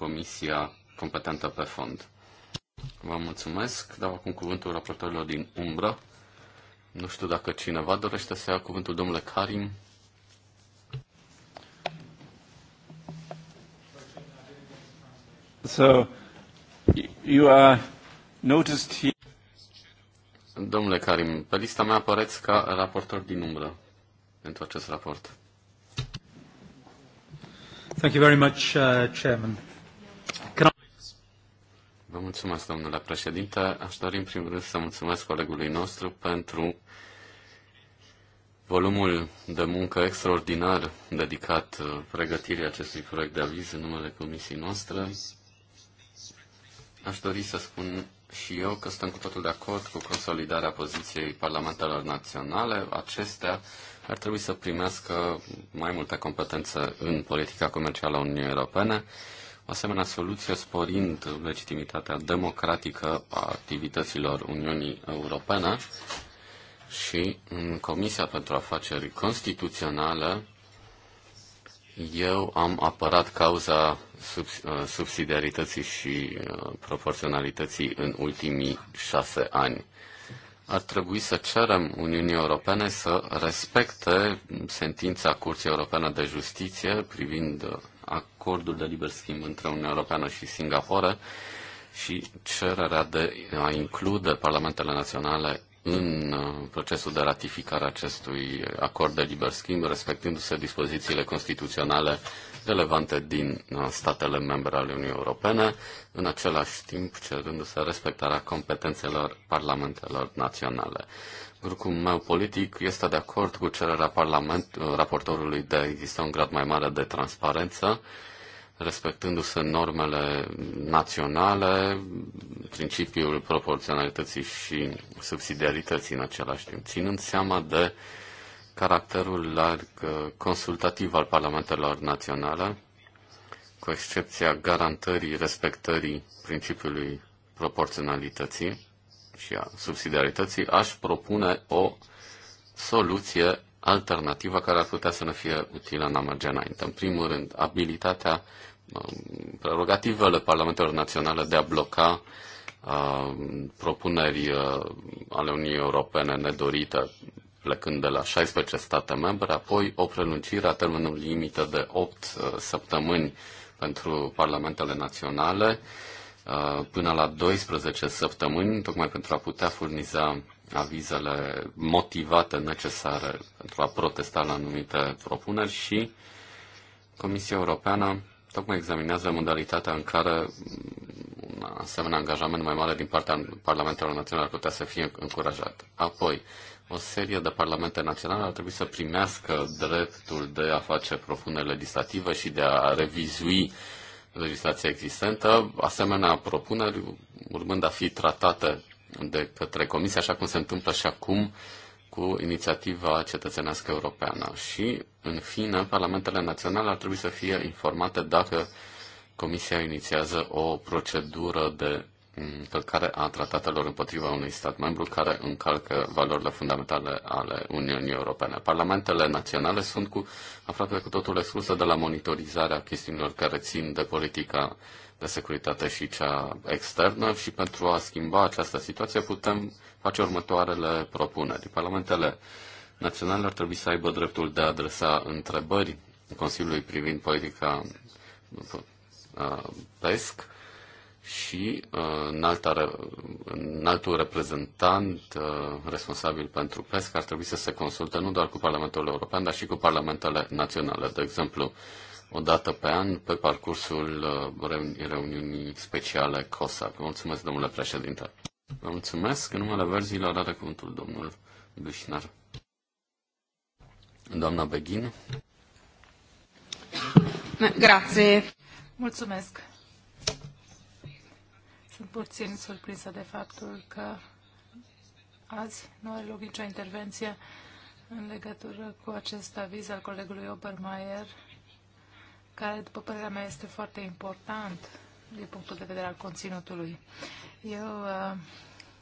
comisia competentă pe fond. Vă mulțumesc. Dau acum cuvântul raportorilor din umbră. Nu știu dacă cineva dorește să ia cuvântul domnule Karim. So, you are noticed here... Domnule Karim, pe lista mea apăreți ca raportor din umbră pentru acest raport. Thank you very much, uh, Chairman. Vă mulțumesc, domnule președinte. Aș dori, în primul rând, să mulțumesc colegului nostru pentru volumul de muncă extraordinar dedicat uh, pregătirii acestui proiect de aviz în numele comisiei noastre. Aș dori să spun și eu că suntem cu totul de acord cu consolidarea poziției parlamentelor naționale. Acestea ar trebui să primească mai multe competențe în politica comercială a Uniunii Europene asemenea soluție sporind legitimitatea democratică a activităților Uniunii Europene și în Comisia pentru Afaceri Constituționale eu am apărat cauza subs- uh, subsidiarității și uh, proporționalității în ultimii șase ani. Ar trebui să cerem Uniunii Europene să respecte sentința Curții Europene de Justiție privind uh, acordul de liber schimb între Uniunea Europeană și Singapore și cererea de a include parlamentele naționale în uh, procesul de ratificare a acestui acord de liber schimb, respectându-se dispozițiile constituționale relevante din uh, statele membre ale Uniunii Europene, în același timp cerându-se respectarea competențelor parlamentelor naționale. Grupul meu politic este de acord cu cererea parlament, raportorului de a exista un grad mai mare de transparență, respectându-se normele naționale, principiul proporționalității și subsidiarității în același timp, ținând seama de caracterul larg consultativ al parlamentelor naționale, cu excepția garantării respectării principiului proporționalității și a subsidiarității, aș propune o soluție alternativă care ar putea să ne fie utilă în a merge înainte. În primul rând, abilitatea, um, prerogativele Parlamentelor Naționale de a bloca um, uh, propuneri ale Uniunii Europene nedorite plecând de la 16 state membre, apoi o prelungire a termenului limită de 8 uh, săptămâni pentru parlamentele naționale, uh, Uh, până la 12 săptămâni, tocmai pentru a putea furniza avizele motivate necesare pentru a protesta la anumite propuneri și Comisia Europeană tocmai examinează modalitatea în care un asemenea angajament mai mare din partea Parlamentelor Naționale ar putea să fie încurajat. Apoi, o serie de parlamente naționale ar trebui să primească dreptul de a face propuneri legislative și de a revizui uh, legislația existentă, asemenea propuneri urmând a fi tratate de către Comisie, așa cum se întâmplă și acum cu inițiativa cetățenească europeană. Și, în fine, parlamentele naționale ar trebui să fie informate dacă Comisia inițiază o procedură de încălcare a tratatelor împotriva unui stat membru care încalcă valorile fundamentale ale Uniunii Europene. Parlamentele naționale sunt cu aproape cu totul excluse de la monitorizarea chestiunilor care țin de politica de securitate și cea externă și pentru a schimba această situație putem face următoarele propuneri. Parlamentele naționale ar trebui să aibă dreptul de a adresa întrebări Consiliului privind politica uh, PESC, și uh, în, alta, în altul reprezentant uh, responsabil pentru PESC ar trebui să se consulte nu doar cu Parlamentul European, dar și cu parlamentele naționale. De exemplu, o dată pe an, pe parcursul uh, reuniunii speciale COSAC. Mulțumesc, domnule președinte. Vă mulțumesc. În numele verzilor are cuvântul domnul Dușnar. Doamna Beghin. Grazie. Mulțumesc. Sunt puțin surprinsă de faptul că azi nu are loc nicio intervenție în legătură cu acest aviz al colegului Obermeier, care, după părerea mea, este foarte important din punctul de vedere al conținutului. Eu uh,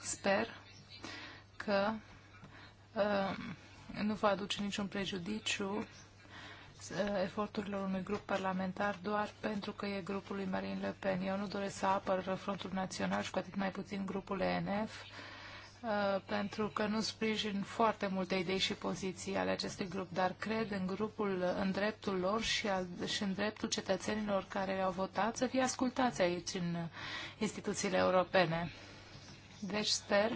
sper că uh, nu va aduce niciun prejudiciu Eh, eforturilor unui grup parlamentar doar pentru că e grupul lui Marine Le Pen. Eu nu doresc să apăr Frontul Național și cu atât mai puțin grupul ENF, eh, pentru că nu sprijin foarte multe idei și poziții ale acestui grup, dar cred în grupul, în dreptul lor și, al, și în dreptul cetățenilor care au votat să fie ascultați aici în instituțiile europene. Deci sper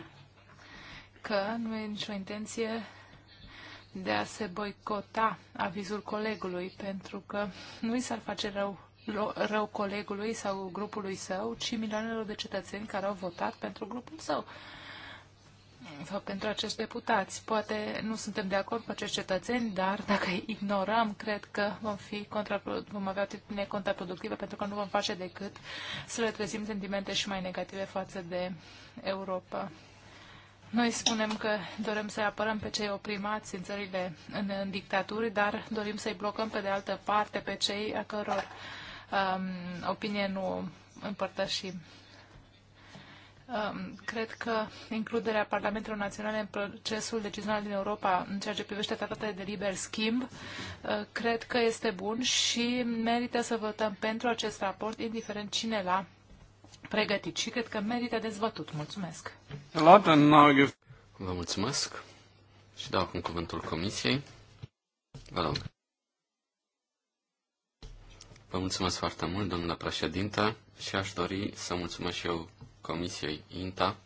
că nu e nicio intenție de a se boicota avizul colegului, pentru că nu i s-ar face rău, rău colegului sau grupului său, ci milioanelor de cetățeni care au votat pentru grupul său sau pentru acești deputați. Poate nu suntem de acord cu acești cetățeni, dar dacă îi ignorăm, cred că vom, fi vom avea atitudine contraproductivă pentru că nu vom face decât să le trezim sentimente și mai negative față de Europa. Noi spunem că dorim să apărăm pe cei oprimați în țările în, în dictaturi, dar dorim să-i blocăm pe de altă parte pe cei a căror um, opinie nu împărtășim. Um, cred că includerea Parlamentelor Naționale în procesul decizional din Europa în ceea ce privește tratatele de liber schimb, uh, cred că este bun și merită să votăm pentru acest raport, indiferent cine l-a pregătit și cred că merită dezbătut. Mulțumesc! Vă mulțumesc și dau acum cuvântul Comisiei. Vă rog. Vă mulțumesc foarte mult, domnule președinte, și aș dori să mulțumesc și eu Comisiei INTA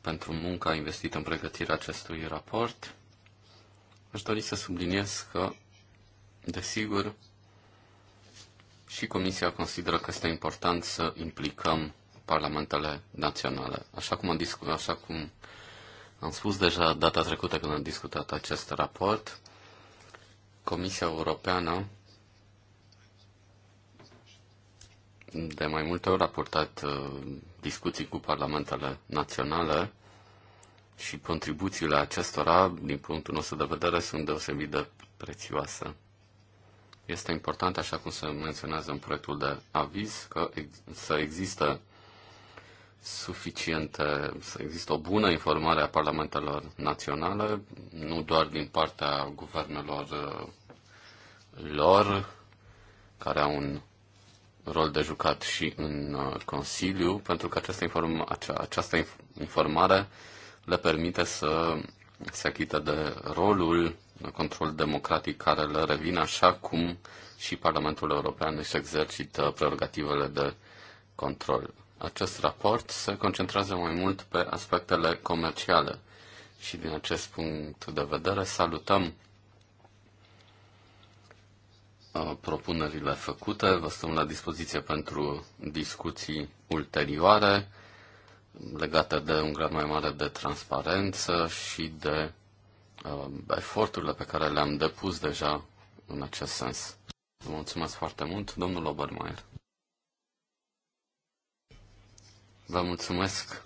pentru munca investită în pregătirea acestui raport. Aș dori să subliniez că, desigur, și Comisia consideră că este important să implicăm parlamentele naționale. Așa cum am, discu- așa cum am spus deja data trecută când am discutat acest raport, Comisia Europeană de mai multe ori a purtat uh, discuții cu parlamentele naționale și contribuțiile acestora, din punctul nostru de vedere, sunt deosebit de prețioase. Este important, așa cum se menționează în proiectul de aviz, că ex- să există suficiente, să există o bună informare a parlamentelor naționale, nu doar din partea guvernelor uh, lor, care au un rol de jucat și în uh, Consiliu, pentru că această, inform- acea, această informare le permite să se achită de rolul control democratic care le revine, așa cum și Parlamentul European își exercită prerogativele de control. Acest raport se concentrează mai mult pe aspectele comerciale și din acest punct de vedere salutăm uh, propunerile făcute. Vă stăm la dispoziție pentru discuții ulterioare legate de un grad mai mare de transparență și de Uh, eforturile pe care le-am depus deja în acest sens. Vă mulțumesc foarte mult, domnul Obermeier. Vă mulțumesc,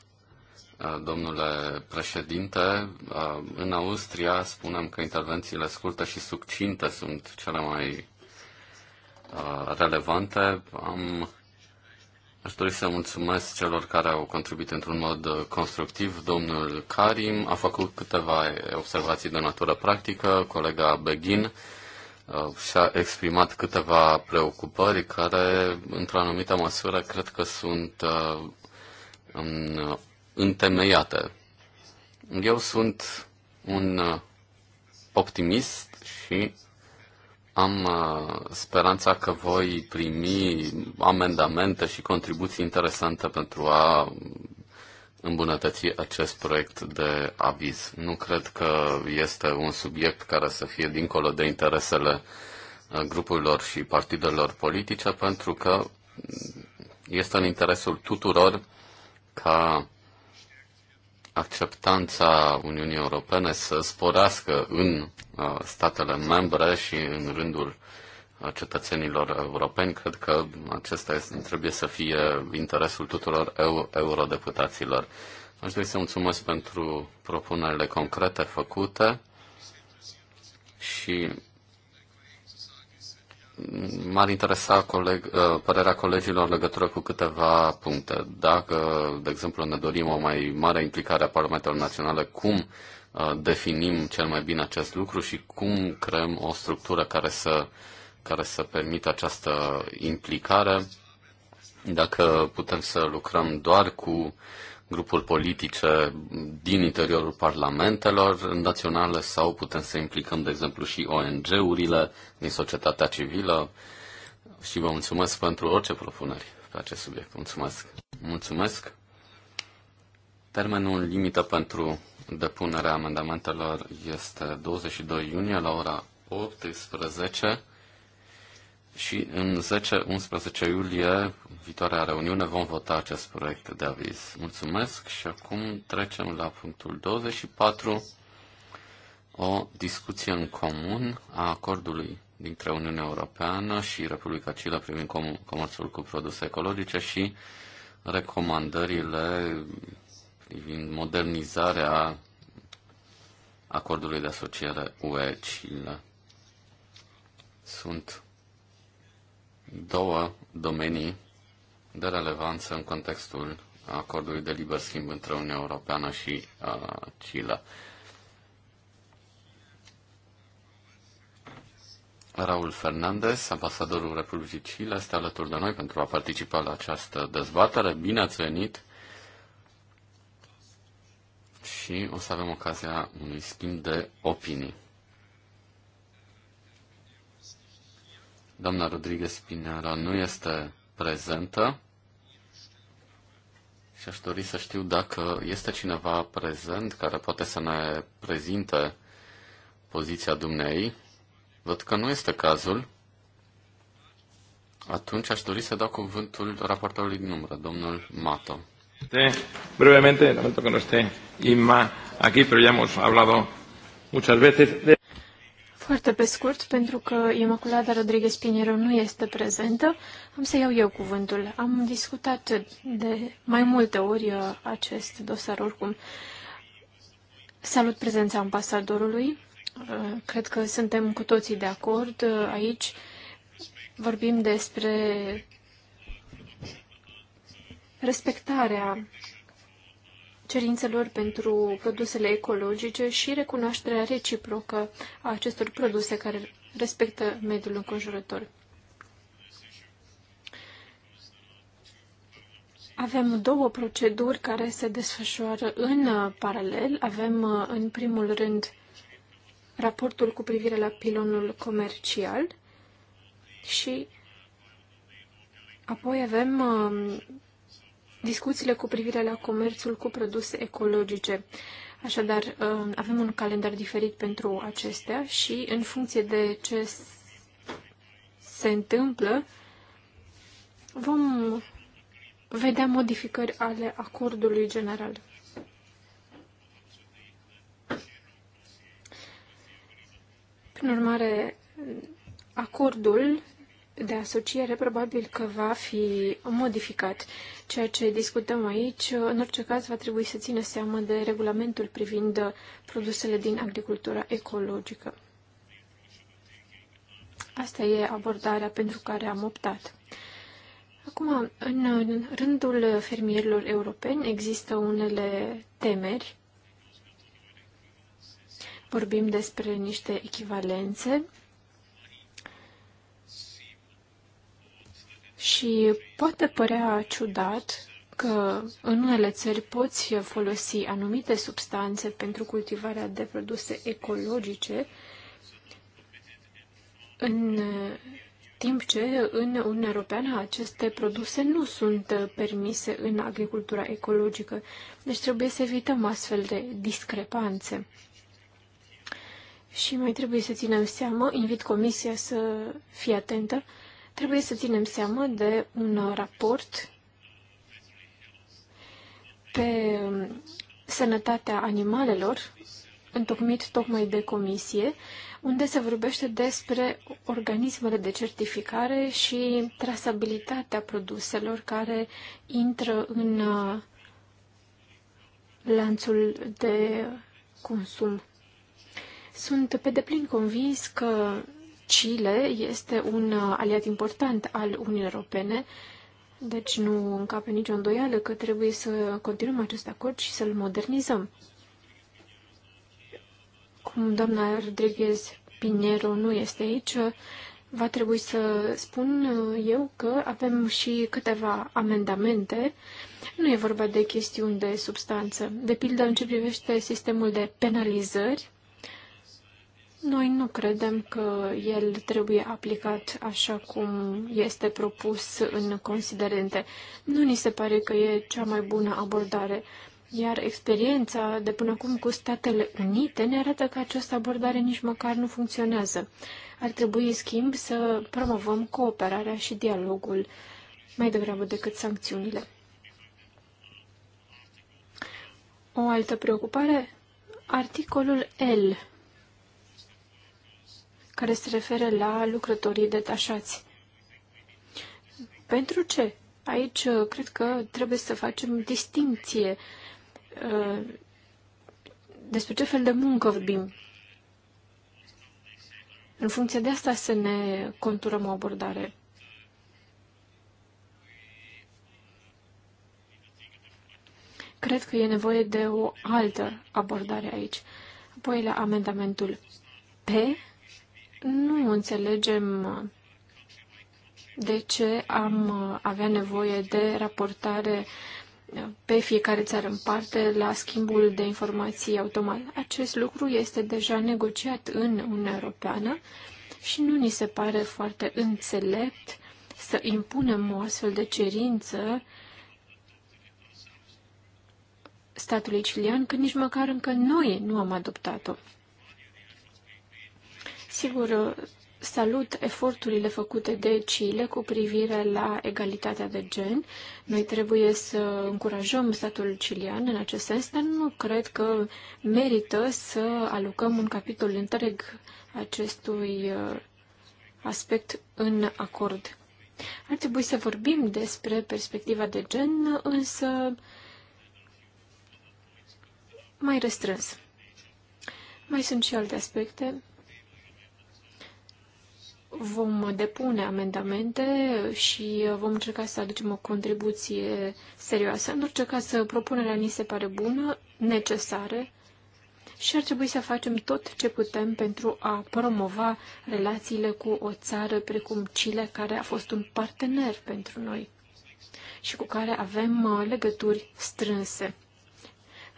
uh, domnule președinte. Uh, în Austria spunem că intervențiile scurte și succinte sunt cele mai relevante. Am Aș dori să mulțumesc celor care au contribuit într-un mod uh, constructiv. Domnul Karim a făcut câteva eh, observații de natură practică, colega Begin uh, și-a exprimat câteva preocupări care, într-o anumită măsură, cred că sunt uh, întemeiate. Eu sunt un optimist și am uh, speranța că voi primi amendamente și contribuții interesante pentru a îmbunătăți acest proiect de aviz. Nu cred că este un subiect care să fie dincolo de interesele uh, grupurilor și partidelor politice, pentru că este în interesul tuturor ca acceptanța Uniunii Europene să sporească în uh, statele membre și în rândul uh, cetățenilor europeni. Cred că acesta trebuie să fie interesul tuturor eu, eurodeputaților. Aș dori să mulțumesc pentru propunerile concrete făcute și m-ar interesa coleg, uh, părerea colegilor legătură cu câteva puncte. Dacă, de exemplu, ne dorim o mai mare implicare a parlamentelor naționale, cum uh, definim cel mai bine acest lucru și cum creăm o structură care să, care să permită această implicare? Dacă putem să lucrăm doar cu uh, grupuri politice din interiorul parlamentelor naționale sau putem să implicăm, de exemplu, și ONG-urile din societatea civilă. Și vă mulțumesc pentru orice propuneri pe acest subiect. Mulțumesc! Mulțumesc! Termenul limită pentru depunerea amendamentelor este 22 iunie la ora 18 și în 10-11 iulie, viitoarea reuniune, vom vota acest proiect de aviz. Mulțumesc și acum trecem la punctul 24, o discuție în comun a acordului dintre Uniunea Europeană și Republica Chile privind com- comerțul cu produse ecologice și recomandările privind modernizarea acordului de asociere UE-Chile. Sunt două domenii de relevanță în contextul acordului de liber schimb între Uniunea Europeană și uh, Chile. Raul Fernandez, ambasadorul Republicii Chile, este alături de noi pentru a participa la această dezbatere. Bine ați venit! Și o să avem ocazia unui schimb de opinii. Doamna Rodriguez Pineara nu este prezentă și aș dori să știu dacă este cineva prezent care poate să ne prezinte poziția dumnei. Văd că nu este cazul. Atunci aș dori să dau cuvântul raportorului din umbră, domnul Mato. Brevemente, lamento que că nu Inma aquí, pero ya hemos hablado muchas veces de... Foarte pe scurt, pentru că Imaculada Rodriguez Pinheiro nu este prezentă, am să iau eu cuvântul. Am discutat de mai multe ori uh, acest dosar oricum. Salut prezența ambasadorului. Uh, cred că suntem cu toții de acord uh, aici. Vorbim despre respectarea cerințelor pentru produsele ecologice și recunoașterea reciprocă a acestor produse care respectă mediul înconjurător. Avem două proceduri care se desfășoară în uh, paralel. Avem, uh, în primul rând, raportul cu privire la pilonul comercial și apoi avem um, discuțiile cu privire la comerțul cu produse ecologice. Așadar, uh, avem un calendar diferit pentru acestea și în funcție de ce se întâmplă, vom vedea modificări ale acordului general. Prin urmare, acordul de asociere probabil că va fi modificat. Ceea ce discutăm aici, în orice caz, va trebui să țină seama de regulamentul privind produsele din agricultura ecologică. Asta e abordarea pentru care am optat. Acum, în rândul fermierilor europeni există unele temeri. Vorbim despre niște echivalențe Și poate părea ciudat că în unele țări poți folosi anumite substanțe pentru cultivarea de produse ecologice, în timp ce în Uniunea Europeană aceste produse nu sunt permise în agricultura ecologică. Deci trebuie să evităm astfel de discrepanțe. Și mai trebuie să ținem seama, invit Comisia să fie atentă, Trebuie să ținem seama de un raport pe sănătatea animalelor, întocmit tocmai de comisie, unde se vorbește despre organismele de certificare și trasabilitatea produselor care intră în uh, lanțul de consum. Sunt pe deplin convins că Chile este un uh, aliat important al Uniunii Europene, deci nu încape nicio îndoială că trebuie să continuăm acest acord și să-l modernizăm. Cum doamna Rodriguez Pinheiro nu este aici, va trebui să spun uh, eu că avem și câteva amendamente. Nu e vorba de chestiuni de substanță. De pildă, în ce privește sistemul de penalizări, noi nu credem că el trebuie aplicat așa cum este propus în considerente. Nu ni se pare că e cea mai bună abordare. Iar experiența de până acum cu Statele Unite ne arată că această abordare nici măcar nu funcționează. Ar trebui, în schimb, să promovăm cooperarea și dialogul mai degrabă decât sancțiunile. O altă preocupare? Articolul L care se referă la lucrătorii detașați. Pentru ce? Aici uh, cred că trebuie să facem distinție uh, despre ce fel de muncă vorbim. În funcție de asta să ne conturăm o abordare. Cred că e nevoie de o altă abordare aici. Apoi la amendamentul P, nu înțelegem de ce am avea nevoie de raportare pe fiecare țară în parte la schimbul de informații automat. Acest lucru este deja negociat în Uniunea Europeană și nu ni se pare foarte înțelept să impunem o astfel de cerință statului cilian, că nici măcar încă noi nu am adoptat-o. Sigur, salut eforturile făcute de Chile cu privire la egalitatea de gen. Noi trebuie să încurajăm statul cilian în acest sens, dar nu cred că merită să alucăm un capitol întreg acestui uh, aspect în acord. Ar trebui să vorbim despre perspectiva de gen, însă mai restrâns. Mai sunt și alte aspecte Vom depune amendamente și vom încerca să aducem o contribuție serioasă. În orice caz, propunerea ni se pare bună, necesară și ar trebui să facem tot ce putem pentru a promova relațiile cu o țară precum Chile, care a fost un partener pentru noi și cu care avem uh, legături strânse.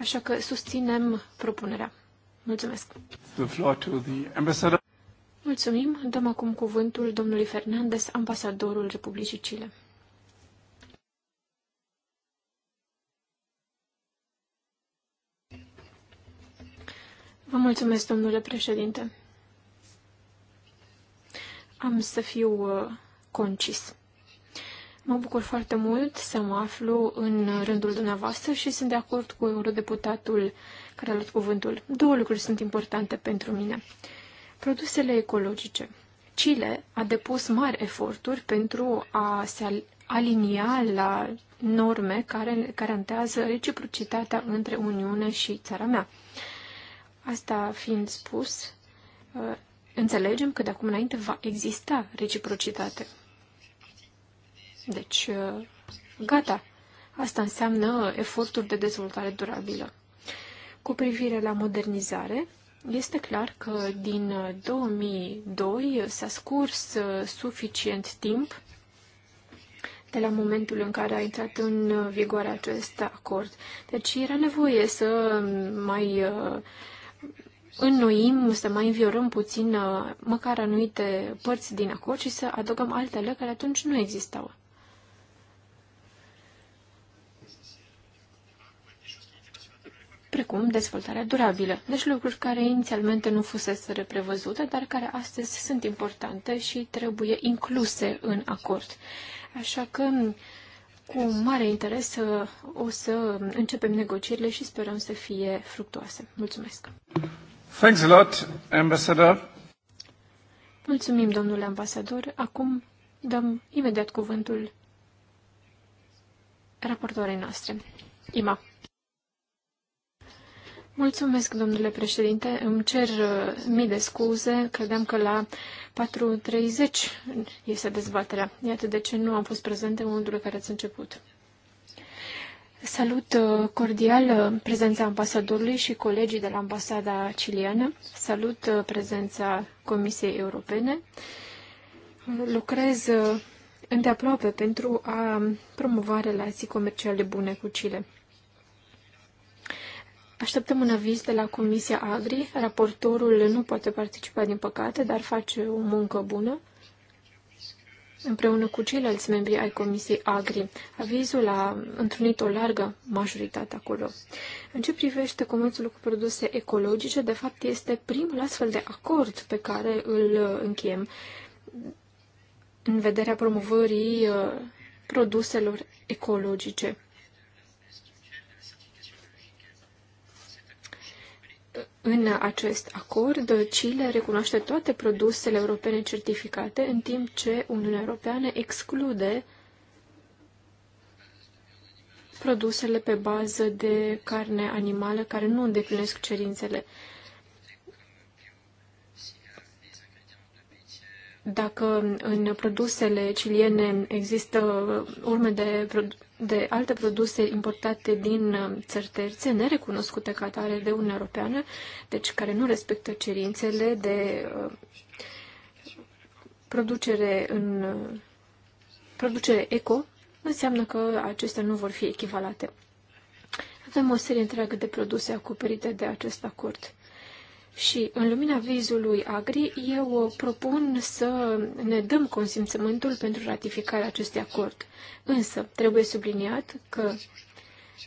Așa că susținem propunerea. Mulțumesc. The floor to the ambassador. Mulțumim. Dăm acum cuvântul domnului Fernandez, ambasadorul Republicii Chile. Vă mulțumesc, domnule președinte. Am să fiu uh, concis. Mă bucur foarte mult să mă aflu în rândul dumneavoastră și sunt de acord cu eurodeputatul care a luat cuvântul. Două lucruri sunt importante pentru mine. Produsele ecologice. Chile a depus mari eforturi pentru a se alinia la norme care garantează reciprocitatea între Uniune și țara mea. Asta fiind spus, uh, înțelegem că de acum înainte va exista reciprocitate. Deci, uh, gata. Asta înseamnă eforturi de dezvoltare durabilă. Cu privire la modernizare, este clar că din 2002 s-a scurs uh, suficient timp de la momentul în care a intrat în vigoare acest acord. Deci era nevoie să mai uh, înnoim, să mai înviorăm puțin uh, măcar anumite părți din acord și să adăugăm altele care atunci nu existau. precum dezvoltarea durabilă. Deci lucruri care inițialmente nu fusese prevăzute, dar care astăzi sunt importante și trebuie incluse în acord. Așa că cu mare interes o să începem negocierile și sperăm să fie fructuoase. Mulțumesc! Thanks a lot, Ambassador. Mulțumim, domnule ambasador. Acum dăm imediat cuvântul raportoarei noastre, Ima. Mulțumesc, domnule președinte. Îmi cer uh, mii de scuze. Credeam că la 4.30 este dezbaterea. Iată de ce nu am fost prezent în momentul în care ați început. Salut uh, cordial uh, prezența ambasadorului și colegii de la ambasada ciliană. Salut prezența Comisiei Europene. Lucrez îndeaproape pentru a promova relații comerciale bune cu Chile. Așteptăm un aviz de la Comisia Agri. Raportorul nu poate participa, din păcate, dar face o muncă bună împreună cu ceilalți membri ai Comisiei Agri. Avizul a întrunit o largă majoritate acolo. În ce privește comerțul cu produse ecologice, de fapt este primul astfel de acord pe care îl uh, încheiem în vederea promovării uh, produselor ecologice. În acest acord, Chile recunoaște toate produsele europene certificate, în timp ce Uniunea Europeană exclude produsele pe bază de carne animală care nu îndeplinesc cerințele. dacă în produsele ciliene există urme de, de alte produse importate din uh, țări terțe, nerecunoscute ca atare de Uniunea Europeană, deci care nu respectă cerințele de uh, producere în uh, producere eco, înseamnă că acestea nu vor fi echivalate. Avem o serie întreagă de produse acoperite de acest acord. Și în lumina vizului Agri, eu propun să ne dăm consimțământul pentru ratificarea acestui acord. Însă, trebuie subliniat că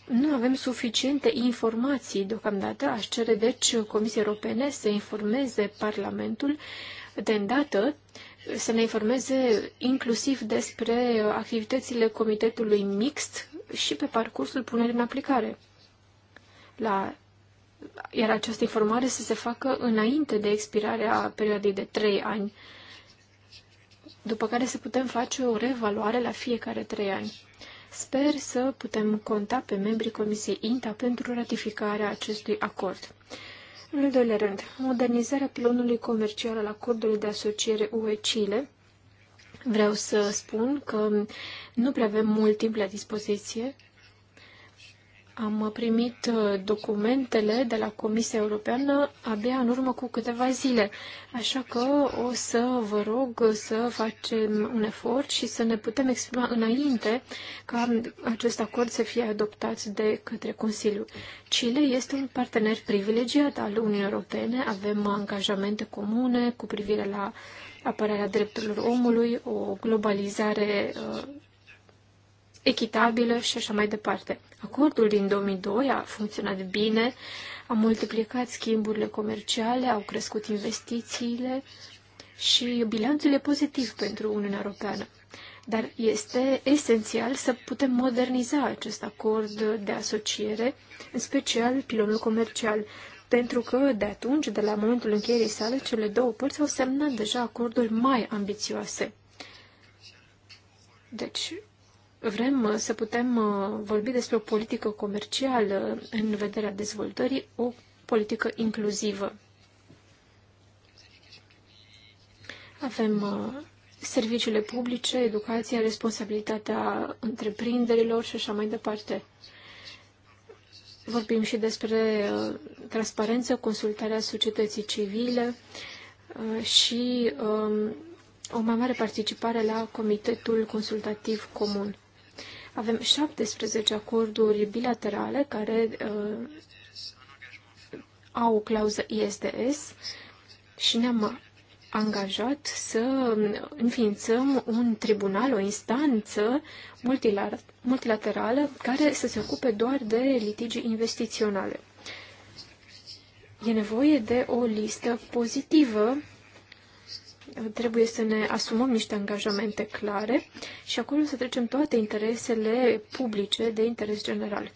nu avem suficiente informații deocamdată. Aș cere, deci, Comisiei Europene să informeze Parlamentul de îndată să ne informeze inclusiv despre activitățile comitetului mixt și pe parcursul punerii în aplicare. La iar această informare să se facă înainte de expirarea perioadei de 3 ani, după care să putem face o reevaluare la fiecare 3 ani. Sper să putem conta pe membrii Comisiei INTA pentru ratificarea acestui acord. În al doilea rând, modernizarea pilonului comercial al acordului de asociere UE-Chile. Vreau să spun că nu prea avem mult timp la dispoziție, am primit uh, documentele de la Comisia Europeană abia în urmă cu câteva zile, așa că o să vă rog să facem un efort și să ne putem exprima înainte ca acest acord să fie adoptat de către Consiliu. Chile este un partener privilegiat al Uniunii Europene, avem angajamente comune cu privire la apărarea drepturilor omului, o globalizare uh, echitabilă și așa mai departe. Acordul din 2002 a funcționat bine, a multiplicat schimburile comerciale, au crescut investițiile și bilanțul e pozitiv pentru Uniunea Europeană. Dar este esențial să putem moderniza acest acord de asociere, în special pilonul comercial, pentru că de atunci, de la momentul încheierii sale, cele două părți au semnat deja acorduri mai ambițioase. Deci, vrem să putem uh, vorbi despre o politică comercială în vederea dezvoltării, o politică inclusivă. Avem uh, serviciile publice, educația, responsabilitatea întreprinderilor și așa mai departe. Vorbim și despre uh, transparență, consultarea societății civile și um, o mai mare participare la Comitetul Consultativ Comun. Avem 17 acorduri bilaterale care uh, au o clauză ISDS și ne-am angajat să înființăm un tribunal, o instanță multilaterală care să se ocupe doar de litigi investiționale. E nevoie de o listă pozitivă trebuie să ne asumăm niște angajamente clare și acolo să trecem toate interesele publice de interes general.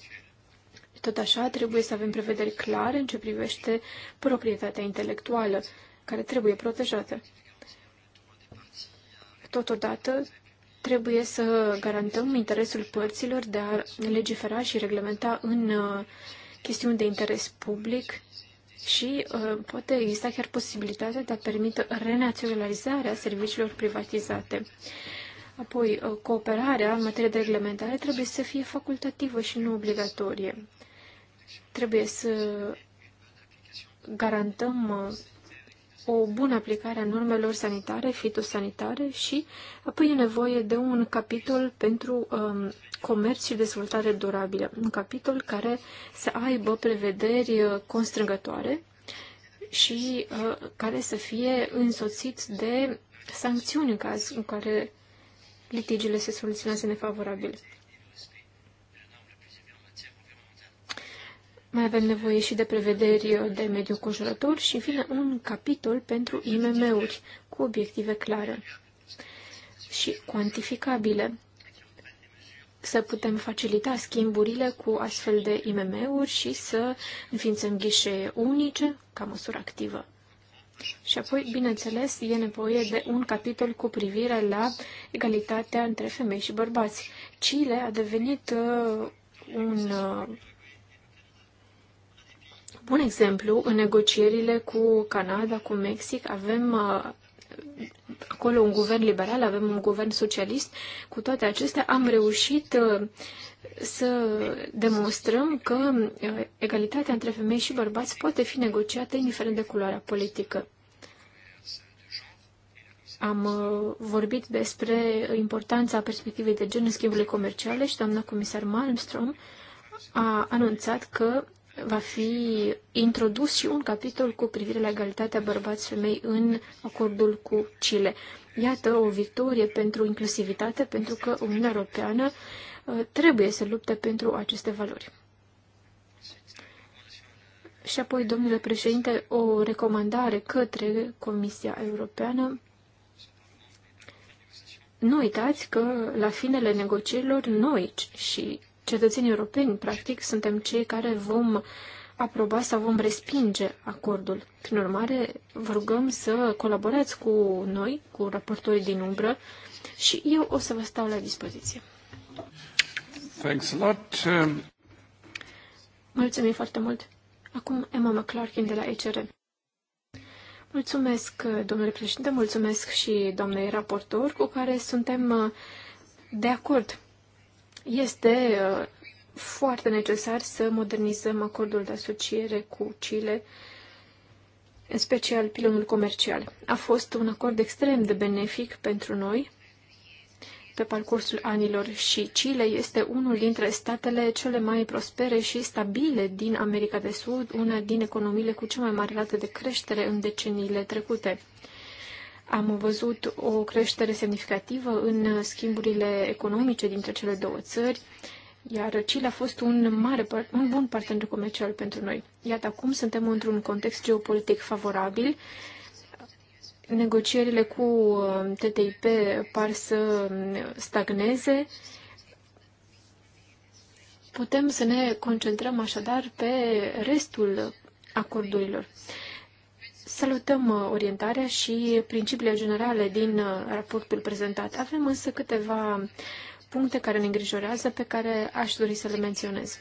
Tot așa, trebuie să avem prevederi clare în ce privește proprietatea intelectuală, care trebuie protejată. Totodată, trebuie să garantăm interesul părților de a legifera și reglementa în uh, chestiuni de interes public și uh, poate exista chiar posibilitatea de a permite renaționalizarea serviciilor privatizate. Apoi, uh, cooperarea în materie de reglementare trebuie să fie facultativă și nu obligatorie. Trebuie să garantăm uh, o bună aplicare a normelor sanitare, fitosanitare și apoi e nevoie de un capitol pentru uh, comerț și dezvoltare durabilă, un capitol care să aibă prevederi uh, constrângătoare și uh, care să fie însoțit de sancțiuni în caz în care litigiile se soluționează nefavorabil. Mai avem nevoie și de prevederi de mediu conjurător și, în fine, un capitol pentru IMM-uri cu obiective clare și cuantificabile să putem facilita schimburile cu astfel de IMM-uri și să înființăm ghișee unice ca măsură activă. Și apoi, bineînțeles, e nevoie de un capitol cu privire la egalitatea între femei și bărbați. Chile a devenit uh, un uh, bun exemplu în negocierile cu Canada, cu Mexic. Avem uh, acolo un guvern liberal, avem un guvern socialist. Cu toate acestea am reușit uh, să demonstrăm că uh, egalitatea între femei și bărbați poate fi negociată indiferent de culoarea politică. Am uh, vorbit despre importanța perspectivei de gen în schimburile comerciale și doamna comisar Malmström a anunțat că va fi introdus și un capitol cu privire la egalitatea bărbați-femei în acordul cu Chile. Iată o victorie pentru inclusivitate, pentru că Uniunea Europeană uh, trebuie să lupte pentru aceste valori. Și apoi, domnule președinte, o recomandare către Comisia Europeană. Nu uitați că la finele negocierilor noi și cetățenii europeni, practic, suntem cei care vom aproba sau vom respinge acordul. Prin urmare, vă rugăm să colaborați cu noi, cu raportorii din umbră și eu o să vă stau la dispoziție. Thanks a lot. Um, Mulțumim foarte mult. Acum Emma McClarkin de la ECR. Mulțumesc, domnule președinte, mulțumesc și doamnei raportor, cu care suntem uh, de acord este uh, foarte necesar să modernizăm acordul de asociere cu Chile, în special pilonul comercial. A fost un acord extrem de benefic pentru noi pe parcursul anilor și Chile este unul dintre statele cele mai prospere și stabile din America de Sud, una din economiile cu cea mai mare rată de creștere în deceniile trecute. Am văzut o creștere semnificativă în schimburile economice dintre cele două țări, iar Chile a fost un, mare, un bun partener comercial pentru noi. Iată, acum suntem într-un context geopolitic favorabil. Negocierile cu uh, TTIP par să stagneze. Putem să ne concentrăm așadar pe restul acordurilor. Salutăm uh, orientarea și principiile generale din uh, raportul prezentat. Avem însă câteva puncte care ne îngrijorează, pe care aș dori să le menționez.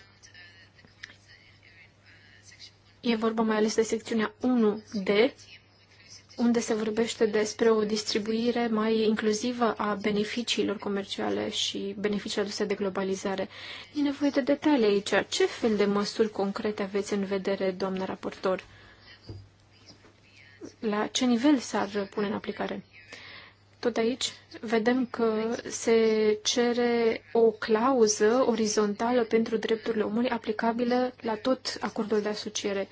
E vorba mai ales de secțiunea 1D, unde se vorbește despre o distribuire mai inclusivă a beneficiilor comerciale și beneficiile aduse de globalizare. E nevoie de detalii aici. Ce fel de măsuri concrete aveți în vedere, doamnă raportor? la ce nivel s-ar pune în aplicare. Tot aici vedem că se cere o clauză orizontală pentru drepturile omului aplicabilă la tot acordul de asociere.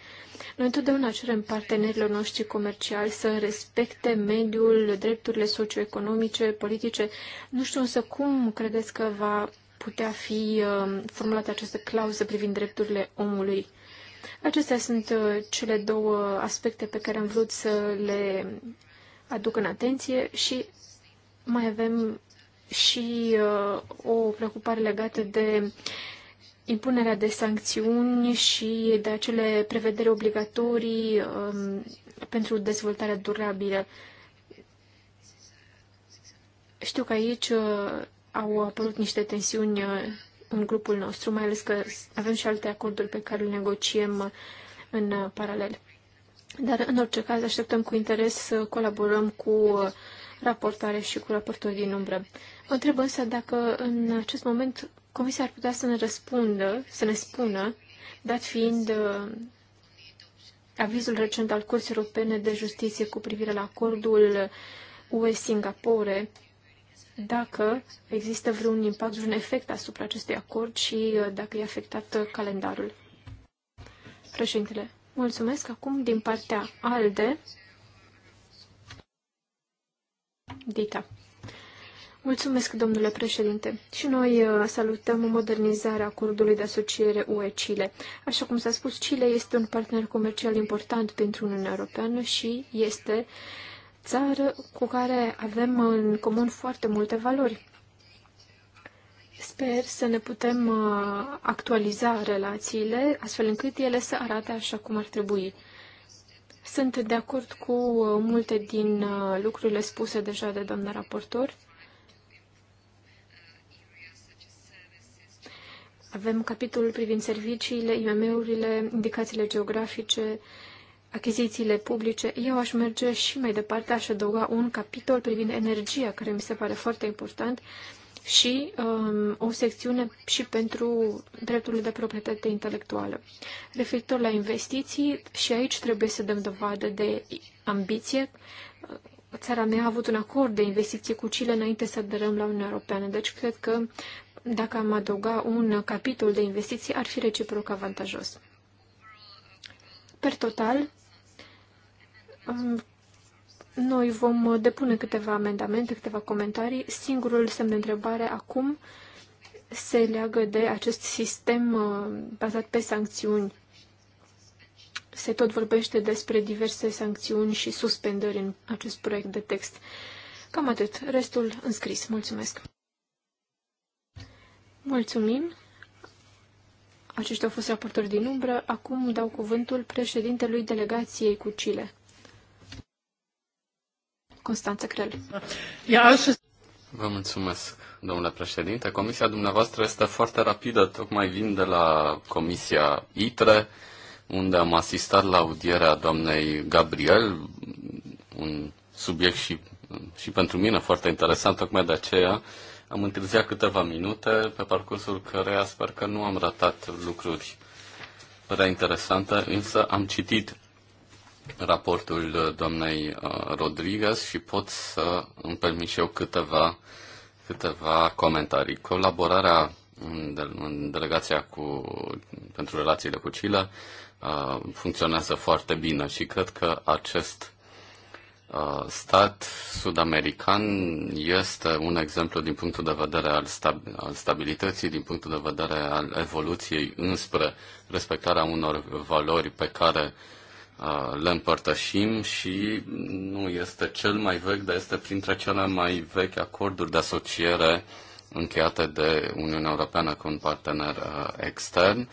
Noi întotdeauna cerem partenerilor noștri comerciali să respecte mediul, drepturile socioeconomice, politice. Nu știu însă cum credeți că va putea fi um, formulată această clauză privind drepturile omului Acestea sunt uh, cele două aspecte pe care am vrut să le aduc în atenție și mai avem și uh, o preocupare legată de impunerea de sancțiuni și de acele prevederi obligatorii um, pentru dezvoltarea durabilă. Știu că aici uh, au apărut niște tensiuni în grupul nostru, mai ales că avem și alte acorduri pe care le negociem uh, în uh, paralel. Dar, în orice caz, așteptăm cu interes să colaborăm cu uh, raportare și cu raportori din umbră. Mă întreb însă dacă în acest moment Comisia ar putea să ne răspundă, să ne spună, dat fiind avizul recent al Curții Europene de Justiție cu privire la acordul UE-Singapore, dacă există vreun impact, vreun efect asupra acestui acord și uh, dacă e afectat uh, calendarul. Președintele, mulțumesc acum din partea ALDE. Dita. Mulțumesc, domnule președinte. Și noi uh, salutăm modernizarea acordului de asociere UE-Chile. Așa cum s-a spus, Chile este un partener comercial important pentru Uniunea Europeană și este uh, țară cu care avem în comun foarte multe valori. Sper să ne putem uh, actualiza relațiile astfel încât ele să arate așa cum ar trebui. Sunt de acord cu uh, multe din uh, lucrurile spuse deja de doamna raportor. Avem capitolul privind serviciile, IMM-urile, indicațiile geografice, uh, achizițiile publice, eu aș merge și mai departe, aș adăuga un capitol privind energia, care mi se pare foarte important, și um, o secțiune și pentru drepturile de proprietate intelectuală. Referitor la investiții, și aici trebuie să dăm dovadă de ambiție. Țara mea a avut un acord de investiție cu Chile înainte să aderăm la Uniunea Europeană, deci cred că dacă am adăuga un capitol de investiții, ar fi reciproc avantajos. Per total, noi vom depune câteva amendamente, câteva comentarii. Singurul semn de întrebare acum se leagă de acest sistem uh, bazat pe sancțiuni. Se tot vorbește despre diverse sancțiuni și suspendări în acest proiect de text. Cam atât. Restul înscris. Mulțumesc. Mulțumim. Aceștia au fost raportori din umbră. Acum dau cuvântul președintelui delegației cu Chile. Constanță Crel. Vă mulțumesc, domnule președinte. Comisia dumneavoastră este foarte rapidă. Tocmai vin de la Comisia ITRE, unde am asistat la audierea doamnei Gabriel, un subiect și, și pentru mine foarte interesant, tocmai de aceea am întârziat câteva minute, pe parcursul căreia sper că nu am ratat lucruri prea interesante, însă am citit raportul doamnei uh, Rodriguez și pot să îmi permit și eu câteva, câteva comentarii. Colaborarea în, de, în delegația cu, pentru relațiile cu Chile uh, funcționează foarte bine și cred că acest uh, stat sud-american este un exemplu din punctul de vedere al, stab- al stabilității, din punctul de vedere al evoluției înspre respectarea unor valori pe care uh, le împărtășim și nu este cel mai vechi, dar este printre cele mai vechi acorduri de asociere încheiate de Uniunea Europeană cu un partener extern.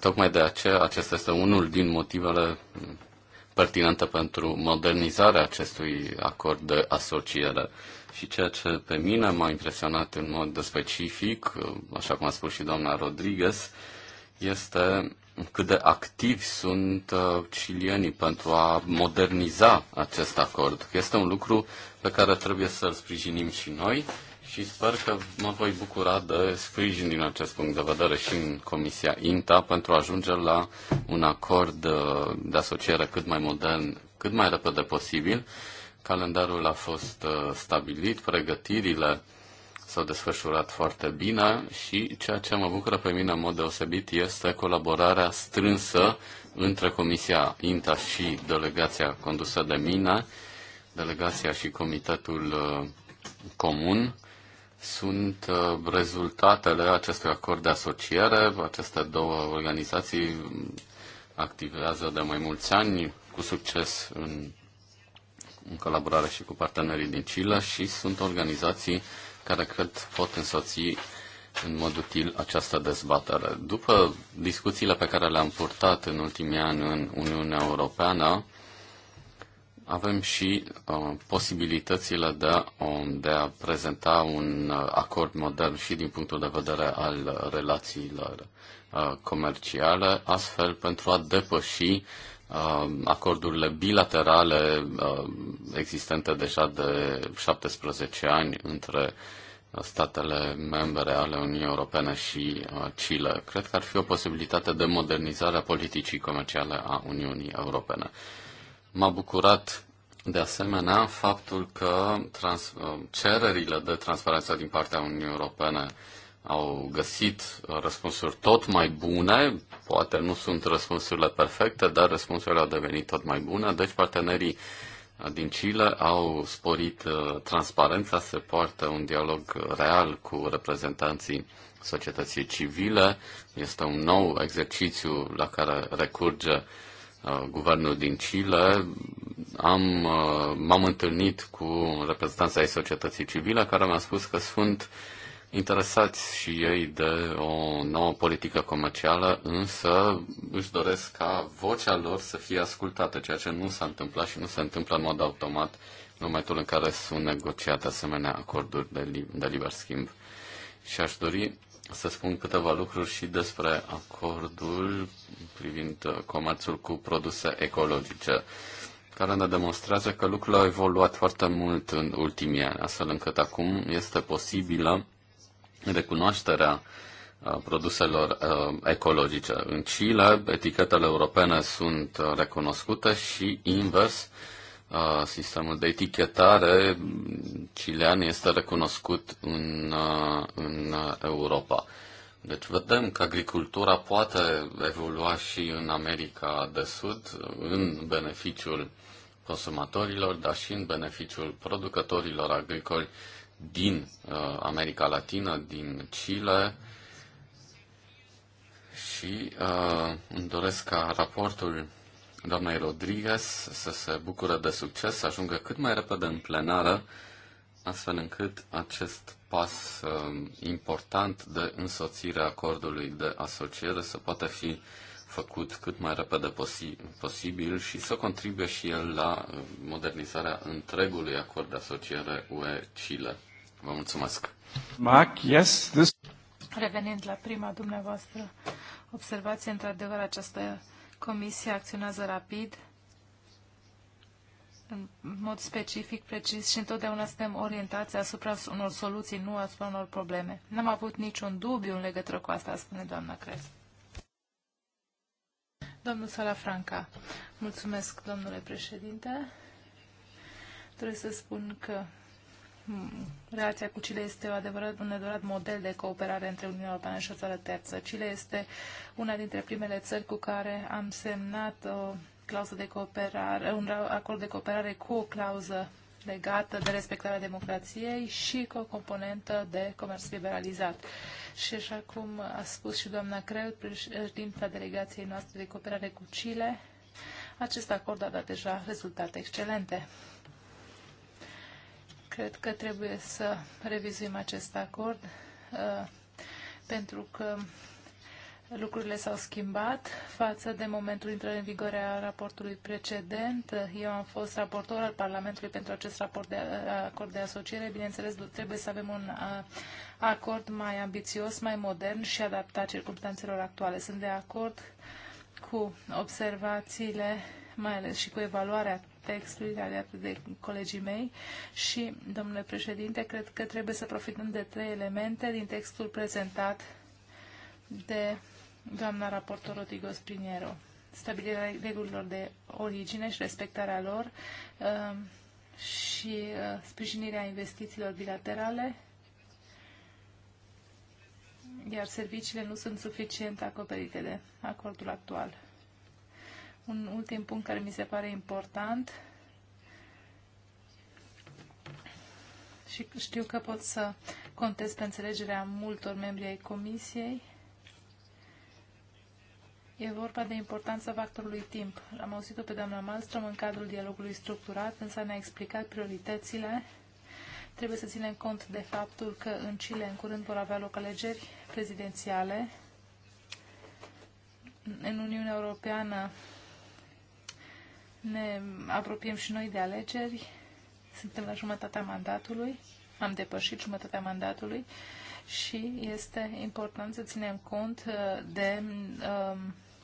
Tocmai de aceea, acesta este unul din motivele pertinente pentru modernizarea acestui acord de asociere. Și ceea ce pe mine m-a impresionat în mod specific, așa cum a spus și doamna Rodriguez, este cât de activi sunt uh, chilienii pentru a moderniza acest acord. Este un lucru pe care trebuie să-l sprijinim și noi și sper că mă voi bucura de sprijin din acest punct de vedere și în Comisia INTA pentru a ajunge la un acord uh, de asociere cât mai modern, cât mai repede posibil. Calendarul a fost uh, stabilit, pregătirile s-au desfășurat foarte bine și ceea ce mă bucură pe mine în mod deosebit este colaborarea strânsă între Comisia INTA și delegația condusă de mine, delegația și Comitetul uh, Comun. Sunt uh, rezultatele acestui acord de asociere. Aceste două organizații um, activează de mai mulți ani cu succes în, în colaborare și cu partenerii din Chile și sunt organizații care cred pot însoți în mod util această dezbatere. După discuțiile pe care le-am purtat în ultimii ani în Uniunea Europeană, avem și uh, posibilitățile de a, de a prezenta un uh, acord modern și din punctul de vedere al relațiilor uh, comerciale, astfel pentru a depăși Um, acordurile bilaterale um, existente deja de 17 ani între uh, statele membre ale Uniunii Europene și uh, Chile. Cred că ar fi o posibilitate de modernizare a politicii comerciale a Uniunii Europene. M-a bucurat de asemenea faptul că trans- uh, cererile de transparență din partea Uniunii Europene au găsit răspunsuri tot mai bune, poate nu sunt răspunsurile perfecte, dar răspunsurile au devenit tot mai bune, deci partenerii din Chile au sporit uh, transparența, se poartă un dialog real cu reprezentanții societății civile, este un nou exercițiu la care recurge uh, guvernul din Chile, am, uh, m-am întâlnit cu reprezentanța ai societății civile care mi-a spus că sunt uh, interesați și ei de o nouă politică comercială, însă își doresc ca vocea lor să fie ascultată, ceea ce nu s-a întâmplat și nu se întâmplă în mod automat în momentul în care sunt negociate asemenea acorduri de, li- de liber schimb. Și aș dori să spun câteva lucruri și despre acordul privind comerțul cu produse ecologice care ne demonstrează că lucrurile au evoluat foarte mult în ultimii ani, astfel încât acum este posibilă recunoașterea uh, produselor uh, ecologice. În Chile, etichetele europene sunt uh, recunoscute și invers, sistemul de etichetare chilean este recunoscut în, în Europa. Deci vedem că agricultura poate evolua și în America de Sud în beneficiul consumatorilor, dar și în beneficiul producătorilor agricoli din uh, America Latină, din Chile și uh, îmi doresc ca raportul doamnei Rodriguez să se bucure de succes, să ajungă cât mai repede în plenară, astfel încât acest pas uh, important de însoțire a acordului de asociere să poată fi făcut cât mai repede posi- posibil și să contribuie și el la uh, modernizarea întregului acord de asociere UE-Chile. Vă mulțumesc. Mark, yes, this... Revenind la prima dumneavoastră observație, într-adevăr, această comisie acționează rapid, în mod specific, precis și întotdeauna suntem orientați asupra unor soluții, nu asupra unor probleme. N-am avut niciun dubiu în legătură cu asta, spune doamna Crez. Domnul Salafranca, mulțumesc, domnule președinte. Trebuie să spun că Hmm. Relația cu Chile este o adevărat un adevărat model de cooperare între Uniunea Europeană și o țară terță. Chile este una dintre primele țări cu care am semnat o clauză de cooperare, un acord de cooperare cu o clauză legată de respectarea democrației și cu o componentă de comerț liberalizat. Și așa cum a spus și doamna Creu, președinta delegației noastre de cooperare cu Chile, acest acord a dat deja rezultate excelente. Cred că trebuie să revizuim acest acord uh, pentru că lucrurile s-au schimbat față de momentul intrării în vigoare a raportului precedent. Eu am fost raportor al Parlamentului pentru acest raport de acord de asociere. Bineînțeles, trebuie să avem un uh, acord mai ambițios, mai modern și adaptat circumstanțelor actuale. Sunt de acord cu observațiile, mai ales și cu evaluarea textului realiat de colegii mei și, domnule președinte, cred că trebuie să profităm de trei elemente din textul prezentat de doamna raportor Rodrigo Spriniero. Stabilirea regulilor de origine și respectarea lor um, și uh, sprijinirea investițiilor bilaterale, iar serviciile nu sunt suficient acoperite de acordul actual. Un ultim punct care mi se pare important și știu că pot să contez pe înțelegerea multor membri ai comisiei. E vorba de importanța factorului timp. Am auzit-o pe doamna Malmström în cadrul dialogului structurat, însă ne-a explicat prioritățile. Trebuie să ținem cont de faptul că în Chile în curând vor avea loc alegeri prezidențiale. În Uniunea Europeană ne apropiem și noi de alegeri. Suntem la jumătatea mandatului, am depășit jumătatea mandatului și este important să ținem cont uh, de um,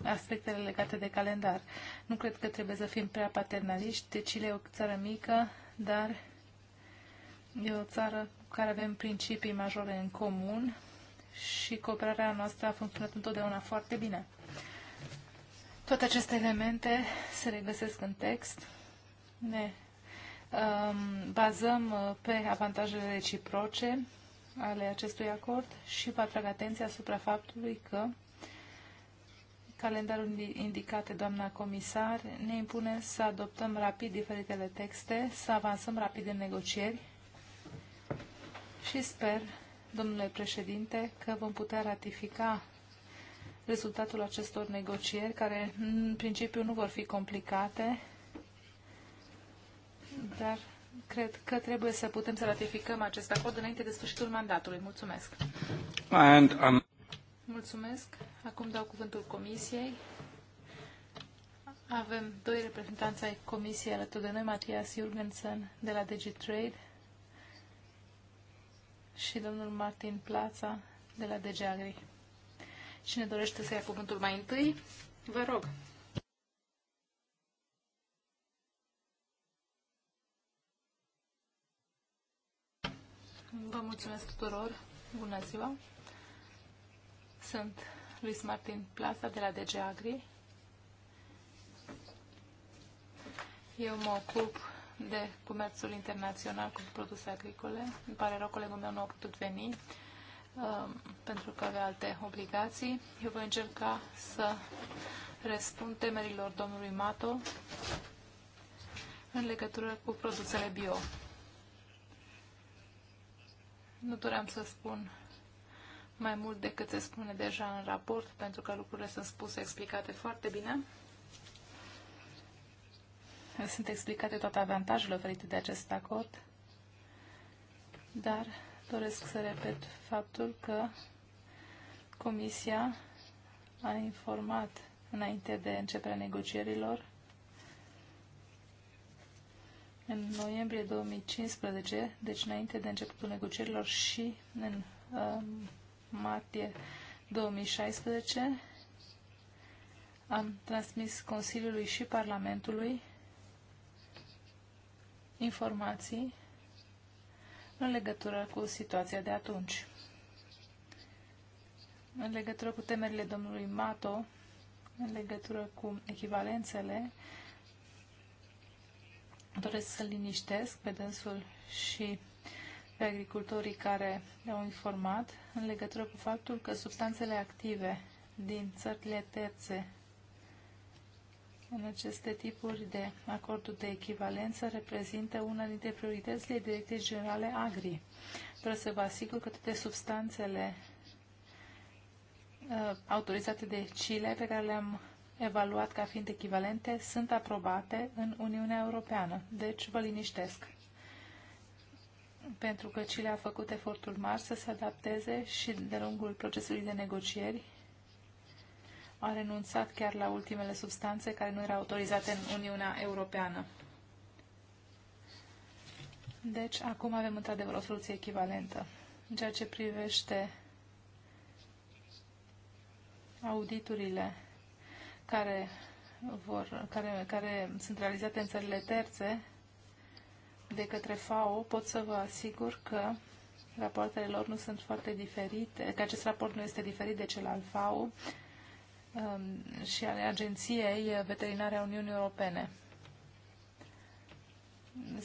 aspectele legate de calendar. Nu cred că trebuie să fim prea paternaliști. Decile e o țară mică, dar e o țară cu care avem principii majore în comun și cooperarea noastră a funcționat întotdeauna foarte bine. Toate aceste elemente se regăsesc în text. Ne um, bazăm uh, pe avantajele reciproce ale acestui acord și vă atrag atenția asupra faptului că calendarul indicat de doamna comisar ne impune să adoptăm rapid diferitele texte, să avansăm rapid în negocieri și sper, domnule președinte, că vom putea ratifica rezultatul acestor negocieri, care în principiu nu vor fi complicate, dar cred că trebuie să putem să ratificăm acest acord înainte de sfârșitul mandatului. Mulțumesc! And, um... Mulțumesc! Acum dau cuvântul Comisiei. Avem doi reprezentanți ai Comisiei alături de noi, Matias Jurgensen de la DigiTrade și domnul Martin Plața de la DG Agri. Cine dorește să ia cuvântul mai întâi, vă rog. Vă mulțumesc tuturor. Bună ziua. Sunt Luis Martin Plaza de la DG Agri. Eu mă ocup de comerțul internațional cu produse agricole. Îmi pare rău, colegul meu nu a putut veni. Um, pentru că avea alte obligații. Eu voi încerca să răspund temerilor domnului Mato în legătură cu produsele bio. Nu doream să spun mai mult decât se spune deja în raport, pentru că lucrurile sunt spuse, explicate foarte bine. Sunt explicate toate avantajele oferite de acest acord, dar doresc să repet faptul că Comisia a informat înainte de începerea negocierilor în noiembrie 2015, deci înainte de începutul negocierilor și în uh, martie 2016, am transmis Consiliului și Parlamentului informații în legătură cu situația de atunci. În legătură cu temerile domnului Mato, în legătură cu echivalențele, doresc să liniștesc pe dânsul și pe agricultorii care le-au informat în legătură cu faptul că substanțele active din țările terțe în aceste tipuri de acorduri de echivalență reprezintă una dintre prioritățile Direcției Generale Agri. Trebuie să vă asigur că toate substanțele uh, autorizate de Chile, pe care le-am evaluat ca fiind echivalente, sunt aprobate în Uniunea Europeană. Deci vă liniștesc. Pentru că Chile a făcut eforturi mari să se adapteze și de lungul procesului de negocieri a renunțat chiar la ultimele substanțe care nu erau autorizate în Uniunea Europeană. Deci, acum avem într-adevăr o soluție echivalentă. În ceea ce privește auditurile care, vor, care, care sunt realizate în țările terțe de către FAO, pot să vă asigur că rapoartele lor nu sunt foarte diferite, că acest raport nu este diferit de cel al FAO, Um, și ale Agenției Veterinare a Uniunii Europene.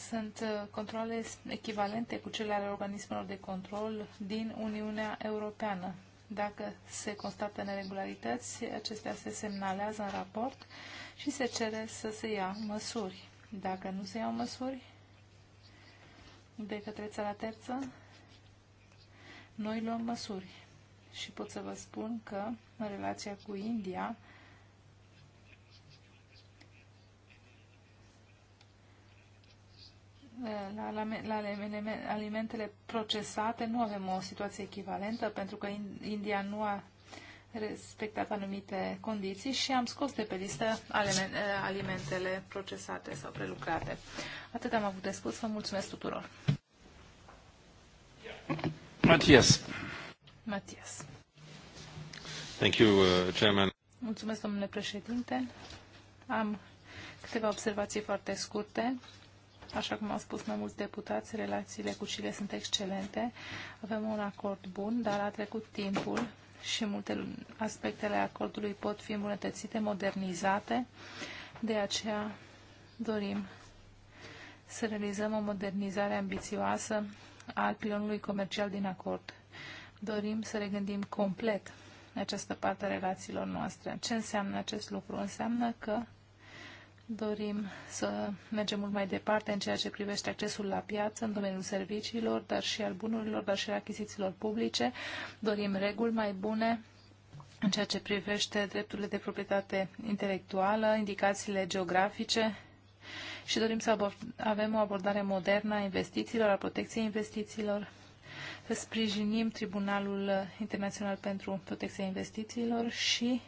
Sunt uh, controle echivalente cu cele ale organismelor de control din Uniunea Europeană. Dacă se constată neregularități, acestea se semnalează în raport și se cere să se ia măsuri. Dacă nu se iau măsuri de către țara terță, noi luăm măsuri și pot să vă spun că în relația cu India la, la, la alimentele procesate nu avem o situație echivalentă pentru că India nu a respectat anumite condiții și am scos de pe listă alimentele procesate sau prelucrate. Atât am avut de spus, vă mulțumesc tuturor. Matias. Matias. Thank you, uh, Chairman. Mulțumesc, domnule președinte. Am câteva observații foarte scurte. Așa cum au spus mai mulți deputați, relațiile cu Chile sunt excelente. Avem un acord bun, dar a trecut timpul și multe aspectele acordului pot fi îmbunătățite, modernizate. De aceea dorim să realizăm o modernizare ambițioasă al pilonului comercial din acord dorim să regândim complet această parte a relațiilor noastre. Ce înseamnă acest lucru? Înseamnă că dorim să mergem mult mai departe în ceea ce privește accesul la piață, în domeniul serviciilor, dar și al bunurilor, dar și al achizițiilor publice. Dorim reguli mai bune în ceea ce privește drepturile de proprietate intelectuală, indicațiile geografice și dorim să avem o abordare modernă a investițiilor, a protecției investițiilor sprijinim Tribunalul Internațional pentru Protecția Investițiilor și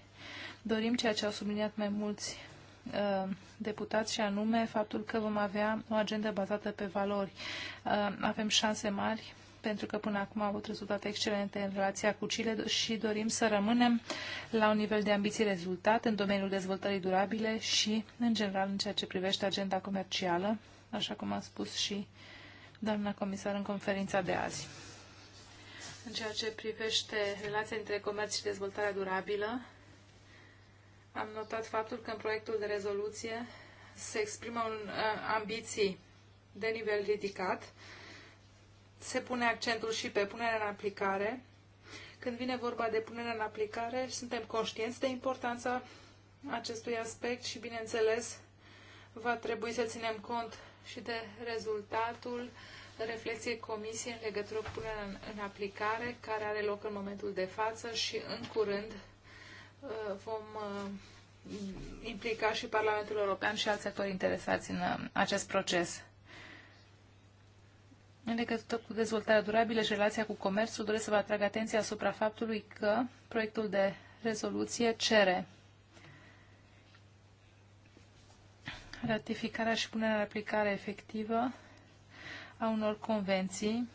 dorim ceea ce au subliniat mai mulți uh, deputați și anume faptul că vom avea o agendă bazată pe valori. Uh, avem șanse mari pentru că până acum am avut rezultate excelente în relația cu Chile și dorim să rămânem la un nivel de ambiții rezultat în domeniul dezvoltării durabile și, în general, în ceea ce privește agenda comercială, așa cum a spus și doamna comisar în conferința de azi în ceea ce privește relația între comerț și dezvoltarea durabilă. Am notat faptul că în proiectul de rezoluție se exprimă un, ambiții de nivel ridicat, se pune accentul și pe punerea în aplicare. Când vine vorba de punerea în aplicare, suntem conștienți de importanța acestui aspect și, bineînțeles, va trebui să ținem cont și de rezultatul uh, reflecției Comisiei în legătură cu punerea în, în aplicare, care are loc în momentul de față și în curând uh, vom uh, implica și Parlamentul European și alți actori interesați în uh, acest proces. În legătură cu dezvoltarea durabilă și relația cu comerțul, doresc să vă atrag atenția asupra faptului că proiectul de rezoluție cere ratificarea și punerea în aplicare efectivă a unor convenții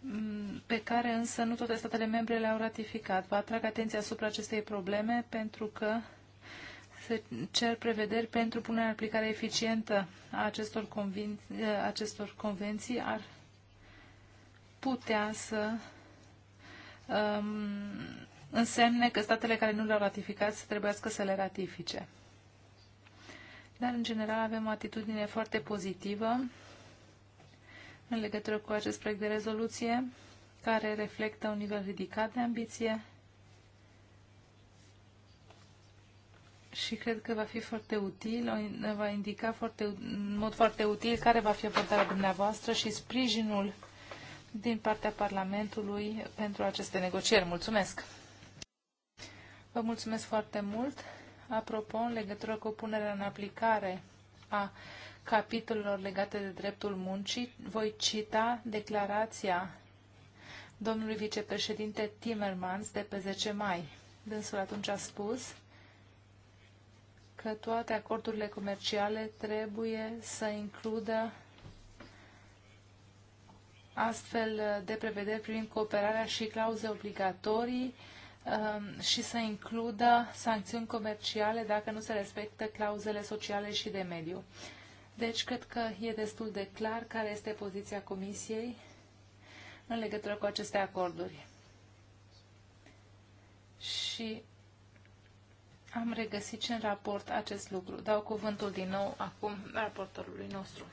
mm, pe care însă nu toate statele membre le-au ratificat. Vă atrag atenția asupra acestei probleme pentru că se cer prevederi pentru punerea în aplicare eficientă a acestor, acestor convenții ar putea să um, însemne că statele care nu le-au ratificat să trebuiască să le ratifice. Dar, în general, avem o atitudine foarte pozitivă în legătură cu acest proiect de rezoluție, care reflectă un nivel ridicat de ambiție și cred că va fi foarte util, va indica foarte, în mod foarte util care va fi abordarea dumneavoastră și sprijinul din partea Parlamentului pentru aceste negocieri. Mulțumesc! Vă mulțumesc foarte mult! Apropo, în legătură cu punerea în aplicare a capitolelor legate de dreptul muncii, voi cita declarația domnului vicepreședinte Timmermans de pe 10 mai. Dânsul atunci a spus că toate acordurile comerciale trebuie să includă astfel de prevederi privind cooperarea și clauze obligatorii Um, și să includă sancțiuni comerciale dacă nu se respectă clauzele sociale și de mediu. Deci, cred că e destul de clar care este poziția Comisiei în legătură cu aceste acorduri. Și am regăsit și în raport acest lucru. Dau cuvântul din nou acum raportorului nostru.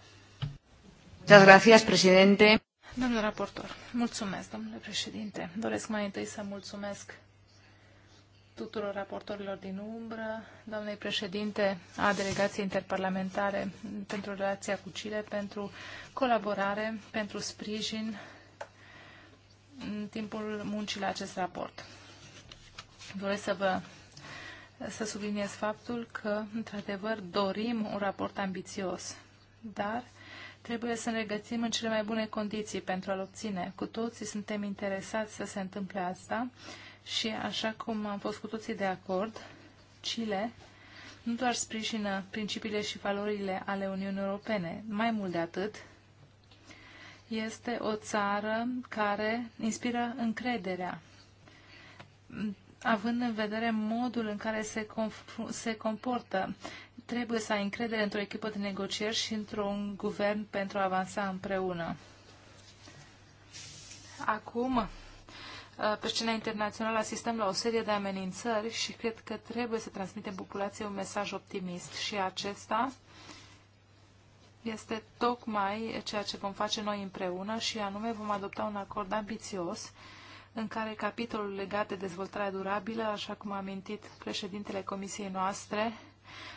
Muchas gracias, presidente. Domnul raportor, mulțumesc, domnule președinte. Doresc mai întâi să mulțumesc tuturor raportorilor din umbră, doamnei președinte a Delegației Interparlamentare pentru relația cu Chile, pentru colaborare, pentru sprijin în timpul muncii la acest raport. Doresc să vă să subliniez faptul că, într-adevăr, dorim un raport ambițios, dar trebuie să ne găsim în cele mai bune condiții pentru a-l obține. Cu toții suntem interesați să se întâmple asta și, așa cum am fost cu toții de acord, Chile nu doar sprijină principiile și valorile ale Uniunii Europene, mai mult de atât, este o țară care inspiră încrederea, având în vedere modul în care se, se comportă. Trebuie să ai încredere într-o echipă de negocieri și într-un guvern pentru a avansa împreună. Acum, Uh, pe scena internațională asistăm la o serie de amenințări și cred că trebuie să transmitem populației un mesaj optimist și acesta este tocmai ceea ce vom face noi împreună și anume vom adopta un acord ambițios în care capitolul legat de dezvoltarea durabilă, așa cum a amintit președintele comisiei noastre,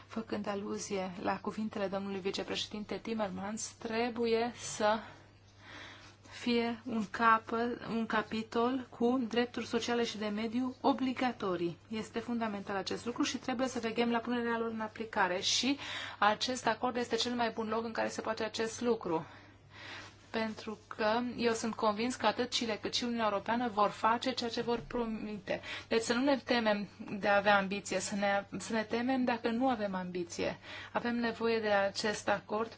făcând aluzie la cuvintele domnului vicepreședinte Timmermans, trebuie să fie un, cap, un capitol cu drepturi sociale și de mediu obligatorii. Este fundamental acest lucru și trebuie să vegem la punerea lor în aplicare și acest acord este cel mai bun loc în care se poate acest lucru. Pentru că eu sunt convins că atât Chile cât și Uniunea Europeană vor face ceea ce vor promite. Deci să nu ne temem de a avea ambiție, să ne, să ne temem dacă nu avem ambiție. Avem nevoie de acest acord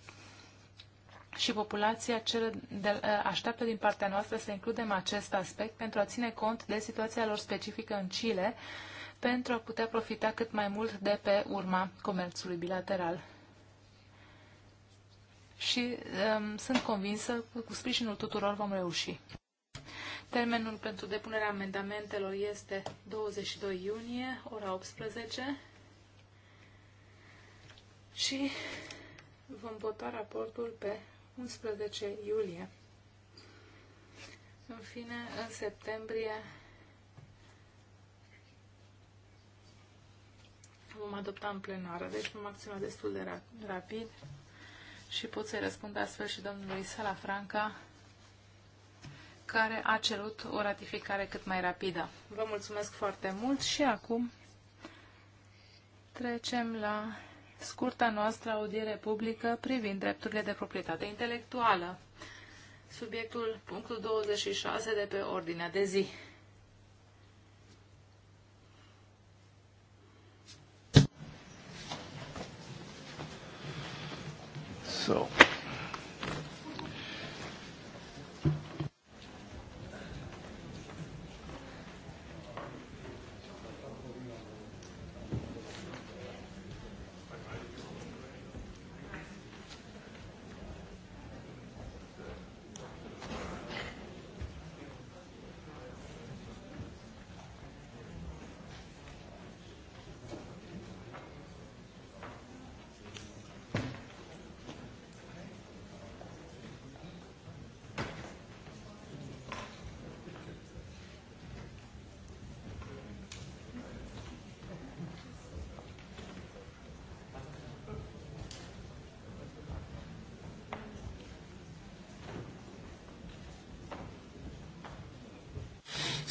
și populația cere de, ă, așteaptă din partea noastră să includem acest aspect pentru a ține cont de situația lor specifică în Chile, pentru a putea profita cât mai mult de pe urma comerțului bilateral. Și um, sunt convinsă că cu sprijinul tuturor vom reuși. Termenul pentru depunerea amendamentelor este 22 iunie, ora 18. Și vom vota raportul pe 11 iulie. În fine, în septembrie vom adopta în plenară, deci vom acționa destul de rapid și pot să-i răspund astfel și domnului Sala Franca, care a cerut o ratificare cât mai rapidă. Vă mulțumesc foarte mult și acum trecem la scurta noastră audiere publică privind drepturile de proprietate intelectuală. Subiectul punctul 26 de pe ordinea de zi. So.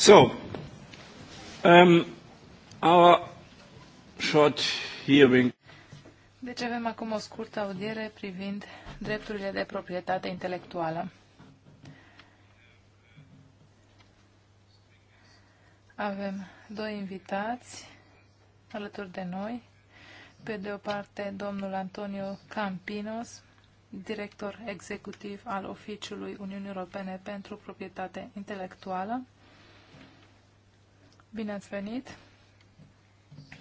So, um, our short hearing. Deci avem acum o scurtă audiere privind drepturile de proprietate intelectuală. Avem doi invitați alături de noi. Pe de o parte, domnul Antonio Campinos, director executiv al Oficiului Uniunii Europene pentru Proprietate Intelectuală Bine ați venit!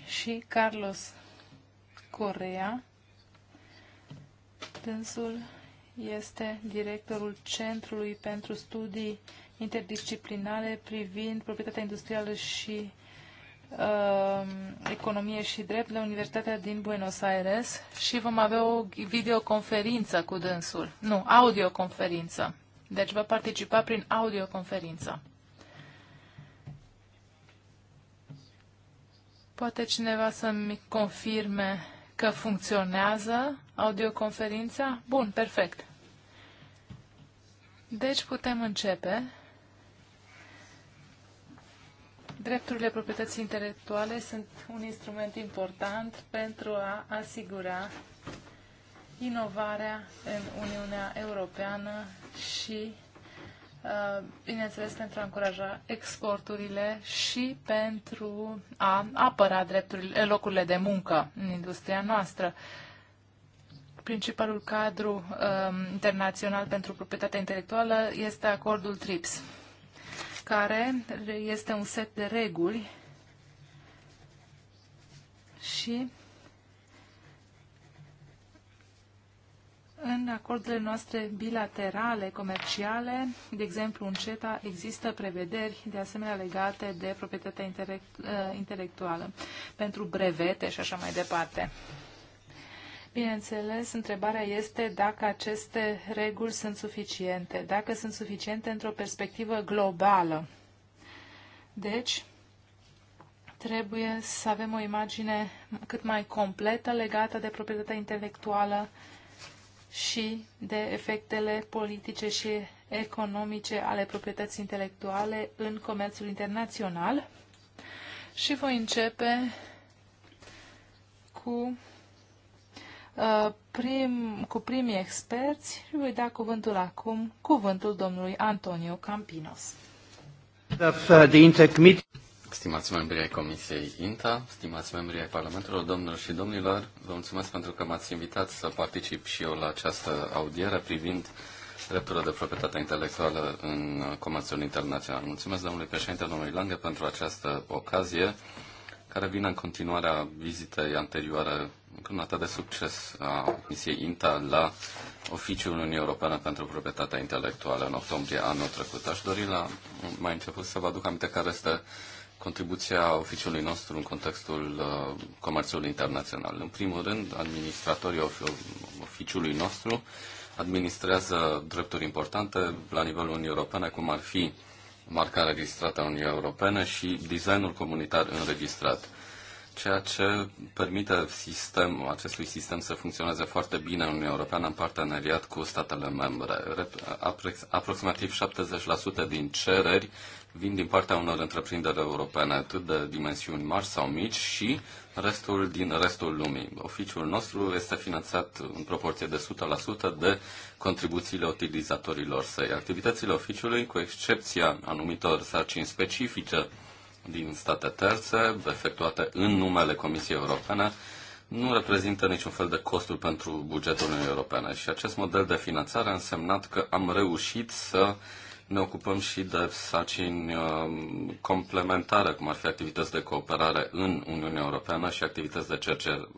Și Carlos Correa, dânsul este directorul Centrului pentru Studii Interdisciplinare privind proprietatea industrială și uh, economie și drept la Universitatea din Buenos Aires și vom avea o videoconferință cu dânsul. Nu, audioconferință. Deci va participa prin audioconferință. Poate cineva să-mi confirme că funcționează audioconferința? Bun, perfect. Deci putem începe. Drepturile proprietății intelectuale sunt un instrument important pentru a asigura inovarea în Uniunea Europeană și Uh, bineînțeles, pentru a încuraja exporturile și pentru a apăra drepturile, locurile de muncă în industria noastră. Principalul cadru um, internațional pentru proprietatea intelectuală este acordul TRIPS, care este un set de reguli și În acordurile noastre bilaterale, comerciale, de exemplu în CETA, există prevederi de asemenea legate de proprietatea uh, intelectuală pentru brevete și așa mai departe. Bineînțeles, întrebarea este dacă aceste reguli sunt suficiente, dacă sunt suficiente într-o perspectivă globală. Deci, trebuie să avem o imagine cât mai completă legată de proprietatea intelectuală, și de efectele politice și economice ale proprietății intelectuale în comerțul internațional. Și voi începe cu, uh, prim, cu primii experți și voi da cuvântul acum, cuvântul domnului Antonio Campinos. Uh, Stimați membri ai Comisiei INTA, stimați membri ai Parlamentului, domnilor și domnilor, vă mulțumesc pentru că m-ați invitat să particip și eu la această audiere privind drepturile de proprietate intelectuală în comerțul internațional. Mulțumesc domnului președinte, domnului Lange, pentru această ocazie care vine în continuarea vizitei anterioare atât de succes a Comisiei INTA la Oficiul Uniunii Europene pentru Proprietatea Intelectuală în octombrie anul trecut. Aș dori la mai început să vă aduc aminte care este contribuția oficiului nostru în contextul uh, comerțului internațional. În primul rând, administratorii oficiului nostru administrează drepturi importante la nivelul Uniunii Europene, cum ar fi marca registrată a Uniunii Europene și designul comunitar înregistrat, ceea ce permite sistem, acestui sistem să funcționeze foarte bine în Uniunea Europeană în parteneriat cu statele membre. Aproximativ 70% din cereri vin din partea unor întreprinderi europene atât de dimensiuni mari sau mici și restul din restul lumii. Oficiul nostru este finanțat în proporție de 100% de contribuțiile utilizatorilor săi. Activitățile oficiului, cu excepția anumitor sarcini specifice din state terțe, efectuate în numele Comisiei Europene, nu reprezintă niciun fel de costul pentru bugetul Uniunii Europene și acest model de finanțare a însemnat că am reușit să uh, ne ocupăm și de sacini uh, complementare, cum ar fi activități de cooperare în Uniunea Europeană și activități de,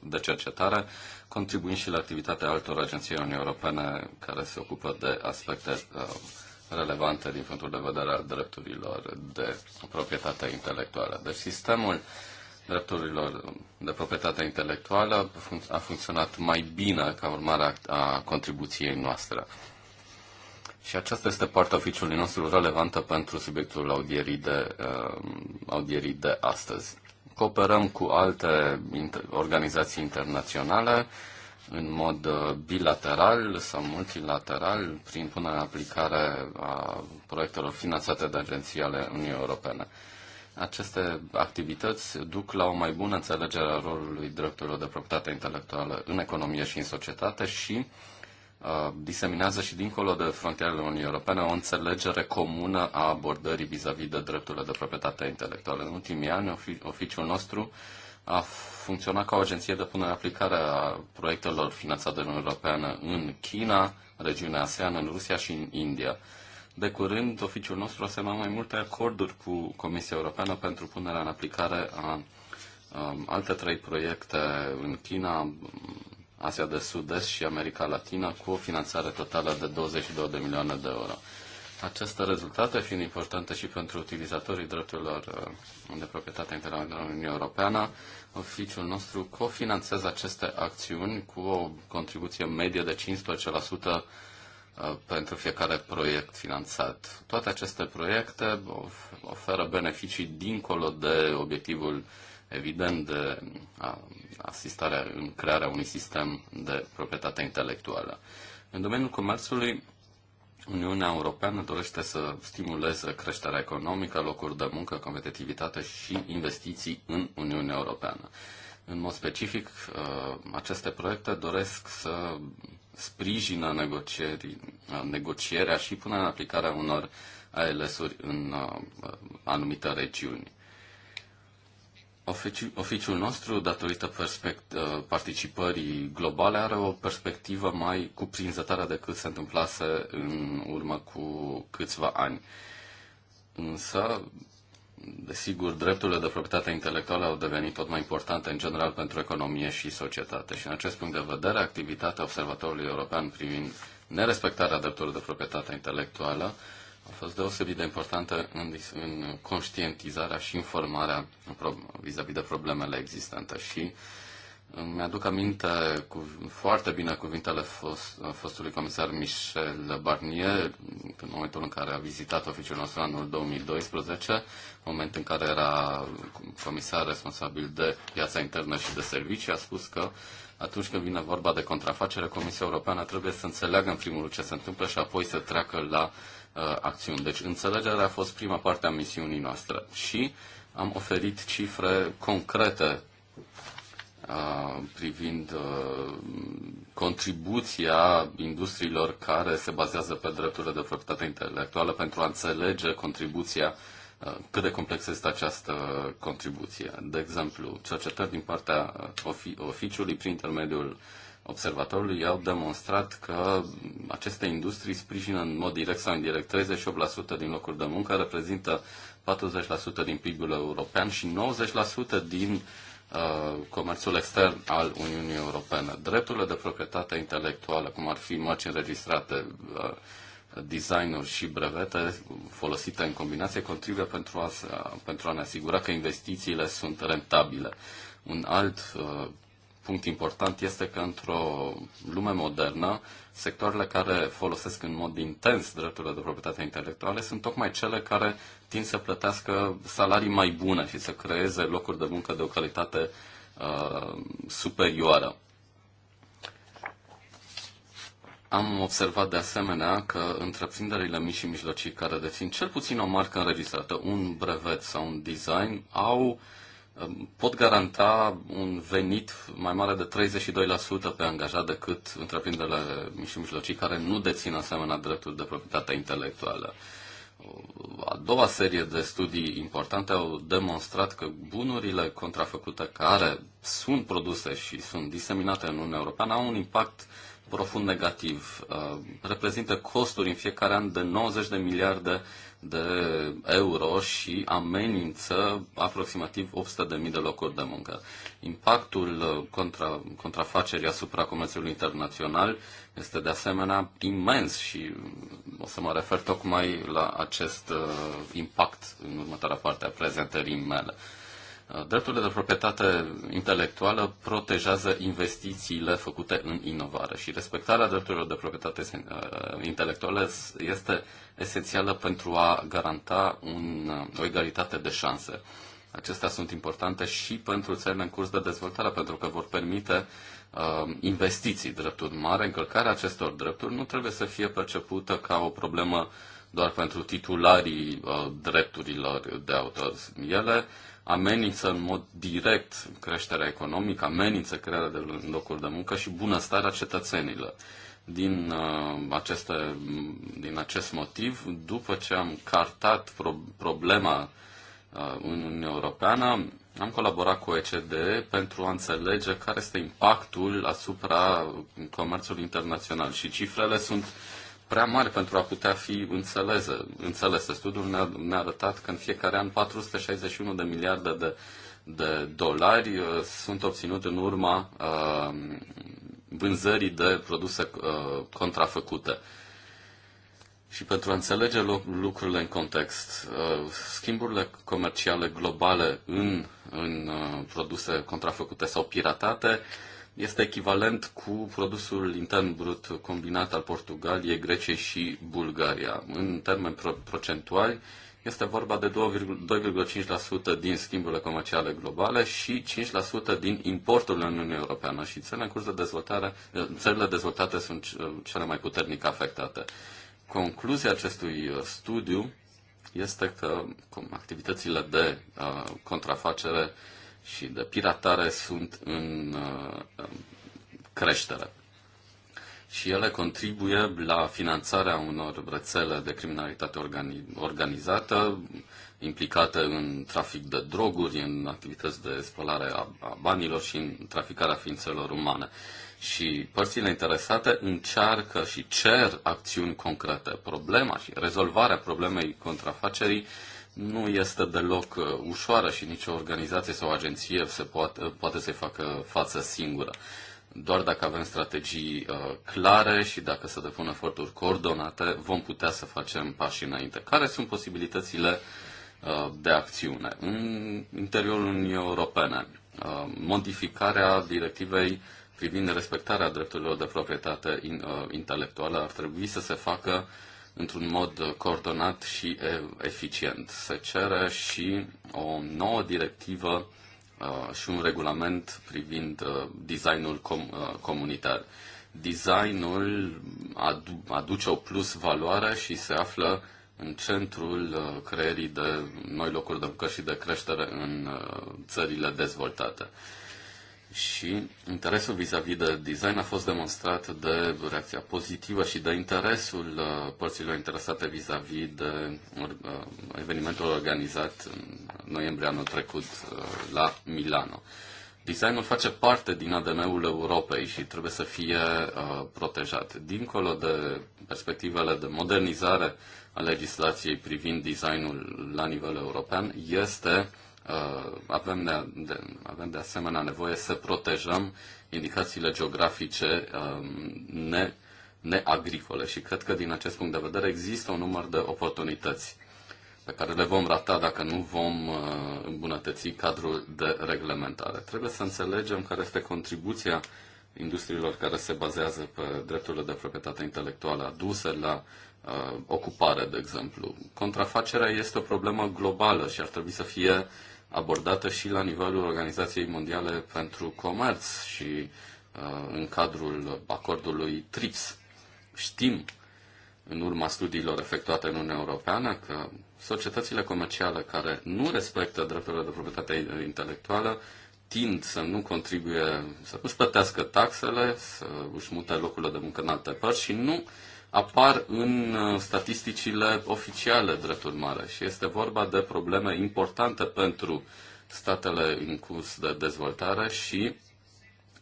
de cercetare, contribuind și la activitatea altor agenții Uniunii Europene care se ocupă de aspecte uh, relevante din punctul de vedere al drepturilor de proprietate intelectuală. Deci sistemul drepturilor de proprietate intelectuală a funcționat mai bine ca urmare a contribuției noastre. Și aceasta este partea oficiului nostru relevantă pentru subiectul audierii de, uh, audierii de astăzi. Cooperăm cu alte inter- organizații internaționale în mod uh, bilateral sau multilateral prin punerea în aplicare a proiectelor finanțate de agențiile Uniunii Europene. Aceste activități duc la o mai bună înțelegere a rolului drepturilor de proprietate intelectuală în economie și în societate și uh, Uh, diseminează și dincolo de frontierele Uniunii Europene o înțelegere comună a abordării vis-a-vis de drepturile de proprietate intelectuală. În ultimii ani, oficiul nostru a funcționat ca o agenție de punere în aplicare a proiectelor finanțate de Uniunea Europeană în China, regiunea ASEAN, în Rusia și în India. De curând, oficiul nostru a semnat mai multe acorduri cu Comisia Europeană pentru punerea în aplicare a um, alte trei proiecte în China, Asia de Sud-Est și America Latina cu o finanțare totală de 22 de milioane de euro. Aceste rezultate fiind importante și pentru utilizatorii drepturilor uh, de proprietate intelectuală în Uniunea Europeană, oficiul nostru cofinanțează aceste acțiuni cu o contribuție medie de 15% uh, pentru fiecare proiect finanțat. Toate aceste proiecte oferă beneficii dincolo de obiectivul evident, de asistarea în crearea unui sistem de proprietate intelectuală. În domeniul comerțului, Uniunea Europeană dorește să stimuleze creșterea economică, locuri de muncă, competitivitate și investiții în Uniunea Europeană. În mod specific, ă, aceste proiecte doresc să sprijină ă, negocierea și până în aplicare unor ALS-uri în ă, anumite regiuni. Oficiul, oficiul nostru, datorită perspect, uh, participării globale, are o perspectivă mai cuprinzătoare decât se întâmplase în urmă cu câțiva ani. Însă, desigur, drepturile de proprietate intelectuală au devenit tot mai importante în general pentru economie și societate. Și în acest punct de vedere, activitatea Observatorului European privind nerespectarea drepturilor de proprietate intelectuală a fost deosebit de importantă în, în conștientizarea și informarea vis-a-vis -vis de problemele existente și mi aduc aminte cu, foarte bine cuvintele fost, fostului comisar Michel Barnier în momentul în care a vizitat oficiul nostru anul 2012, moment în care era comisar responsabil de piața internă și de servicii, a spus că atunci când vine vorba de contrafacere, Comisia Europeană trebuie să înțeleagă în primul rând ce se întâmplă și apoi să treacă la Uh, acțiuni. Deci înțelegerea a fost prima parte a misiunii noastre și am oferit cifre concrete uh, privind uh, contribuția industriilor care se bazează pe drepturile de proprietate intelectuală pentru a înțelege contribuția cât de complexă este această contribuție. De exemplu, cercetări din partea oficiului prin intermediul uh, observatorului au demonstrat că aceste industrii sprijină în mod direct sau indirect 38% din locuri de muncă, reprezintă 40% din PIB-ul european și 90% din uh, comerțul extern al Uniunii Europene. Drepturile de proprietate intelectuală, cum ar fi mărci înregistrate, uh, designuri și brevete folosite în combinație contribuie pentru a, pentru a ne asigura că investițiile sunt rentabile. Un alt uh, punct important este că într-o lume modernă, sectoarele care folosesc în mod intens drepturile de proprietate intelectuală sunt tocmai cele care tind să plătească salarii mai bune și să creeze locuri de muncă de o calitate uh, superioară. Am observat de asemenea că întreprinderile mici și mijlocii care dețin cel puțin o marcă înregistrată, un brevet sau un design, au uh, pot garanta un venit mai mare de 32% pe angajat decât întreprinderile mici și mijlocii care nu dețin asemenea drepturi de proprietate intelectuală. A doua serie de studii importante au demonstrat că bunurile contrafăcute care sunt produse și sunt diseminate în Uniunea Europeană au un impact profund negativ. Uh, reprezintă costuri în fiecare an de 90 de miliarde de euro și amenință aproximativ 800.000 de locuri de muncă. Impactul uh, contra, contrafacerii asupra comerțului internațional este de asemenea imens și uh, o să mă refer tocmai la acest uh, impact în următoarea parte a prezentării mele. Drepturile de proprietate intelectuală protejează investițiile făcute în inovare și respectarea drepturilor de proprietate uh, intelectuală este esențială pentru a garanta un, uh, o egalitate de șanse. Acestea sunt importante și pentru țările în curs de dezvoltare, pentru că vor permite uh, investiții. drepturi urmare, încălcarea acestor drepturi nu trebuie să fie percepută ca o problemă doar pentru titularii uh, drepturilor de autor. Ele amenință în mod direct creșterea economică, amenință crearea de locuri de muncă și bunăstarea cetățenilor. Din, uh, aceste, din acest motiv, după ce am cartat pro- problema uh, în Uniunea Europeană, am colaborat cu ECD pentru a înțelege care este impactul asupra comerțului internațional și cifrele sunt uh, prea mari pentru a putea fi înțelese. înțelese. Studiul ne-a, ne arătat că în fiecare an 461 de miliarde de, de dolari uh, sunt obținute în urma uh, vânzării de produse uh, contrafăcute. Și pentru a înțelege lucrurile în context, uh, schimburile comerciale globale în, în uh, produse contrafăcute sau piratate este echivalent cu produsul intern brut combinat al Portugaliei, Greciei și Bulgaria. În termen pro- procentuali, este vorba de 2,5% din schimburile comerciale globale și 5% din importurile în Uniunea Europeană și țările în curs de dezvoltare, țările dezvoltate sunt cele mai puternic afectate. Concluzia acestui uh, studiu este că activitățile de uh, contrafacere și de piratare sunt uh, în creștere. Și ele contribuie la finanțarea unor rețele de criminalitate organi- organizată, implicate în trafic de droguri, în activități de spălare a, a banilor și în traficarea ființelor umane. Și părțile interesate încearcă și cer acțiuni concrete. Problema și rezolvarea problemei contrafacerii nu este deloc uh, ușoară și nicio organizație sau agenție se poate, uh, poate să-i facă față singură. Doar dacă avem strategii uh, clare și dacă se depun eforturi coordonate, vom putea să facem pași înainte. Care sunt posibilitățile de acțiune în interiorul Uniunii Europene? modificarea directivei privind respectarea drepturilor de proprietate intelectuală ar trebui să se facă uh, într-un mod coordonat și eficient. Se cere și o nouă directivă uh, și un regulament privind uh, designul com- uh, comunitar. Designul aduce o plus valoare și se află în centrul creierii de noi locuri de muncă și de creștere în țările dezvoltate și interesul vis-a-vis -vis de design a fost demonstrat de reacția pozitivă și de interesul uh, părților interesate vis-a-vis -vis de uh, evenimentul organizat în noiembrie anul trecut uh, la Milano. Designul face parte din ADN-ul Europei și trebuie să fie uh, protejat. Dincolo de perspectivele de modernizare a legislației privind designul la nivel european, este uh, Uh, avem de, de, avem de asemenea nevoie să protejăm indicațiile geografice um, ne, neagricole și cred că din acest punct de vedere există un număr de oportunități pe care le vom rata dacă nu vom uh, îmbunătăți cadrul de reglementare. Trebuie să înțelegem care este contribuția industriilor care se bazează pe drepturile de proprietate intelectuală aduse la uh, ocupare, de exemplu. Contrafacerea este o problemă globală și ar trebui să fie uh, abordată și la nivelul Organizației Mondiale pentru Comerț și uh, în cadrul acordului TRIPS. Știm, în urma studiilor efectuate în Uniunea Europeană, că societățile comerciale care nu respectă drepturile de proprietate intelectuală tind să nu contribuie, să nu-și plătească taxele, să își mute locurile de muncă în alte părți și nu uh, apar în uh, statisticile oficiale, drept urmare, și este vorba de probleme importante pentru statele în curs de dezvoltare și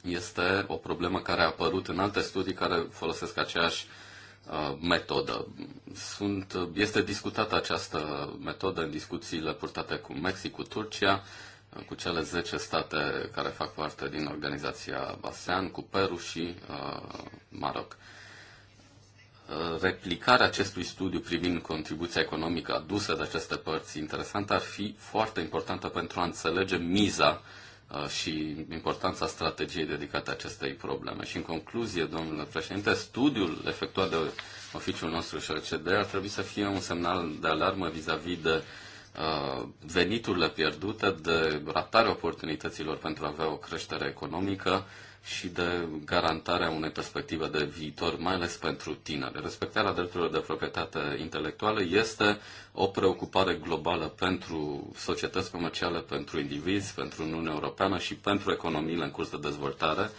este o problemă care a apărut în alte studii care folosesc aceeași uh, metodă. Sunt, este discutată această metodă în discuțiile purtate cu Mexic, cu Turcia, uh, cu cele 10 state care fac parte din organizația ASEAN, cu Peru și uh, Maroc. Uh, replicarea acestui studiu privind contribuția economică adusă de aceste părți interesante ar fi foarte importantă pentru a înțelege miza uh, și importanța strategiei dedicate acestei probleme. Și în concluzie, domnule președinte, studiul efectuat de oficiul nostru și RCD ar trebui să fie un semnal de alarmă vis-a-vis -vis de uh, veniturile pierdute, de ratarea oportunităților pentru a avea o creștere economică, și de garantarea unei perspective de viitor, mai ales pentru tineri. Respectarea drepturilor de proprietate intelectuală este o preocupare globală pentru societăți comerciale, pentru indivizi, pentru Uniunea Europeană și pentru economiile în curs de dezvoltare.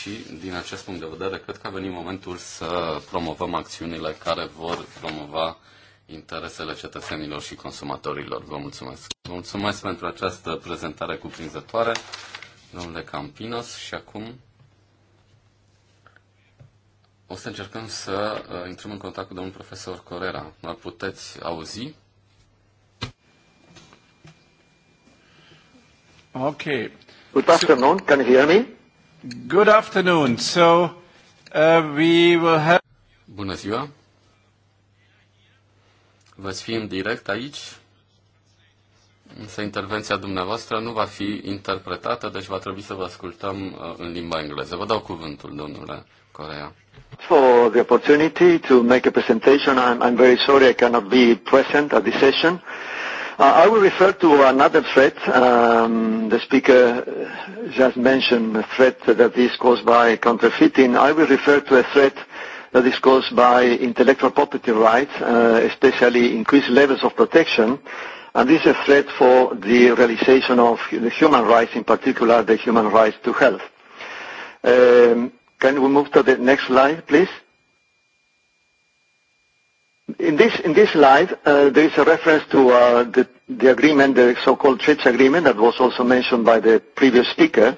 Și, din acest punct de vedere, cred că a venit momentul să promovăm acțiunile care vor promova interesele cetățenilor și consumatorilor. Vă mulțumesc! Vă mulțumesc pentru această prezentare cuprinzătoare domnule Campinos, și acum o să încercăm să uh, intrăm în contact cu domnul profesor Corera. Mă puteți auzi? Ok. Good afternoon. Can you hear me? Good afternoon. So, uh, we will have... Bună ziua. Vă fi în direct aici Însă intervenția dumneavoastră nu va fi interpretată, deci va trebui să vă ascultăm uh, în limba engleză. Vă dau cuvântul, domnule Corea. For the opportunity to make a presentation, I'm, I'm very sorry I cannot be present at this session. Uh, I will refer to another threat. Um, the speaker just mentioned a threat that is caused by counterfeiting. I will refer to a threat that is caused by intellectual property rights, uh, especially increased levels of protection And this is a threat for the realization of the human rights, in particular the human rights to health. Um, can we move to the next slide, please? In this, in this slide, uh, there is a reference to uh, the, the agreement, the so-called TRIPS agreement that was also mentioned by the previous speaker.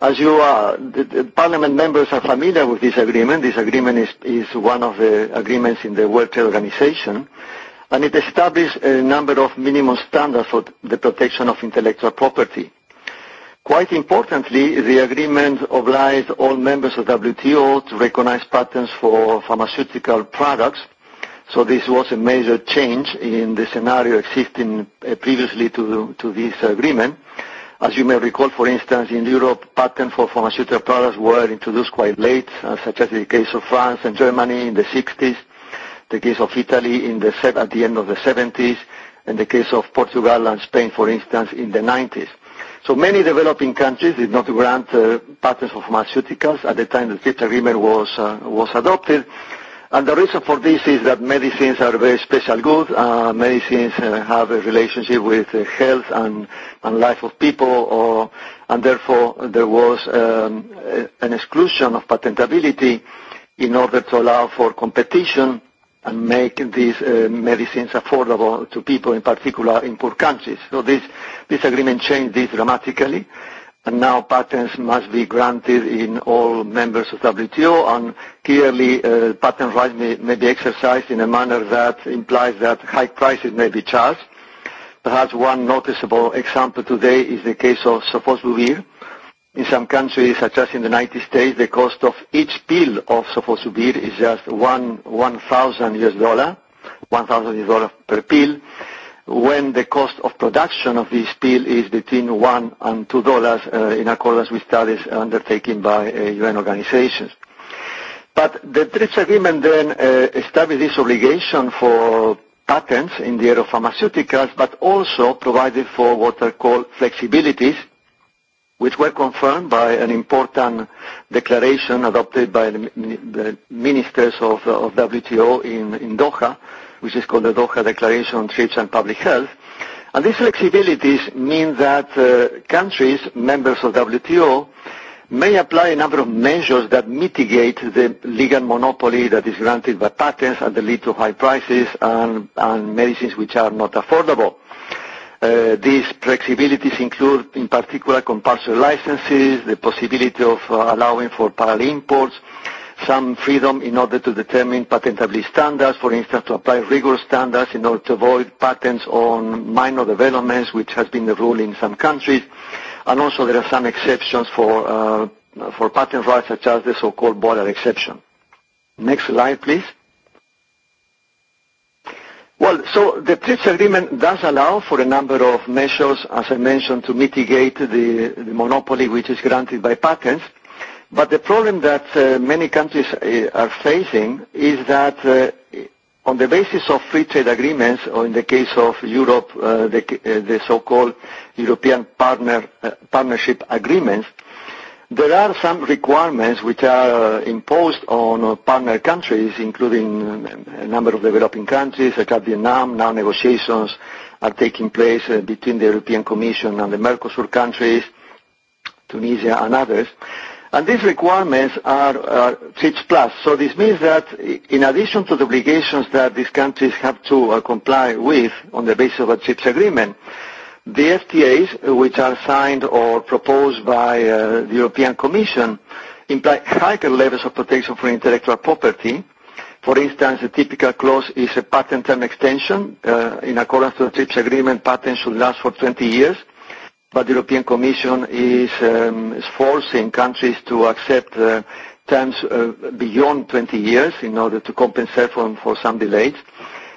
As you are, the, the Parliament members are familiar with this agreement. This agreement is, is one of the agreements in the World Trade Organization and it established a number of minimum standards for the protection of intellectual property. Quite importantly, the agreement obliged all members of WTO to recognize patents for pharmaceutical products, so this was a major change in the scenario existing uh, previously to, to this agreement. As you may recall, for instance, in Europe, patents for pharmaceutical products were introduced quite late, uh, such as in the case of France and Germany in the 60s, the case of Italy in the at the end of the 70s, and the case of Portugal and Spain, for instance, in the 90s. So many developing countries did not grant uh, patents for pharmaceuticals at the time the TRIPS agreement was, uh, was adopted. And the reason for this is that medicines are very special goods. Uh, medicines uh, have a relationship with uh, health and, and life of people, or, and therefore there was um, an exclusion of patentability in order to allow for competition and make these uh, medicines affordable to people, in particular in poor countries. So this, this agreement changed this dramatically, and now patents must be granted in all members of WTO, and clearly uh, patent rights may, may be exercised in a manner that implies that high prices may be charged. Perhaps one noticeable example today is the case of Sofosbuvir. Bouvir, In some countries, such as in the United States, the cost of each pill of sofosbuvir is just one one thousand US dollar, one thousand US dollar per pill, when the cost of production of this pill is between one and two dollars, uh, in accordance with studies undertaken by uh, UN organizations. But the TRIPS agreement then uh, established this obligation for patents in the area of pharmaceuticals, but also provided for what are called flexibilities which were confirmed by an important declaration adopted by the, the ministers of, uh, of WTO in, in Doha, which is called the Doha Declaration on Trips and Public Health. And these flexibilities mean that uh, countries, members of WTO, may apply a number of measures that mitigate the legal monopoly that is granted by patents and that lead to high prices and, and medicines which are not affordable. Uh, these flexibilities include, in particular, compulsory licenses, the possibility of uh, allowing for parallel imports, some freedom in order to determine patentability standards, for instance, to apply rigorous standards in order to avoid patents on minor developments, which has been the rule in some countries. And also there are some exceptions for, uh, for patent rights, such as the so-called border exception. Next slide, please. Well, so the TRIPS agreement does allow for a number of measures, as I mentioned, to mitigate the, the monopoly which is granted by patents. But the problem that uh, many countries uh, are facing is that uh, on the basis of free trade agreements, or in the case of Europe, uh, the, uh, the so-called European partner, uh, partnership agreements, There are some requirements which are uh, imposed on uh, partner countries, including uh, a number of developing countries, such as Vietnam. Now negotiations are taking place between the European Commission and the Mercosur countries, Tunisia and others. And these requirements are, are TRIPS Plus. So this means that in addition to the obligations that these countries have to uh, comply with on the basis of a CHIPS agreement, uh, The FTAs, uh, which are signed or proposed by uh, the European Commission, imply higher levels of protection for intellectual property. For instance, a typical clause is a patent term extension. Uh, in accordance to the TRIPS agreement, patents should last for 20 years. But the European Commission is, um, is forcing countries to accept uh, terms uh, beyond 20 years in order to compensate for, for some delays.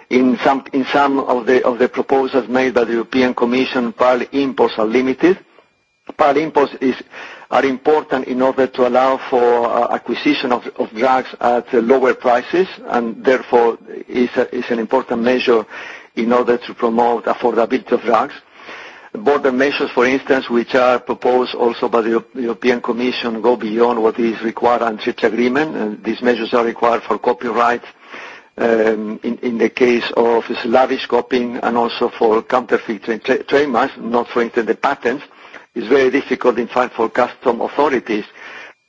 In some, in some of, the, of the proposals made by the European Commission, parallel imports are limited. Parallel imports is, are important in order to allow for uh, acquisition of, of drugs at uh, lower prices, and therefore is, a, is an important measure in order to promote affordability of drugs border measures, for instance, which are proposed also by the European Commission, go beyond what is required under TRIPS agreement. And these measures are required for copyright um, in, in the case of slavish copying and also for counterfeit tra tra trademarks, not for instance the patents, it's very difficult in fact for custom authorities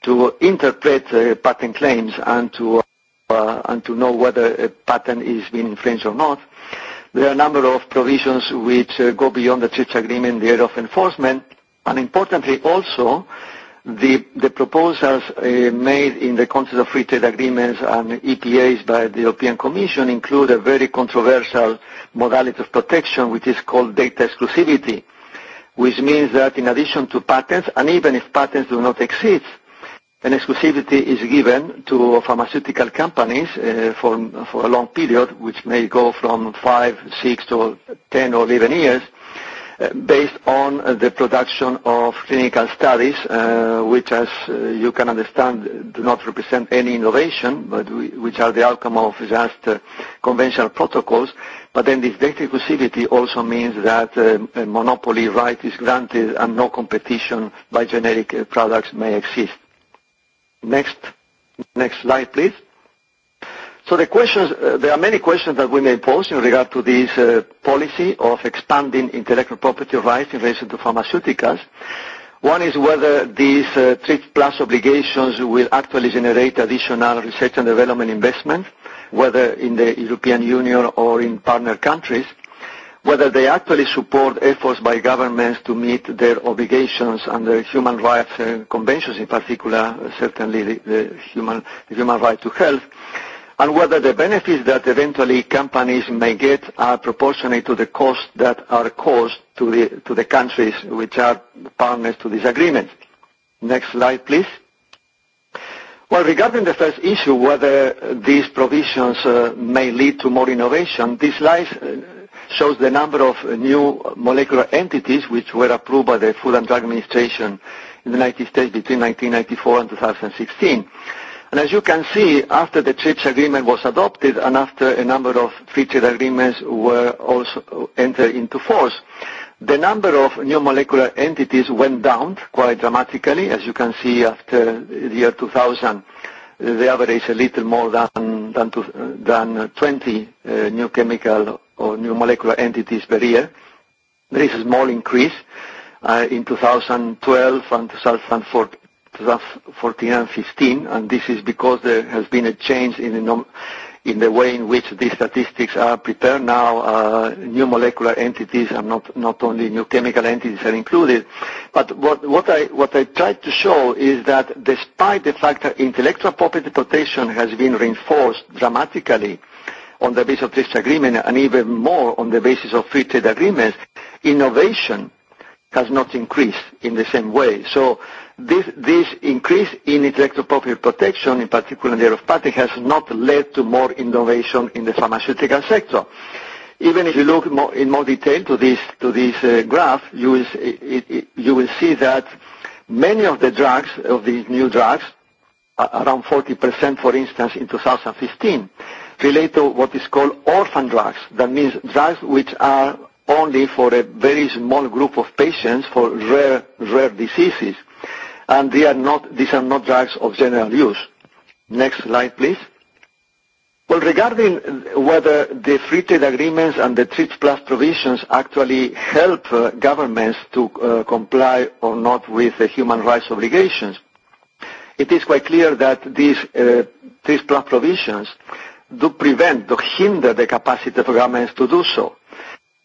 to interpret uh, patent claims and to uh, and to know whether a patent is being infringed or not. There are a number of provisions which uh, go beyond the TRIPS agreement, the area of enforcement, and importantly also, The, the proposals uh, made in the context of free trade agreements and EPAs by the European Commission include a very controversial modality of protection which is called data exclusivity, which means that in addition to patents, and even if patents do not exist, an exclusivity is given to pharmaceutical companies uh, for, for a long period, which may go from five, six to 10 or 11 years, based on the production of clinical studies, uh, which as uh, you can understand, do not represent any innovation, but we, which are the outcome of just uh, conventional protocols. But then this data exclusivity also means that uh, a monopoly right is granted and no competition by generic uh, products may exist. Next, next slide, please. So the questions, uh, there are many questions that we may pose in regard to this uh, policy of expanding intellectual property rights in relation to pharmaceuticals. One is whether these uh, TRIPS Plus obligations will actually generate additional research and development investment, whether in the European Union or in partner countries, whether they actually support efforts by governments to meet their obligations under human rights uh, conventions, in particular, uh, certainly the, the, human, the human right to health, and whether the benefits that eventually companies may get are proportionate to the cost that are caused to the, to the countries which are partners to this agreement. Next slide, please. Well, regarding the first issue, whether these provisions uh, may lead to more innovation, this slide uh, shows the number of new molecular entities which were approved by the Food and Drug Administration in the United States between 1994 and 2016. And as you can see, after the TRIPS agreement was adopted and after a number of free trade agreements were also entered into force, the number of new molecular entities went down quite dramatically. As you can see, after the year 2000, the average a little more than, than, to, than 20 uh, new chemical or new molecular entities per year. There is a small increase uh, in 2012 and 2014 2014 and 15, and this is because there has been a change in the nom in the way in which these statistics are prepared now, uh, new molecular entities and not, not only new chemical entities are included. But what, what, I, what I tried to show is that despite the fact that intellectual property protection has been reinforced dramatically on the basis of this agreement and even more on the basis of free trade agreements, innovation has not increased in the same way. So This, this increase in intellectual property protection, in particular in the area of patent, has not led to more innovation in the pharmaceutical sector. Even if you look more, in more detail to this, to this uh, graph, you will, it, it, you will see that many of the drugs, of these new drugs, around 40%, for instance, in 2015, relate to what is called orphan drugs. That means drugs which are only for a very small group of patients for rare, rare diseases and they are not, these are not drugs of general use. Next slide, please. Well, regarding whether the free trade agreements and the TRIPS Plus provisions actually help uh, governments to uh, comply or not with the human rights obligations, it is quite clear that these uh, TRIPS Plus provisions do prevent, do hinder the capacity of governments to do so.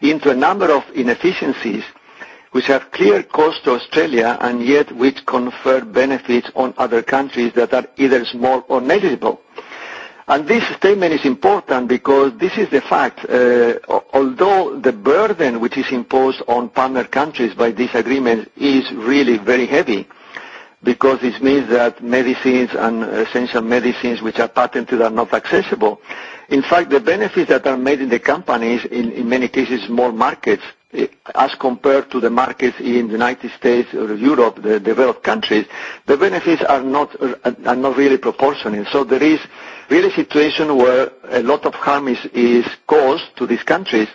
into a number of inefficiencies which have clear costs to Australia and yet which confer benefits on other countries that are either small or negligible. And this statement is important because this is the fact. Uh, although the burden which is imposed on partner countries by this agreement is really very heavy, because this means that medicines and essential medicines which are patented are not accessible. In fact, the benefits that are made in the companies, in, in many cases small markets, eh, as compared to the markets in the United States or Europe, the developed countries, the benefits are not, are not really proportionate. So there is really a situation where a lot of harm is, is caused to these countries,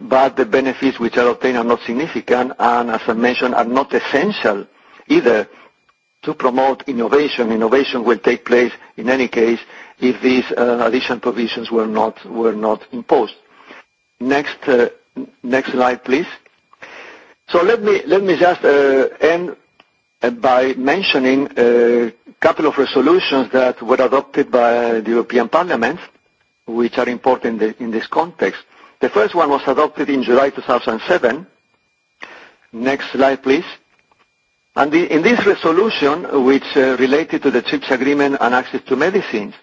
but the benefits which are obtained are not significant and, as I mentioned, are not essential either to promote innovation. Innovation will take place in any case if these uh, additional provisions were not were not imposed. Next, uh, next slide, please. So let me let me just uh, end uh, by mentioning a uh, couple of resolutions that were adopted by the European Parliament, which are important in, the, in this context. The first one was adopted in July 2007. Next slide, please. And the, in this resolution, which uh, related to the CHIPS agreement and access to medicines,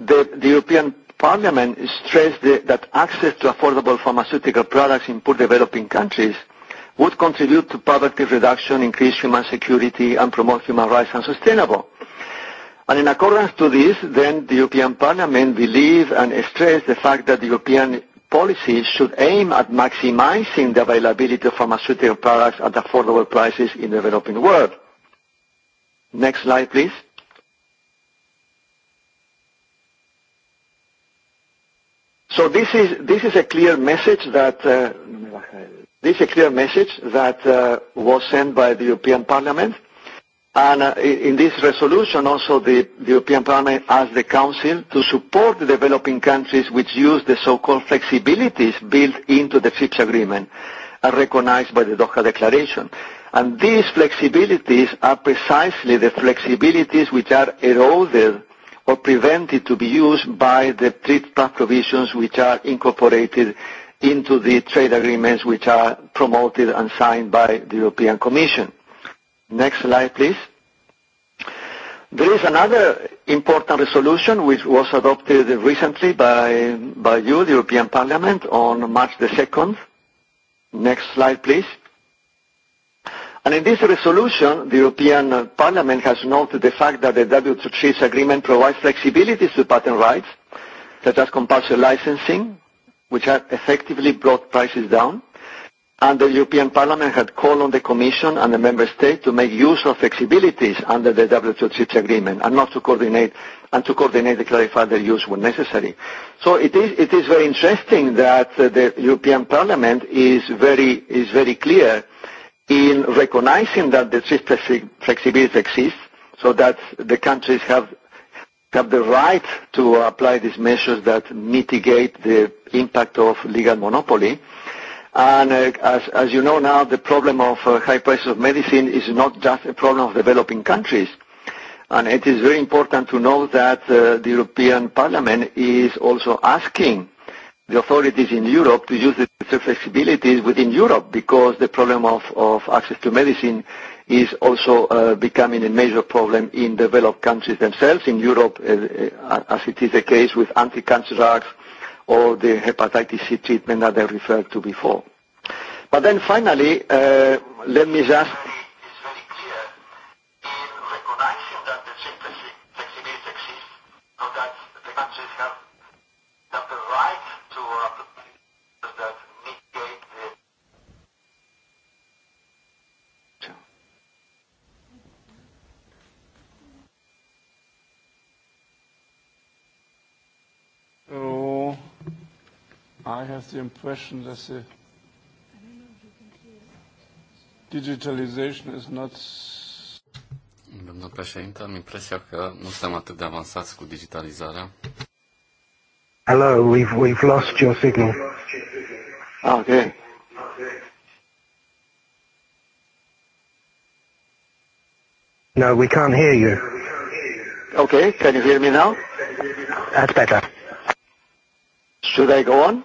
the, the European Parliament stressed the, that access to affordable pharmaceutical products in poor developing countries would contribute to poverty reduction, increase human security, and promote human rights and sustainable. And in accordance to this, then the European Parliament believed and stressed the fact that the European policies should aim at maximizing the availability of pharmaceutical products at affordable prices in the developing world. Next slide, please. So this is this is a clear message that uh, this is a clear message that uh, was sent by the European Parliament And uh, in this resolution, also the, the European Parliament asked the Council to support the developing countries which use the so-called flexibilities built into the FIPS agreement and recognized by the Doha Declaration. And these flexibilities are precisely the flexibilities which are eroded or prevented to be used by the path provisions which are incorporated into the trade agreements which are promoted and signed by the European Commission. Next slide, please. There is another important resolution which was adopted recently by, by you, the European Parliament, on March the 2nd. Next slide, please. And in this resolution, the European Parliament has noted the fact that the W2CIS agreement provides flexibility to patent rights, such as compulsory licensing, which have effectively brought prices down and the European Parliament had called on the Commission and the Member States to make use of flexibilities under the WTO TRIPS agreement and not to coordinate and to coordinate and clarify their use when necessary. So it is, it is very interesting that uh, the European Parliament is very, is very clear in recognizing that the TRIPS flexibility exists so that the countries have have the right to apply these measures that mitigate the impact of legal monopoly And uh, as, as you know now, the problem of uh, high prices of medicine is not just a problem of developing countries. And it is very important to know that uh, the European Parliament is also asking the authorities in Europe to use the flexibilities within Europe because the problem of, of access to medicine is also uh, becoming a major problem in developed countries themselves, in Europe, uh, uh as it is the case with anti-cancer drugs, or the hepatitis C treatment that I referred to before. But then finally, uh, let me just have the impression that the digitalization is not Domnul președinte, am impresia că nu suntem atât de avansați cu digitalizarea. Hello, we've, we've lost your signal. Ah, okay. No, we can't hear you. Okay, can you hear me now? That's better. Should I go on?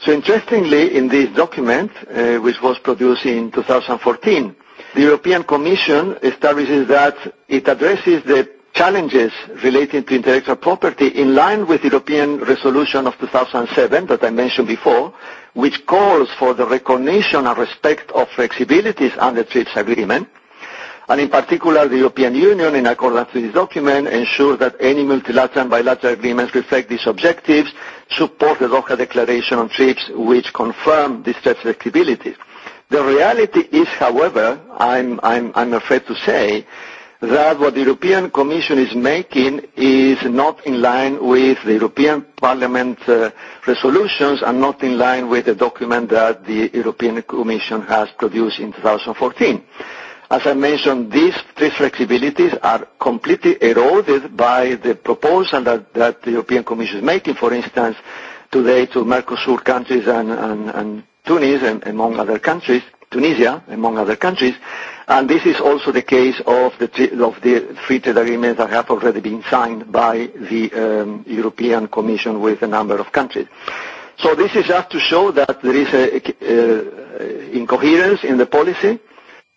So interestingly, in this document, uh, which was produced in 2014, the European Commission establishes that it addresses the challenges relating to intellectual property in line with the European resolution of 2007 that I mentioned before, which calls for the recognition and respect of flexibilities under TRIPS agreement. And in particular, the European Union, in accordance with this document, ensures that any multilateral and bilateral agreements reflect these objectives Support the Doha declaration on TRIPS, which confirm this flexibility. The reality is, however, I'm, I'm, I'm afraid to say, that what the European Commission is making is not in line with the European Parliament uh, resolutions and not in line with the document that the European Commission has produced in 2014. As I mentioned, these three flexibilities are completely eroded by the proposal that, that the European Commission is making, for instance, today to Mercosur countries and, and, and Tunis, and, among other countries, Tunisia, among other countries. And this is also the case of the, of the free trade agreements that have already been signed by the um, European Commission with a number of countries. So this is just to show that there is an a incoherence in the policy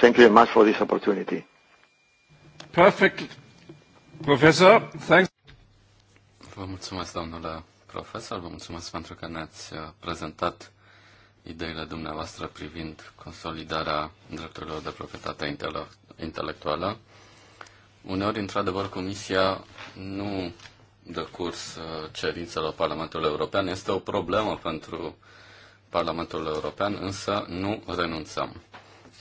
Thank you very much for this opportunity. Perfect. Professor, thanks. Vă mulțumesc, domnule profesor, vă mulțumesc pentru că ne-ați uh, prezentat ideile dumneavoastră privind consolidarea drepturilor de proprietate intelectuală. Uneori, într-adevăr, Comisia nu dă curs uh, cerințelor Parlamentului European. Este o problemă pentru Parlamentul European, însă nu renunțăm.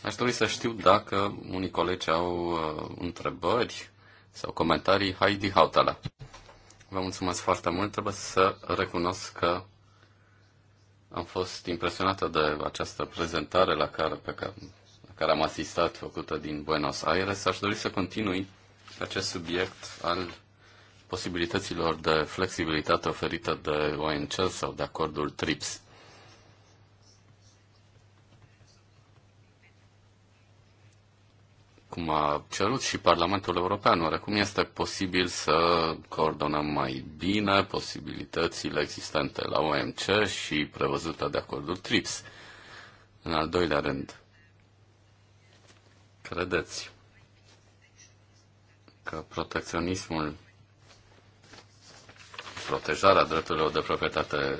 Aș dori să știu dacă unii colegi au uh, întrebări sau comentarii. Heidi Hautala. Vă mulțumesc foarte mult. Trebuie să recunosc că am fost impresionată de această prezentare la care, pe care, la care am asistat, făcută din Buenos Aires. Aș dori să continui acest subiect al posibilităților de flexibilitate oferită de ONC sau de acordul TRIPS. cum a cerut și Parlamentul European. Oarecum este posibil să coordonăm mai bine posibilitățile existente la OMC și prevăzută de acordul TRIPS. În al doilea rând, credeți că protecționismul, protejarea drepturilor de proprietate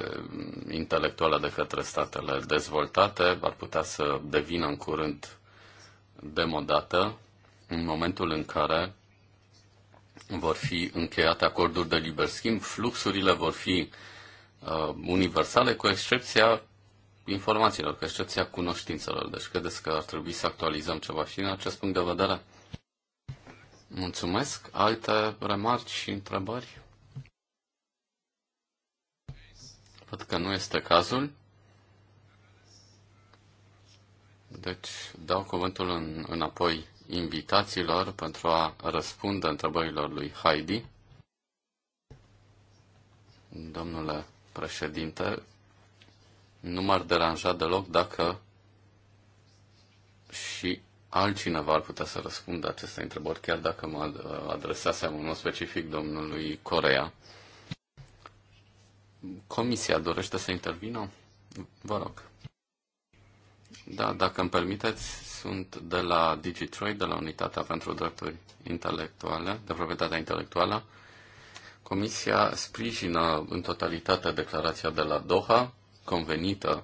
intelectuală de către statele dezvoltate ar putea să devină în curând demodată în momentul în care vor fi încheiate acorduri de liber schimb, fluxurile vor fi uh, universale, cu excepția informațiilor, cu excepția cunoștințelor. Deci credeți că ar trebui să actualizăm ceva și în acest punct de vedere? Mulțumesc. Alte remarci și întrebări? Văd că nu este cazul. Deci dau cuvântul în, înapoi invitațiilor pentru a răspunde întrebărilor lui Heidi. Domnule președinte, nu m-ar deranja deloc dacă și altcineva ar putea să răspundă aceste întrebări, chiar dacă mă adresasem în mod specific domnului Corea. Comisia dorește să intervină? Vă rog. Da, dacă îmi permiteți, sunt de la DigiTrade, de la Unitatea pentru Drepturi Intelectuale, de proprietatea intelectuală. Comisia sprijină în totalitate declarația de la Doha, convenită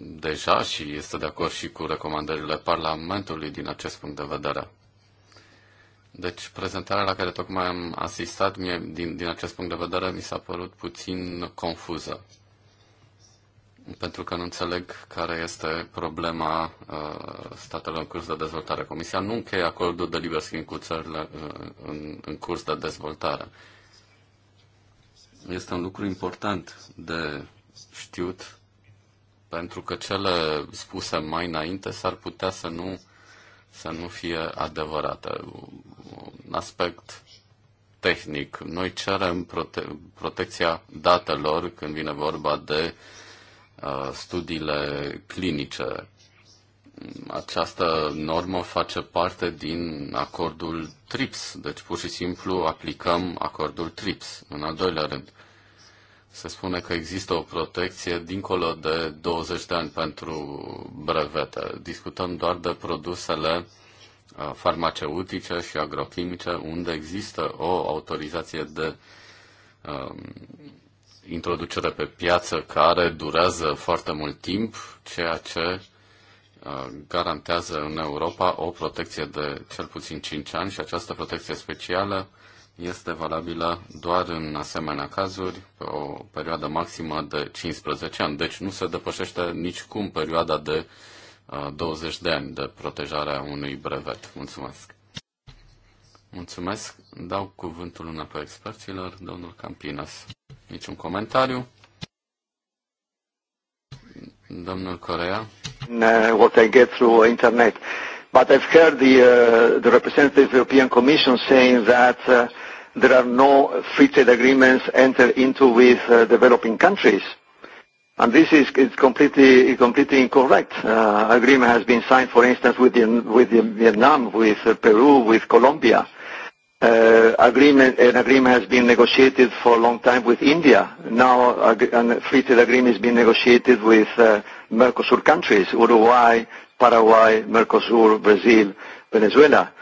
deja și este de acord și cu recomandările Parlamentului din acest punct de vedere. Deci, prezentarea la care tocmai am asistat, mie, din, din acest punct de vedere, mi s-a părut puțin confuză pentru că nu înțeleg care este problema uh, statelor în curs de dezvoltare. Comisia nu încheie acordul de liber schimb cu țările uh, în, în curs de dezvoltare. Este un lucru important de știut, pentru că cele spuse mai înainte s-ar putea să nu, să nu fie adevărate. Un aspect tehnic. Noi cerem prote- protecția datelor când vine vorba de uh, Uh, studiile clinice. Această normă face parte din acordul TRIPS, deci pur și simplu aplicăm acordul TRIPS. În al doilea rând, se spune că există o protecție dincolo de 20 de ani pentru brevete. Discutăm doar de produsele uh, farmaceutice și agrochimice, unde există o autorizație de um, introducere pe piață care durează foarte mult timp, ceea ce uh, garantează în Europa o protecție de cel puțin 5 ani și această protecție specială este valabilă doar în asemenea cazuri pe o perioadă maximă de 15 ani. Deci nu se depășește nicicum perioada de 20 uh, de ani de protejare a unui brevet. Mulțumesc! Mulțumesc! Dau cuvântul una pe experților, domnul Campinas. Niciun comentariu. Domnul Corea. what I get through internet. But I've heard the, uh, the representative of the European Commission saying that uh, there are no free trade agreements entered into with uh, developing countries. And this is it's completely, completely incorrect. Uh, agreement has been signed, for instance, with, the, with the Vietnam, with uh, Peru, with Colombia uh, agreement, an agreement has been negotiated for a long time with India. Now a free trade agreement is being negotiated with uh, Mercosur countries, Uruguay, Paraguay, Mercosur, Brazil, Venezuela,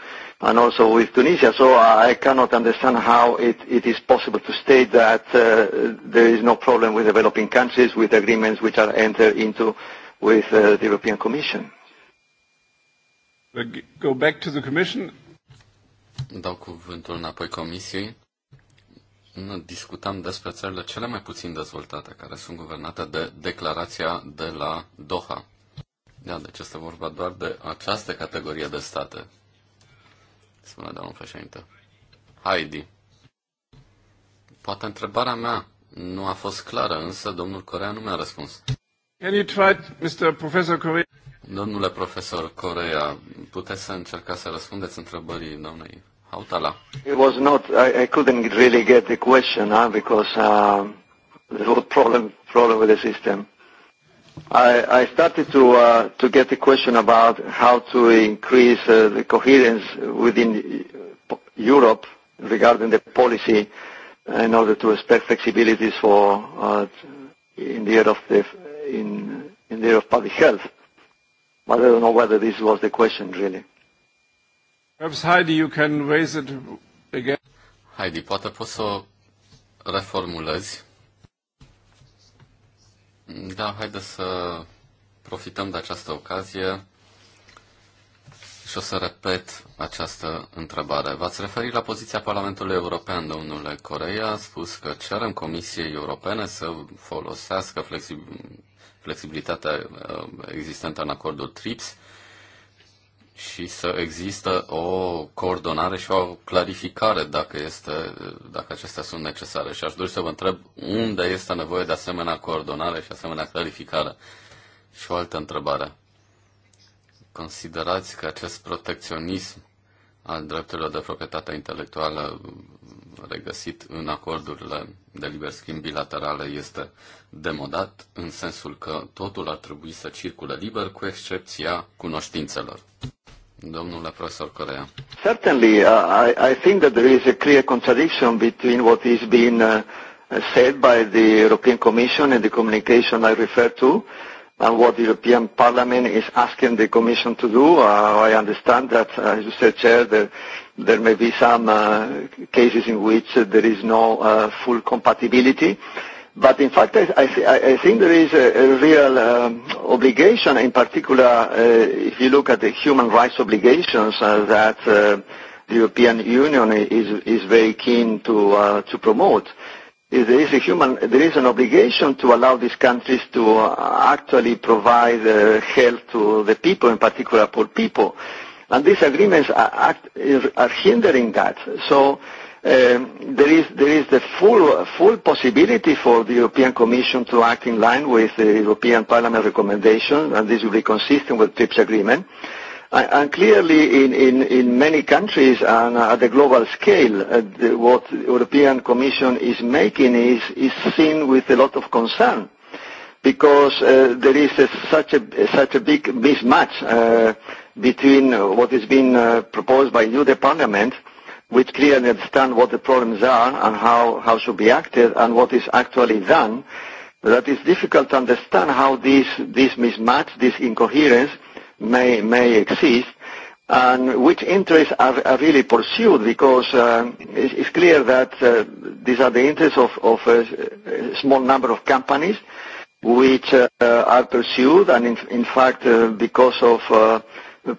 and also with Tunisia. So I cannot understand how it, it is possible to state that uh, there is no problem with developing countries with agreements which are entered into with uh, the European Commission. Go back to the Commission. Dau cuvântul înapoi comisiei. Nu discutam despre țările cele mai puțin dezvoltate, care sunt guvernate de declarația de la Doha. Da, deci este vorba doar de această categorie de state. Spune domnul președinte. Heidi. Poate întrebarea mea nu a fost clară, însă domnul Corea nu mi-a răspuns. Have you tried, Mr. Professor Correa. Domnule profesor Corea, puteți să încercați să răspundeți întrebării domnului Hautala? It was not, I, I couldn't really get the question huh, because uh, there was problem, problem with the system. I, I started to, uh, to get the question about how to increase uh, the coherence within Europe regarding the policy in order to expect flexibilities for uh, in the area of the, in, in the area of public health. But I don't know whether this was the question, really. Perhaps Heidi, you can raise it again. Heidi, poate poți să reformulezi. Da, haide să profităm de această ocazie și o să repet această întrebare. V-ați referit la poziția Parlamentului European, domnule Corea, a spus că cerem Comisiei Europene să folosească flexibil flexibilitatea uh, existentă în acordul TRIPS și să există o coordonare și o clarificare dacă, este, dacă acestea sunt necesare. Și aș dori să vă întreb unde este nevoie de asemenea coordonare și asemenea clarificare. Și o altă întrebare. Considerați că acest protecționism al drepturilor de proprietate intelectuală regăsit în acordurile de liber schimb bilaterale este demodat, în sensul că totul ar trebui să circule liber, cu excepția cunoștințelor. Domnule profesor Corea. Certainly, uh, I, I think that there is a clear contradiction between what is being uh, said by the European Commission and the communication I refer to and what the European Parliament is asking the Commission to do. Uh, I understand that, uh, as you said, Chair, there, there may be some uh, cases in which uh, there is no uh, full compatibility. But in fact, I, th I think there is a, a real um, obligation, in particular, uh, if you look at the human rights obligations uh, that uh, the European Union is, is very keen to, uh, to promote is there is a human, there is an obligation to allow these countries to uh, actually provide uh, help to the people, in particular poor people. And these agreements are, act, is, are hindering that. So um, there is there is the full full possibility for the European Commission to act in line with the European Parliament recommendation, and this will be consistent with TRIPS agreement. Uh, And clearly in, in, in many countries and at the global scale, uh, the, what the European Commission is making is, is seen with a lot of concern because uh, there is a, such, a, such a big mismatch uh, between what is being uh, proposed by you, the Parliament, which clearly understand what the problems are and how, how should be acted and what is actually done. That it's difficult to understand how this, this mismatch, this incoherence, may, may exist and which interests are, are really pursued because uh, it's, it's clear that uh, these are the interests of, of a, a small number of companies which uh, are pursued and in, in fact uh, because of uh, uh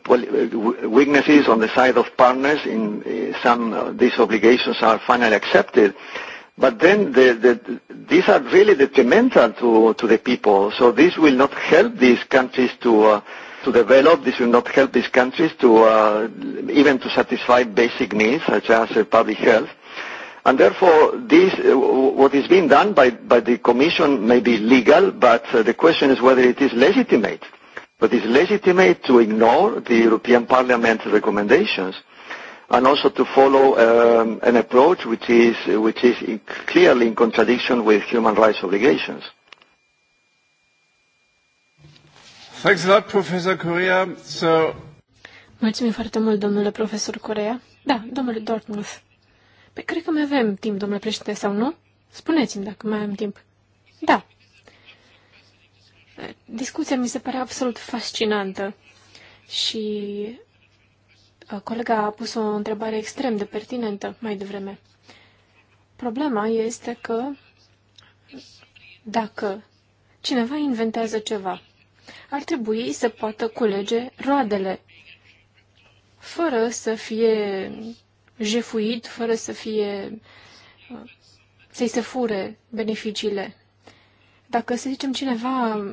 weaknesses on the side of partners in uh, some of these obligations are finally accepted but then the, the, these are really detrimental to, to the people so this will not help these countries to uh, to develop. This will not help these countries to uh, even to satisfy basic needs such as uh, public health. And therefore, this, uh, what is being done by, by the Commission may be legal, but uh, the question is whether it is legitimate. But it's legitimate to ignore the European Parliament recommendations and also to follow um, an approach which is, which is clearly in contradiction with human rights obligations. Mulțumim foarte mult, domnule profesor Corea. Da, domnule Dortmund. Pe păi, cred că mai avem timp, domnule președinte, sau nu? Spuneți-mi dacă mai avem timp. Da. Discuția mi se pare absolut fascinantă și colega a pus o întrebare extrem de pertinentă mai devreme. Problema este că dacă cineva inventează ceva ar trebui să poată culege roadele, fără să fie jefuit, fără să fie să-i se fure beneficiile. Dacă, să zicem, cineva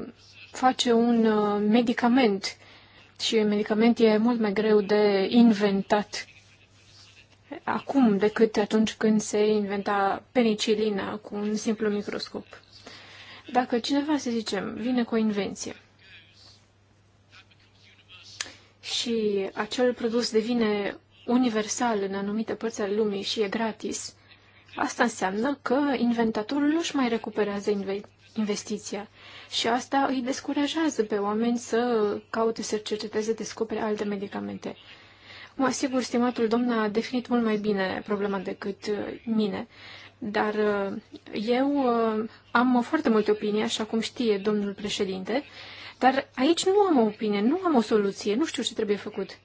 face un uh, medicament și un medicament e mult mai greu de inventat acum decât atunci când se inventa penicilina cu un simplu microscop. Dacă cineva, să zicem, vine cu o invenție și acel produs devine universal în anumite părți ale lumii și e gratis, asta înseamnă că inventatorul nu își mai recuperează investiția și asta îi descurajează pe oameni să caute, să cerceteze, descopere alte medicamente. Mă asigur, stimatul domn a definit mult mai bine problema decât uh, mine, dar uh, eu uh, am foarte multe opinii, așa cum știe domnul președinte, dar aici nu am o opinie, nu am o soluție, nu știu ce trebuie făcut.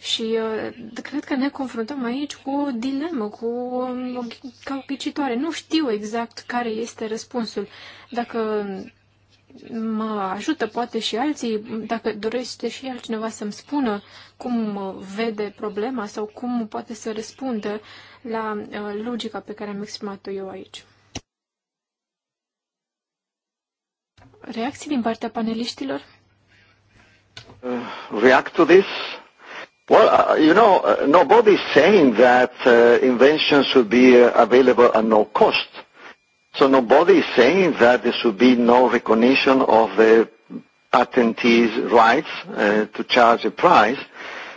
Și uh, cred că ne confruntăm aici cu o dilemă, cu o, ca o Nu știu exact care este răspunsul. Dacă mă ajută poate și alții, dacă dorește și altcineva să-mi spună cum vede problema sau cum poate să răspundă la uh, logica pe care am exprimat-o eu aici. Reacții din partea paneliștilor? Uh, react to this? Well, uh, you know, uh, nobody's saying that uh, inventions should be uh, available at no cost. So nobody is saying that there should be no recognition of the patentee's rights uh, to charge a price.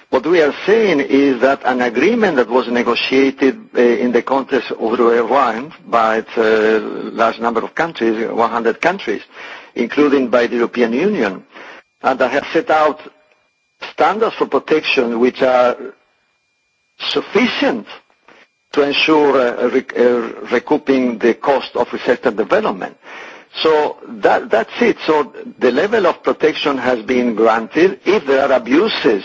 What we are saying is that an agreement that was negotiated uh, in the context of the by a uh, large number of countries, 100 countries, uh, including by the European Union, and that have set out standards for protection which are sufficient to ensure uh, rec uh, recouping the cost of research and development. So that, that's it. So the level of protection has been granted. If there are abuses,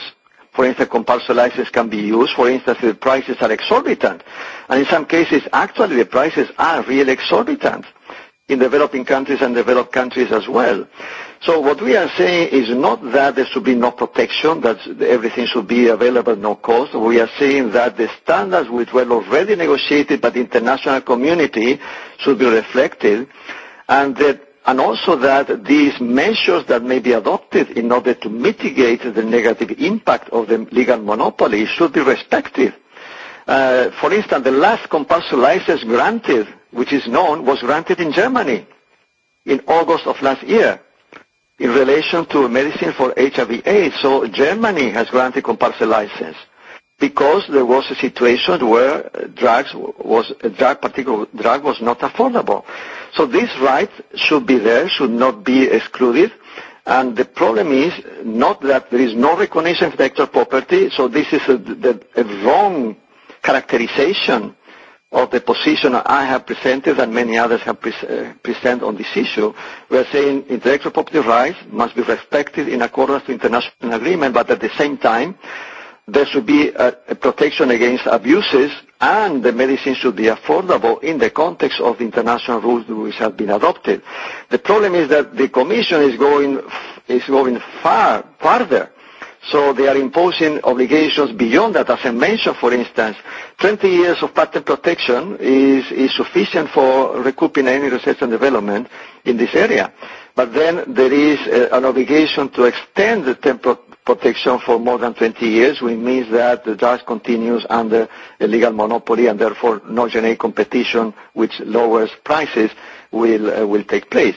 for instance, compulsory license can be used. For instance, the prices are exorbitant. And in some cases, actually, the prices are really exorbitant in developing countries and developed countries as well. So what we are saying is not that there should be no protection, that everything should be available at no cost. We are saying that the standards which were already negotiated by the international community should be reflected and that and also that these measures that may be adopted in order to mitigate the negative impact of the legal monopoly should be respected. Uh, for instance, the last compulsory license granted which is known, was granted in Germany in August of last year in relation to medicine for HIV AIDS. So Germany has granted compulsory license because there was a situation where drugs was, a drug, particular drug was not affordable. So this right should be there, should not be excluded. And the problem is not that there is no recognition of intellectual property, so this is a, the, a wrong characterization of the position I have presented and many others have pre uh, eh, presented on this issue. We are saying intellectual property rights must be respected in accordance to international agreement, but at the same time, there should be a, a protection against abuses and the medicine should be affordable in the context of the international rules which have been adopted. The problem is that the Commission is going, is going far, farther So they are imposing obligations beyond that. As I mentioned, for instance, 20 years of patent protection is, is sufficient for recouping any research and development in this area. But then there is a, uh, an obligation to extend the temporal protection for more than 20 years, which means that the drug continues under a legal monopoly and therefore no generic competition which lowers prices will, uh, will take place.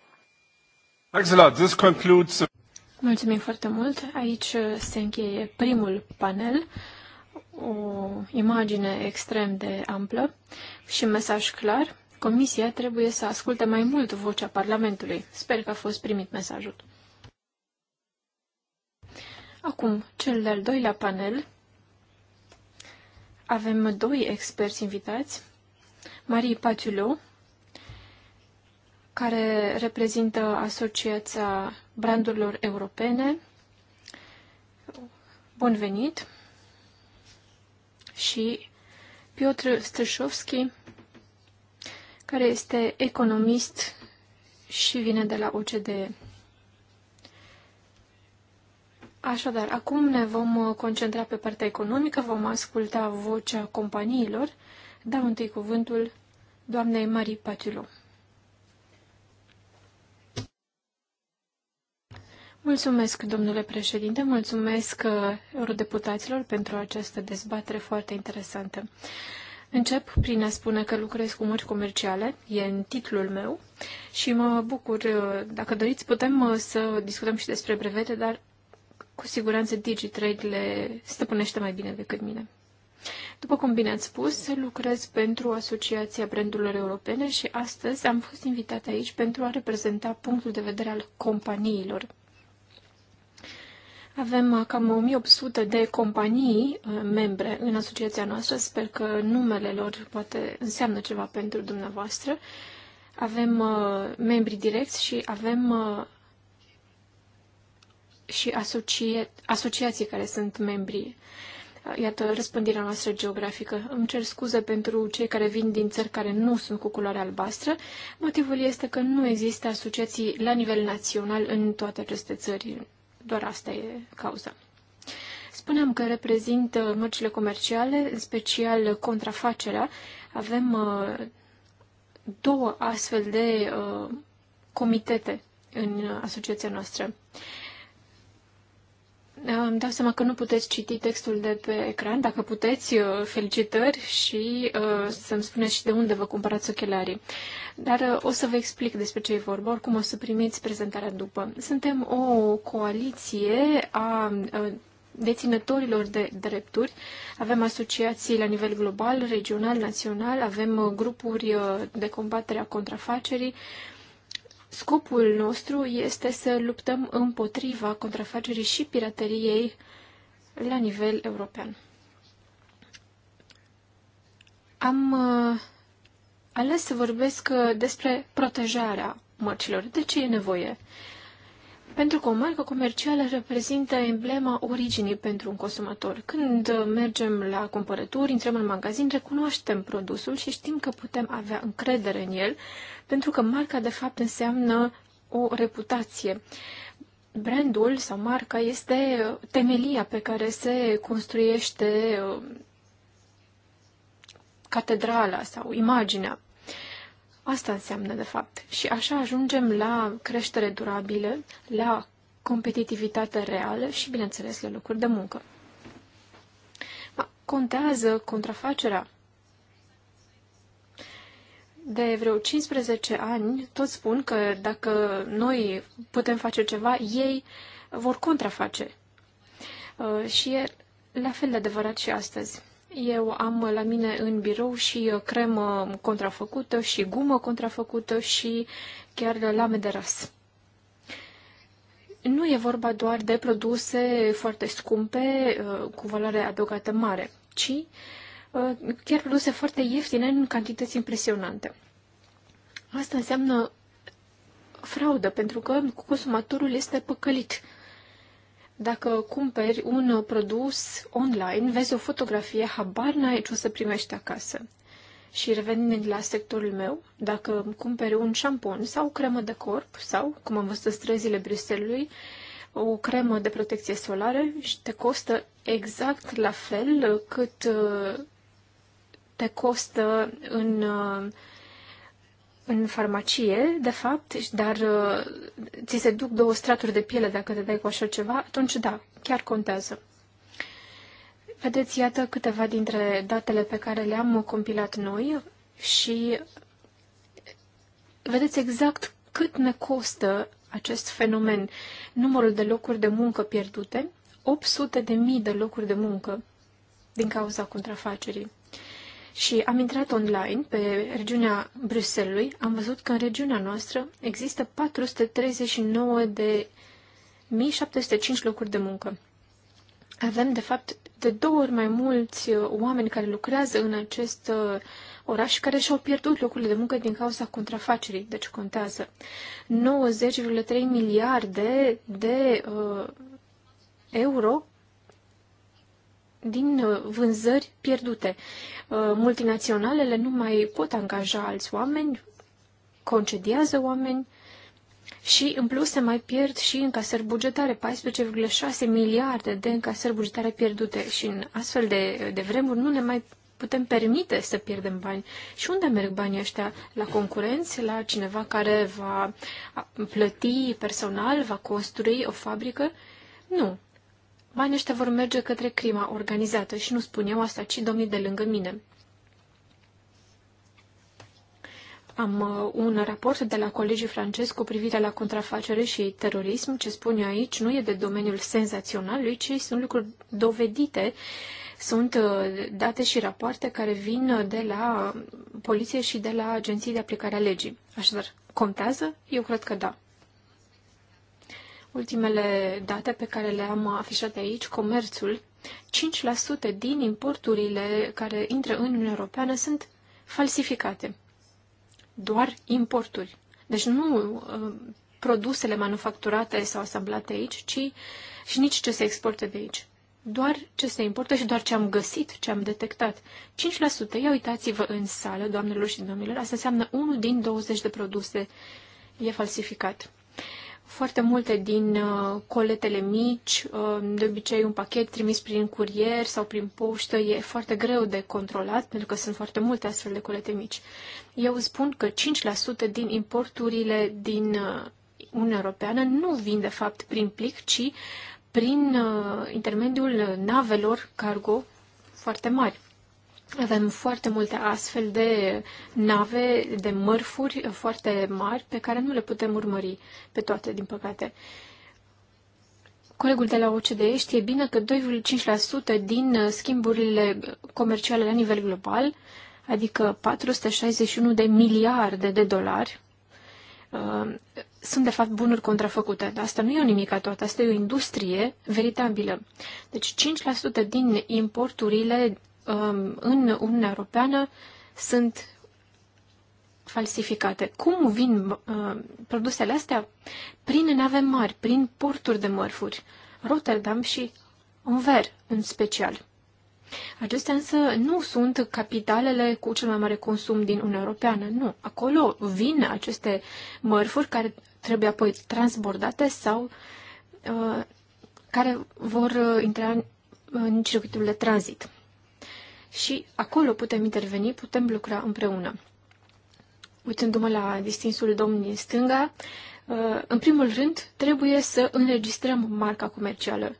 This concludes... Uh, Mulțumim foarte mult. Aici uh, se încheie primul panel, o imagine extrem de amplă și un mesaj clar. Comisia trebuie să asculte mai mult vocea Parlamentului. Sper că a fost primit mesajul. Acum, cel de-al doilea panel. Avem doi experți invitați. Marie Patiulou, care reprezintă Asociația Brandurilor Europene. Bun venit! Și Piotr Strășovski, care este economist și vine de la OCDE. Așadar, acum ne vom concentra pe partea economică, vom asculta vocea companiilor. Dau întâi cuvântul doamnei Marie Patulot. Mulțumesc, domnule președinte, mulțumesc uh, eurodeputaților pentru această dezbatere foarte interesantă. Încep prin a spune că lucrez cu mărci comerciale, e în titlul meu și mă bucur, uh, dacă doriți, putem uh, să discutăm și despre brevete, dar cu siguranță DigiTrade le stăpânește mai bine decât mine. După cum bine ați spus, lucrez pentru Asociația Brandurilor Europene și astăzi am fost invitat aici pentru a reprezenta punctul de vedere al companiilor avem uh, cam 1800 de companii uh, membre în asociația noastră. Sper că numele lor poate înseamnă ceva pentru dumneavoastră. Avem uh, membri direcți și avem și asocie, asociații care sunt membri. Iată răspândirea noastră geografică. Îmi cer scuze pentru cei care vin din țări care nu sunt cu culoare albastră. Motivul este că nu există asociații la nivel național în toate aceste țări. Doar asta e cauza. Spuneam că reprezint mărcile comerciale, în special contrafacerea. Avem uh, două astfel de uh, comitete în uh, asociația noastră. Îmi dau seama că nu puteți citi textul de pe ecran. Dacă puteți, uh, felicitări și uh, să-mi spuneți și de unde vă cumpărați ochelarii. Dar uh, o să vă explic despre ce e vorba, oricum o să primiți prezentarea după. Suntem o coaliție a deținătorilor de drepturi. Avem asociații la nivel global, regional, național, avem grupuri de combatere a contrafacerii, Scopul nostru este să luptăm împotriva contrafacerii și pirateriei la nivel european. Am uh, ales să vorbesc uh, despre protejarea mărcilor. De ce e nevoie? Pentru că o marcă comercială reprezintă emblema originii pentru un consumator. Când mergem la cumpărături, intrăm în magazin, recunoaștem produsul și știm că putem avea încredere în el, pentru că marca de fapt înseamnă o reputație. Brandul sau marca este temelia pe care se construiește uh, catedrala sau imaginea Asta înseamnă, de fapt. Și așa ajungem la creștere durabilă, la competitivitate reală și, bineînțeles, la locuri de muncă. Ma, contează contrafacerea. De vreo 15 ani, toți spun că dacă noi putem face ceva, ei vor contraface. Uh, și e la fel de adevărat și astăzi. Eu am la mine în birou și uh, cremă contrafăcută și gumă contrafăcută și chiar lame de ras. Nu e vorba doar de produse foarte scumpe, uh, cu valoare adăugată mare, ci uh, chiar produse foarte ieftine în cantități impresionante. Asta înseamnă fraudă, pentru că consumatorul este păcălit dacă cumperi un produs online, vezi o fotografie, habar n-ai ce o să primești acasă. Și revenind la sectorul meu, dacă cumperi un șampon sau cremă de corp sau, cum am văzut în străzile Bruselului, o cremă de protecție solară și te costă exact la fel cât uh, te costă în uh, în farmacie, de fapt, dar uh, ți se duc două straturi de piele dacă te dai cu așa ceva, atunci da, chiar contează. Vedeți, iată câteva dintre datele pe care le-am compilat noi și vedeți exact cât ne costă acest fenomen. Numărul de locuri de muncă pierdute, 800 de mii de locuri de muncă din cauza contrafacerii. Și am intrat online pe regiunea Bruselului, am văzut că în regiunea noastră există 439 de 1705 locuri de muncă. Avem, de fapt, de două ori mai mulți uh, oameni care lucrează în acest uh, oraș care și-au pierdut locurile de muncă din cauza contrafacerii, deci contează. 90,3 miliarde de uh, euro din uh, vânzări pierdute. Uh, multinaționalele nu mai pot angaja alți oameni, concediază oameni și, în plus, se mai pierd și încasări bugetare, 14,6 miliarde de încasări bugetare pierdute și în astfel de, de vremuri nu ne mai putem permite să pierdem bani. Și unde merg banii ăștia? La concurenți, la cineva care va plăti personal, va construi o fabrică? Nu. Banii ăștia vor merge către crima organizată și nu spun eu asta, ci domnii de lângă mine. Am uh, un raport de la colegii francezi cu privire la contrafacere și terorism. Ce spun eu aici nu e de domeniul senzaționalului, ci sunt lucruri dovedite. Sunt uh, date și rapoarte care vin uh, de la poliție și de la agenții de aplicare a legii. Așadar, contează? Eu cred că da. Ultimele date pe care le-am afișat aici, comerțul, 5% din importurile care intră în Uniunea Europeană sunt falsificate. Doar importuri. Deci nu uh, produsele manufacturate sau asamblate aici, ci și nici ce se exportă de aici. Doar ce se importă și doar ce am găsit, ce am detectat. 5%, ia uitați-vă în sală, doamnelor și domnilor, asta înseamnă unul din 20 de produse e falsificat. Foarte multe din uh, coletele mici, uh, de obicei un pachet trimis prin curier sau prin poștă, e foarte greu de controlat, pentru că sunt foarte multe astfel de colete mici. Eu spun că 5% din importurile din uh, Uniunea Europeană nu vin, de fapt, prin plic, ci prin intermediul navelor cargo foarte mari. Avem foarte multe astfel de nave, de mărfuri foarte mari pe care nu le putem urmări pe toate, din păcate. Colegul de la OCDE știe bine că 2,5% din uh, schimburile comerciale la nivel global, adică 461 de miliarde de dolari, uh, sunt de fapt bunuri contrafăcute. Dar asta nu e o nimica toată, asta e o industrie veritabilă. Deci 5% din importurile Um, în Uniunea Europeană sunt falsificate. Cum vin uh, produsele astea? Prin nave mari, prin porturi de mărfuri, Rotterdam și Anver în special. Acestea însă nu sunt capitalele cu cel mai mare consum din Uniunea Europeană, nu. Acolo vin aceste mărfuri care trebuie apoi transbordate sau uh, care vor uh, intra în circuitul de tranzit și acolo putem interveni, putem lucra împreună. Uitându-mă la distinsul domnului stânga, uh, în primul rând trebuie să înregistrăm marca comercială.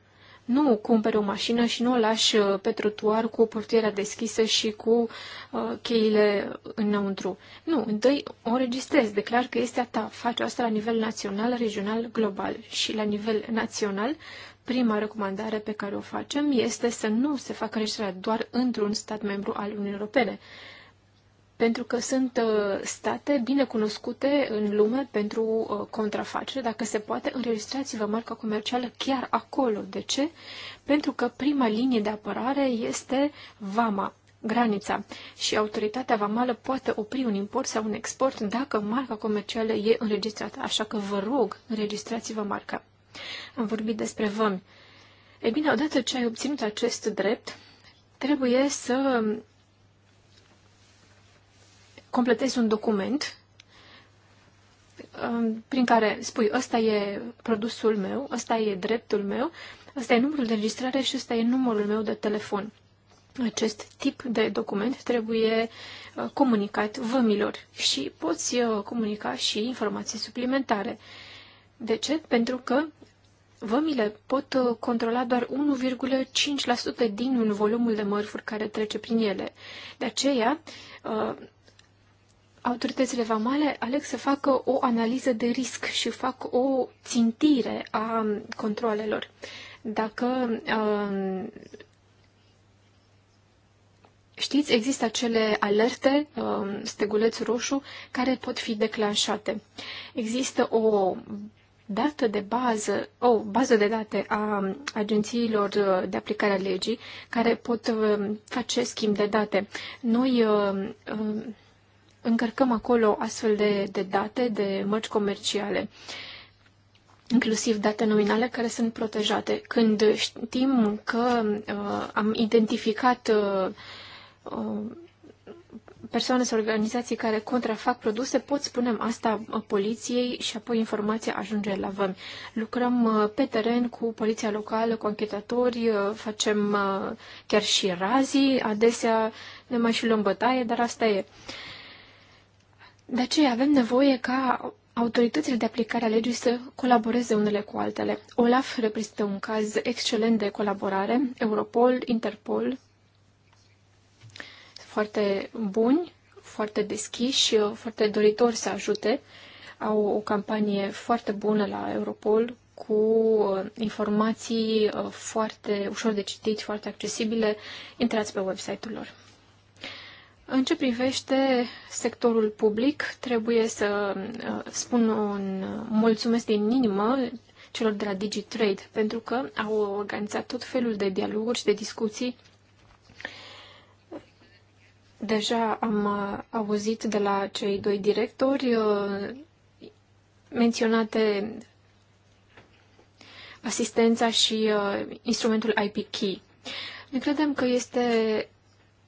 Nu cumperi o mașină și nu o lași uh, pe trotuar cu portiera deschisă și cu uh, cheile înăuntru. Nu, întâi o înregistrezi, declar că este a ta. Faci asta la nivel național, regional, global. Și la nivel național Prima recomandare pe care o facem este să nu se facă creșterea doar într-un stat membru al Uniunii Europene, pentru că sunt uh, state bine cunoscute în lume pentru uh, contrafacere. Dacă se poate, înregistrați-vă marca comercială chiar acolo. De ce? Pentru că prima linie de apărare este VAMA, granița și autoritatea vamală poate opri un import sau un export dacă marca comercială e înregistrată. Așa că vă rog, înregistrați-vă marca. Am vorbit despre vămi. E bine, odată ce ai obținut acest drept, trebuie să completezi un document um, prin care spui, ăsta e produsul meu, ăsta e dreptul meu, ăsta e numărul de registrare și ăsta e numărul meu de telefon. Acest tip de document trebuie uh, comunicat vămilor și poți uh, comunica și informații suplimentare. De ce? Pentru că vămile pot uh, controla doar 1,5% din un volumul de mărfuri care trece prin ele. De aceea, uh, autoritățile vamale aleg să facă o analiză de risc și fac o țintire a controlelor. Dacă uh, știți, există acele alerte, steguleț roșu, care pot fi declanșate. Există o dată de bază, o oh, bază de date a agențiilor uh, de aplicare a legii care pot uh, face schimb de date. Noi uh, încărcăm acolo astfel de, de date, de mărci comerciale inclusiv date nominale care sunt protejate. Când știm că uh, am identificat uh, persoane sau organizații care contrafac produse, pot spunem asta poliției și apoi informația ajunge la vămi. Lucrăm uh, pe teren cu poliția locală, cu anchetatori, uh, facem uh, chiar și razii, adesea ne mai și luăm bătaie, dar asta e. De aceea avem nevoie ca autoritățile de aplicare a legii să colaboreze unele cu altele. OLAF reprezintă un caz excelent de colaborare, Europol, Interpol, foarte buni, foarte deschiși, foarte doritori să ajute. Au o campanie foarte bună la Europol cu uh, informații uh, foarte ușor de citit, foarte accesibile. Intrați pe website-ul lor. În ce privește sectorul public, trebuie să uh, spun un mulțumesc din inimă celor de la DigiTrade, pentru că au organizat tot felul de dialoguri și de discuții Deja am uh, auzit de la cei doi directori uh, menționate asistența și uh, instrumentul IP Key. Ne credem că este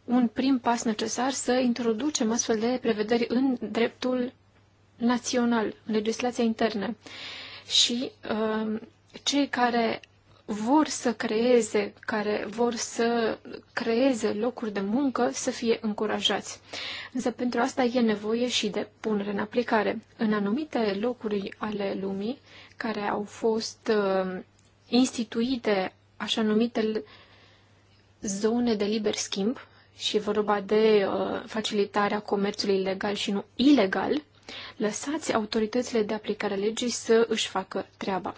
un prim pas necesar să introducem astfel de prevederi în dreptul național, în legislația internă. Și uh, cei care vor să creeze, care vor să creeze locuri de muncă, să fie încurajați. Însă pentru asta e nevoie și de punere în aplicare. În anumite locuri ale lumii, care au fost uh, instituite așa numite zone de liber schimb, și vorba de uh, facilitarea comerțului legal și nu ilegal, lăsați autoritățile de aplicare a legii să își facă treaba.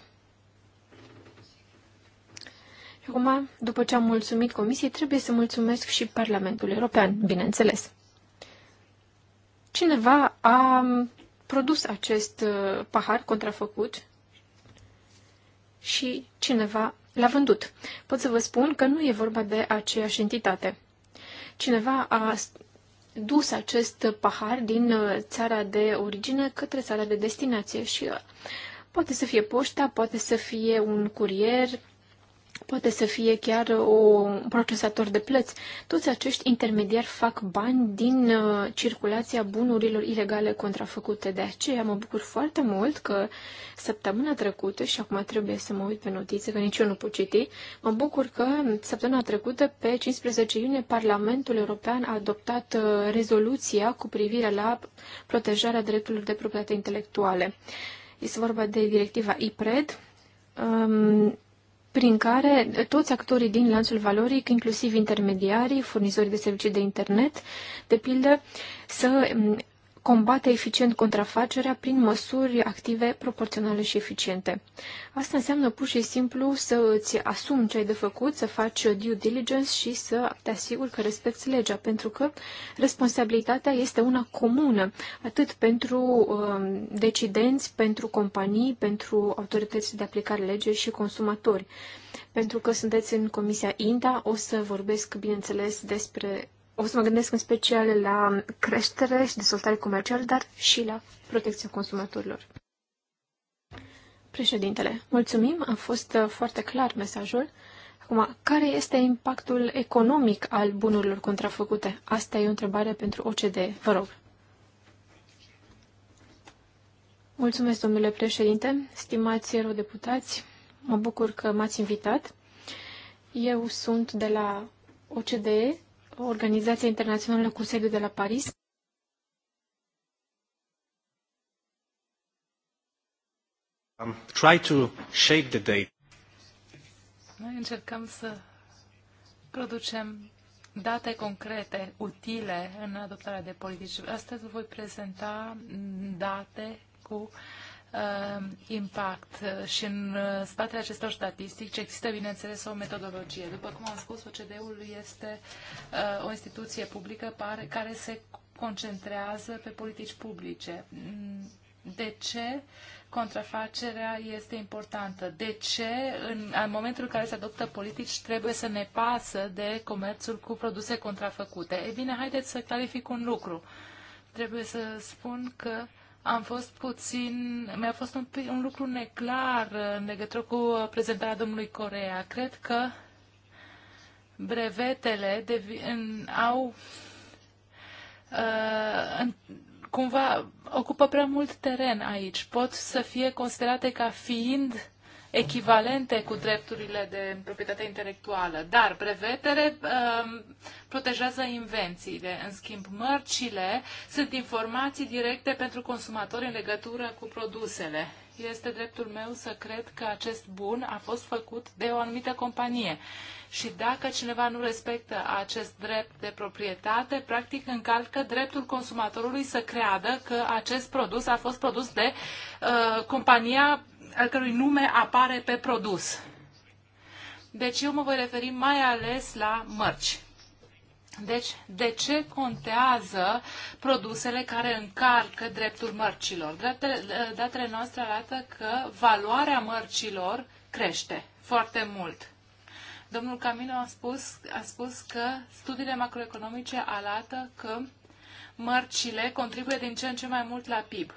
Acum, după ce am mulțumit Comisiei, trebuie să mulțumesc și Parlamentul European, bineînțeles. Cineva a produs acest uh, pahar contrafăcut și cineva l-a vândut. Pot să vă spun că nu e vorba de aceeași entitate. Cineva a dus acest pahar din uh, țara de origine către țara de destinație și uh, poate să fie poșta, poate să fie un curier, poate să fie chiar o procesator de plăți. Toți acești intermediari fac bani din uh, circulația bunurilor ilegale contrafăcute. De aceea mă bucur foarte mult că săptămâna trecută, și acum trebuie să mă uit pe notițe, că nici eu nu pot citi, mă bucur că săptămâna trecută, pe 15 iunie, Parlamentul European a adoptat uh, rezoluția cu privire la protejarea drepturilor de proprietate intelectuale. Este vorba de directiva IPRED, um, prin care toți actorii din lanțul valoric, inclusiv intermediarii, furnizorii de servicii de internet, de pildă, să combate eficient contrafacerea prin măsuri active, proporționale și eficiente. Asta înseamnă pur și simplu să îți asumi ce ai de făcut, să faci due diligence și să te asiguri că respecti legea, pentru că responsabilitatea este una comună, atât pentru uh, decidenți, pentru companii, pentru autorități de aplicare lege și consumatori. Pentru că sunteți în Comisia INTA, o să vorbesc, bineînțeles, despre o să mă gândesc în special la creștere și dezvoltare comercială, dar și la protecția consumatorilor. Președintele, mulțumim, a fost uh, foarte clar mesajul. Acum, care este impactul economic al bunurilor contrafăcute? Asta e o întrebare pentru OCDE. Vă rog. Mulțumesc, domnule președinte, stimați eurodeputați, mă bucur că m-ați invitat. Eu sunt de la OCDE Organizația Internațională cu sediu de la Paris. Um, try to shape the date. Noi încercăm să producem date concrete, utile în adoptarea de politici. Astăzi voi prezenta date cu uh, Um, impact uh, și în uh, spatele acestor statistici există, bineînțeles, o metodologie. După cum am spus, OCDE-ul este uh, o instituție publică care se concentrează pe politici publice. Mm, de ce contrafacerea este importantă? De ce, în, în momentul în care se adoptă politici, trebuie să ne pasă de comerțul cu produse contrafăcute? Ei bine, haideți să clarific un lucru. Trebuie să spun că am fost puțin, mi-a fost un, un lucru neclar în legătură cu prezentarea domnului Corea. Cred că brevetele devi, în, au uh, în, cumva ocupă prea mult teren aici. Pot să fie considerate ca fiind echivalente cu drepturile de proprietate intelectuală, dar brevetele um, protejează invențiile. În schimb, mărcile sunt informații directe pentru consumatori în legătură cu produsele. Este dreptul meu să cred că acest bun a fost făcut de o anumită companie. Și dacă cineva nu respectă acest drept de proprietate, practic încalcă dreptul consumatorului să creadă că acest produs a fost produs de uh, compania al cărui nume apare pe produs. Deci eu mă voi referi mai ales la mărci. Deci, de ce contează produsele care încarcă dreptul mărcilor? Datele noastre arată că valoarea mărcilor crește foarte mult. Domnul Camino a spus, a spus că studiile macroeconomice arată că mărcile contribuie din ce în ce mai mult la PIB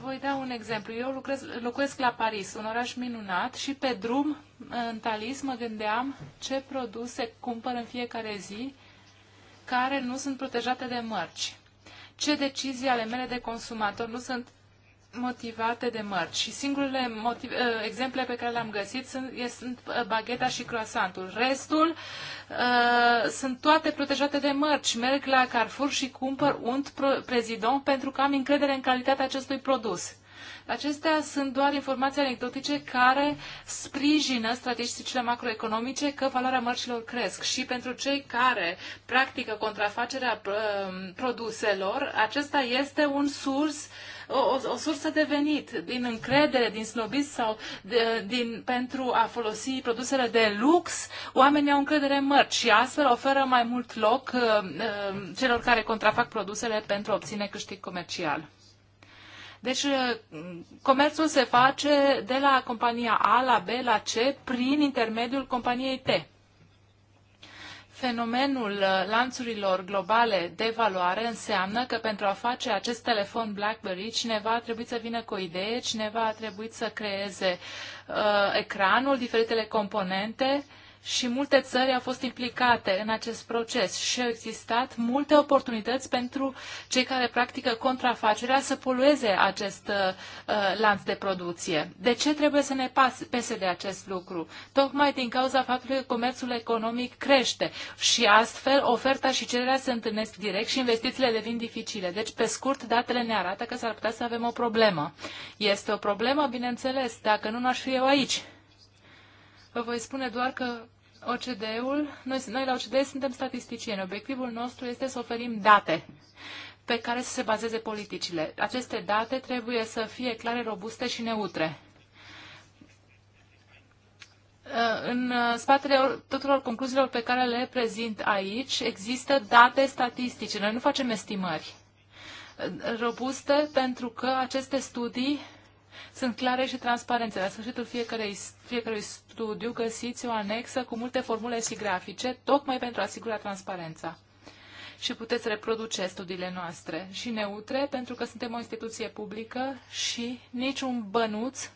voi da un exemplu. Eu lucrez, locuiesc la Paris, un oraș minunat, și pe drum, în Talis, mă gândeam ce produse cumpăr în fiecare zi care nu sunt protejate de mărci. Ce decizii ale mele de consumator nu sunt motivate de mărci. Și singurele motive, uh, exemple pe care le-am găsit sunt, sunt uh, bagheta și croasantul. Restul uh, sunt toate protejate de mărci. Merg la Carrefour și cumpăr unt prezidon pentru că am încredere în calitatea acestui produs. Acestea sunt doar informații anecdotice care sprijină statisticile macroeconomice că valoarea mărcilor cresc și pentru cei care practică contrafacerea uh, produselor, acesta este un surs uh, o, o sursă de venit din încredere, din snobism sau de, din, pentru a folosi produsele de lux, oamenii au încredere în mărci și astfel oferă mai mult loc uh, uh, celor care contrafac produsele pentru a obține câștig comercial. Deci uh, comerțul se face de la compania A la B la C prin intermediul companiei T. Fenomenul uh, lanțurilor globale de valoare înseamnă că pentru a face acest telefon BlackBerry, cineva a trebuit să vină cu o idee, cineva a trebuit să creeze uh, ecranul, diferitele componente, uh, și multe țări au fost implicate în acest proces și au existat multe oportunități pentru cei care practică contrafacerea să polueze acest uh, uh lanț de producție. De ce trebuie să ne pese de acest lucru? Tocmai din cauza faptului că comerțul economic crește și astfel oferta și cererea se întâlnesc direct și investițiile devin dificile. Deci, pe scurt, datele ne arată că s-ar putea să avem o problemă. Este o problemă, bineînțeles, dacă nu n-aș fi eu aici. Vă voi spune doar că ocde ul noi, noi la OCDE suntem statisticieni. Obiectivul nostru este să oferim date pe care să se bazeze politicile. Aceste date trebuie să fie clare, robuste și neutre. Uh, în uh, spatele tuturor concluziilor pe care le prezint aici există date statistice. Noi nu facem estimări uh, robuste pentru că aceste studii sunt clare și transparente. La sfârșitul fiecărui fiecărui studiu găsiți o anexă cu multe formule și grafice, tocmai pentru a asigura transparența. Și puteți reproduce studiile noastre și neutre, pentru că suntem o instituție publică și niciun bănuț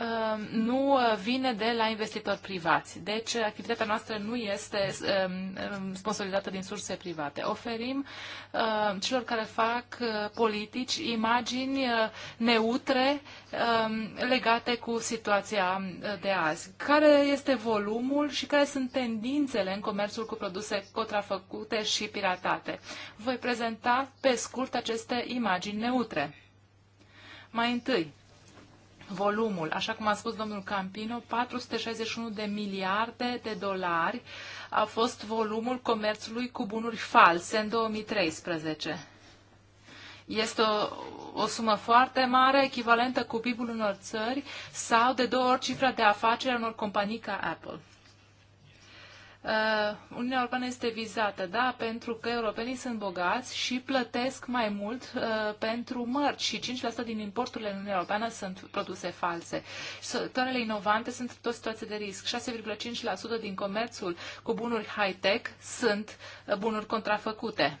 Um, nu uh, vine de la investitori privați. Deci, uh, activitatea noastră nu este um, um, sponsorizată din surse private. Oferim uh, celor care fac politici imagini neutre legate cu situația de azi. Care este volumul și care sunt tendințele în comerțul cu produse contrafăcute și piratate? Voi prezenta pe scurt aceste imagini neutre. Mai întâi, volumul. Așa cum a spus domnul Campino, 461 de miliarde de dolari a fost volumul comerțului cu bunuri false în 2013. Este o, o sumă foarte mare, echivalentă cu PIB-ul unor țări sau de două ori cifra de afaceri a unor companii ca Apple uh, Uniunea Europeană este vizată, da? Pentru că europenii sunt bogați și plătesc mai mult uh, pentru mărci și 5% din importurile în Uniunea Europeană sunt produse false. Sectoarele inovante sunt tot situații de risc. 6,5% din comerțul cu bunuri high-tech sunt uh, bunuri contrafăcute.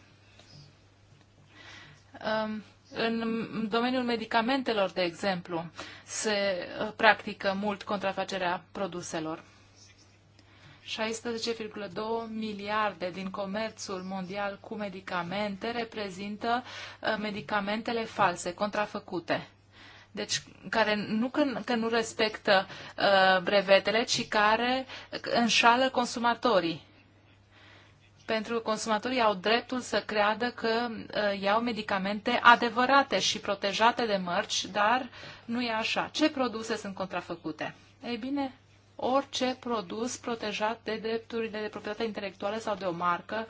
Um, în domeniul medicamentelor, de exemplu, se uh, practică mult contrafacerea produselor. 16,2 miliarde din comerțul mondial cu medicamente reprezintă uh, medicamentele false, contrafăcute. Deci, care nu că, că nu respectă uh, brevetele, ci care înșală consumatorii pentru că consumatorii au dreptul să creadă că uh, iau medicamente adevărate și protejate de mărci, dar nu e așa. Ce produse sunt contrafăcute? Ei bine, orice produs protejat de drepturile de proprietate intelectuală sau de o marcă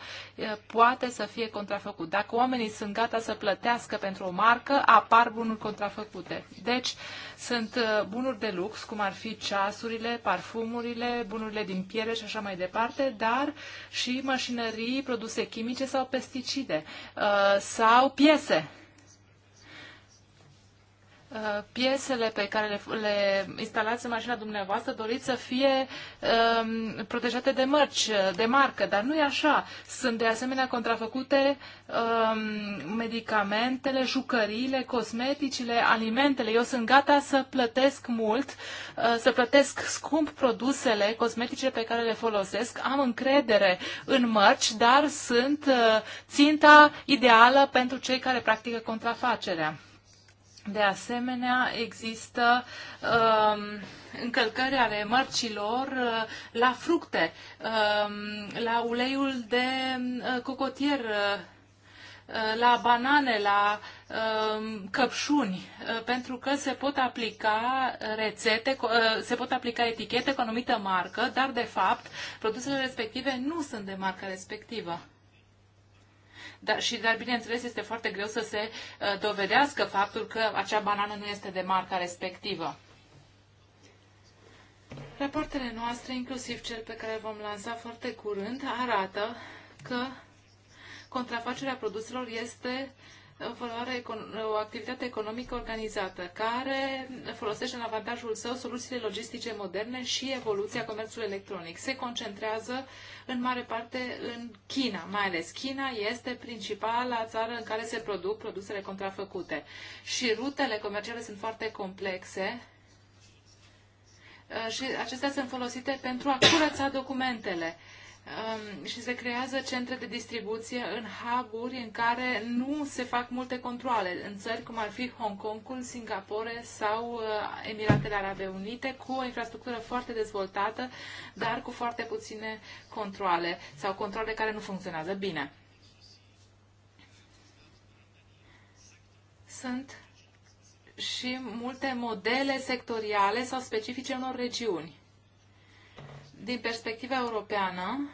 poate să fie contrafăcut. Dacă oamenii sunt gata să plătească pentru o marcă, apar bunuri contrafăcute. Deci sunt bunuri de lux, cum ar fi ceasurile, parfumurile, bunurile din piele și așa mai departe, dar și mașinării, produse chimice sau pesticide sau piese Uh, piesele pe care le, le instalați în mașina dumneavoastră doriți să fie um, protejate de mărci, de marcă, dar nu e așa. Sunt de asemenea contrafăcute um, medicamentele, jucăriile, cosmeticile, alimentele. Eu sunt gata să plătesc mult, uh, să plătesc scump produsele, cosmeticele pe care le folosesc. Am încredere în mărci, dar sunt uh, ținta ideală pentru cei care practică contrafacerea. De asemenea, există um, încălcări ale mărcilor uh, la fructe, um, la uleiul de uh, cocotier, uh, uh la banane, la uh, căpșuni, uh, pentru că se pot aplica rețete, uh, se pot aplica etichete cu anumită marcă, dar de fapt produsele respective nu sunt de marca respectivă. Dar, și, dar bineînțeles, este foarte greu să se uh, dovedească faptul că acea banană nu este de marca respectivă. Rapoartele noastre, inclusiv cel pe care vom lansa foarte curând, arată că contrafacerea produselor este uh, valoare, o activitate economică organizată care folosește în avantajul său soluțiile logistice moderne și evoluția comerțului electronic. Se concentrează în mare parte în China, mai ales China este principala țară în care se produc produsele contrafăcute și rutele comerciale sunt foarte complexe uh, și acestea sunt folosite pentru a curăța documentele um, și se creează centre de distribuție în hub-uri în care nu se fac multe controle, în țări cum ar fi Hong Kongul, Singapore sau uh, Emiratele Arabe Unite, cu o infrastructură foarte dezvoltată, dar cu foarte puține controle sau controle care nu funcționează bine. Sunt și multe modele sectoriale sau specifice unor regiuni din perspectiva europeană,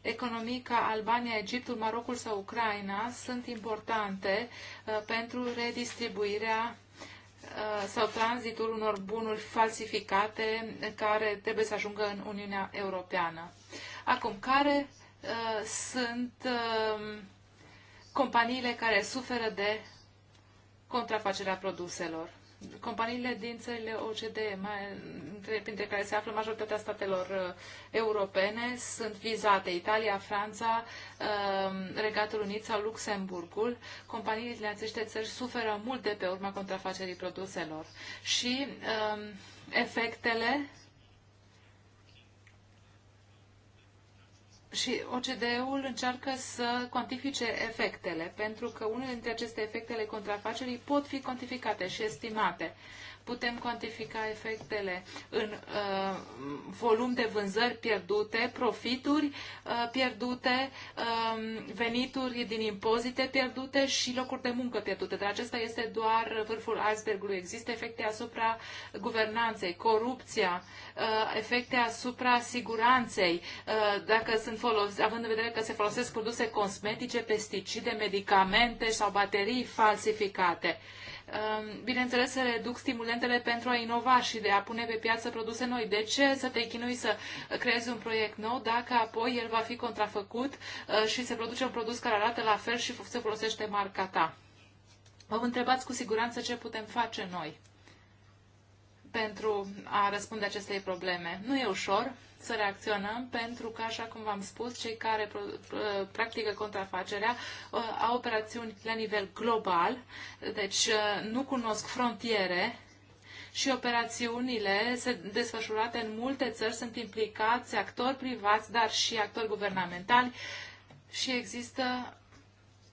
economica Albania, Egiptul, Marocul sau Ucraina sunt importante uh, pentru redistribuirea uh, sau tranzitul unor bunuri falsificate care trebuie să ajungă în Uniunea Europeană. Acum, care uh, sunt um, companiile care suferă de contrafacerea produselor? companiile din țările O.C.D. mai, printre care se află majoritatea statelor uh, europene, sunt vizate Italia, Franța, uh, Regatul Unit sau Luxemburgul. Companiile din aceste țări suferă mult de pe urma contrafacerii produselor și uh, efectele și OCDE-ul încearcă să cuantifice efectele, pentru că unele dintre aceste efectele contrafacerii pot fi cuantificate și estimate. Putem cuantifica efectele în uh, volum de vânzări pierdute, profituri uh, pierdute, uh, venituri din impozite pierdute și locuri de muncă pierdute. Dar acesta este doar vârful icebergului. Există efecte asupra guvernanței, corupția, uh, efecte asupra siguranței, uh, dacă sunt folos- având în vedere că se folosesc produse cosmetice, pesticide, medicamente sau baterii falsificate. Uh, Ehm, bineînțeles, să reduc stimulentele pentru a inova și de a pune pe piață produse noi. De ce să te chinui să creezi un proiect nou dacă apoi el va fi contrafăcut eh, și se produce un produs care arată la fel și se folosește marca ta? Vă întrebați cu siguranță ce putem face noi pentru a răspunde acestei probleme. Nu e ușor, să reacționăm pentru că, așa cum v-am spus, cei care practică contrafacerea uh, au operațiuni la nivel global, deci uh, nu cunosc frontiere și operațiunile desfășurate în multe țări sunt implicați actori privați, dar și actori guvernamentali și există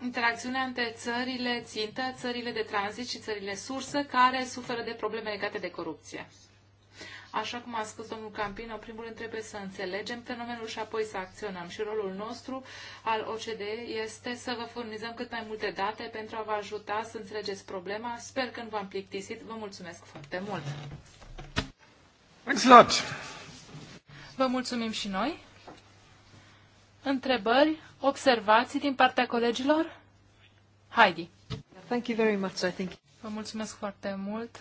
interacțiunea între țările țintă, țările de tranzit și țările sursă care suferă de probleme legate de corupție. Așa cum a spus domnul Campino, în primul rând trebuie să înțelegem fenomenul și apoi să acționăm. Și rolul nostru al OCDE este să vă furnizăm cât mai multe date pentru a vă ajuta să înțelegeți problema. Sper că nu v-am plictisit. Vă mulțumesc foarte mult! Thanks Vă mulțumim și noi. Întrebări, observații din partea colegilor? Heidi. Thank you very much, I think. Vă mulțumesc foarte mult.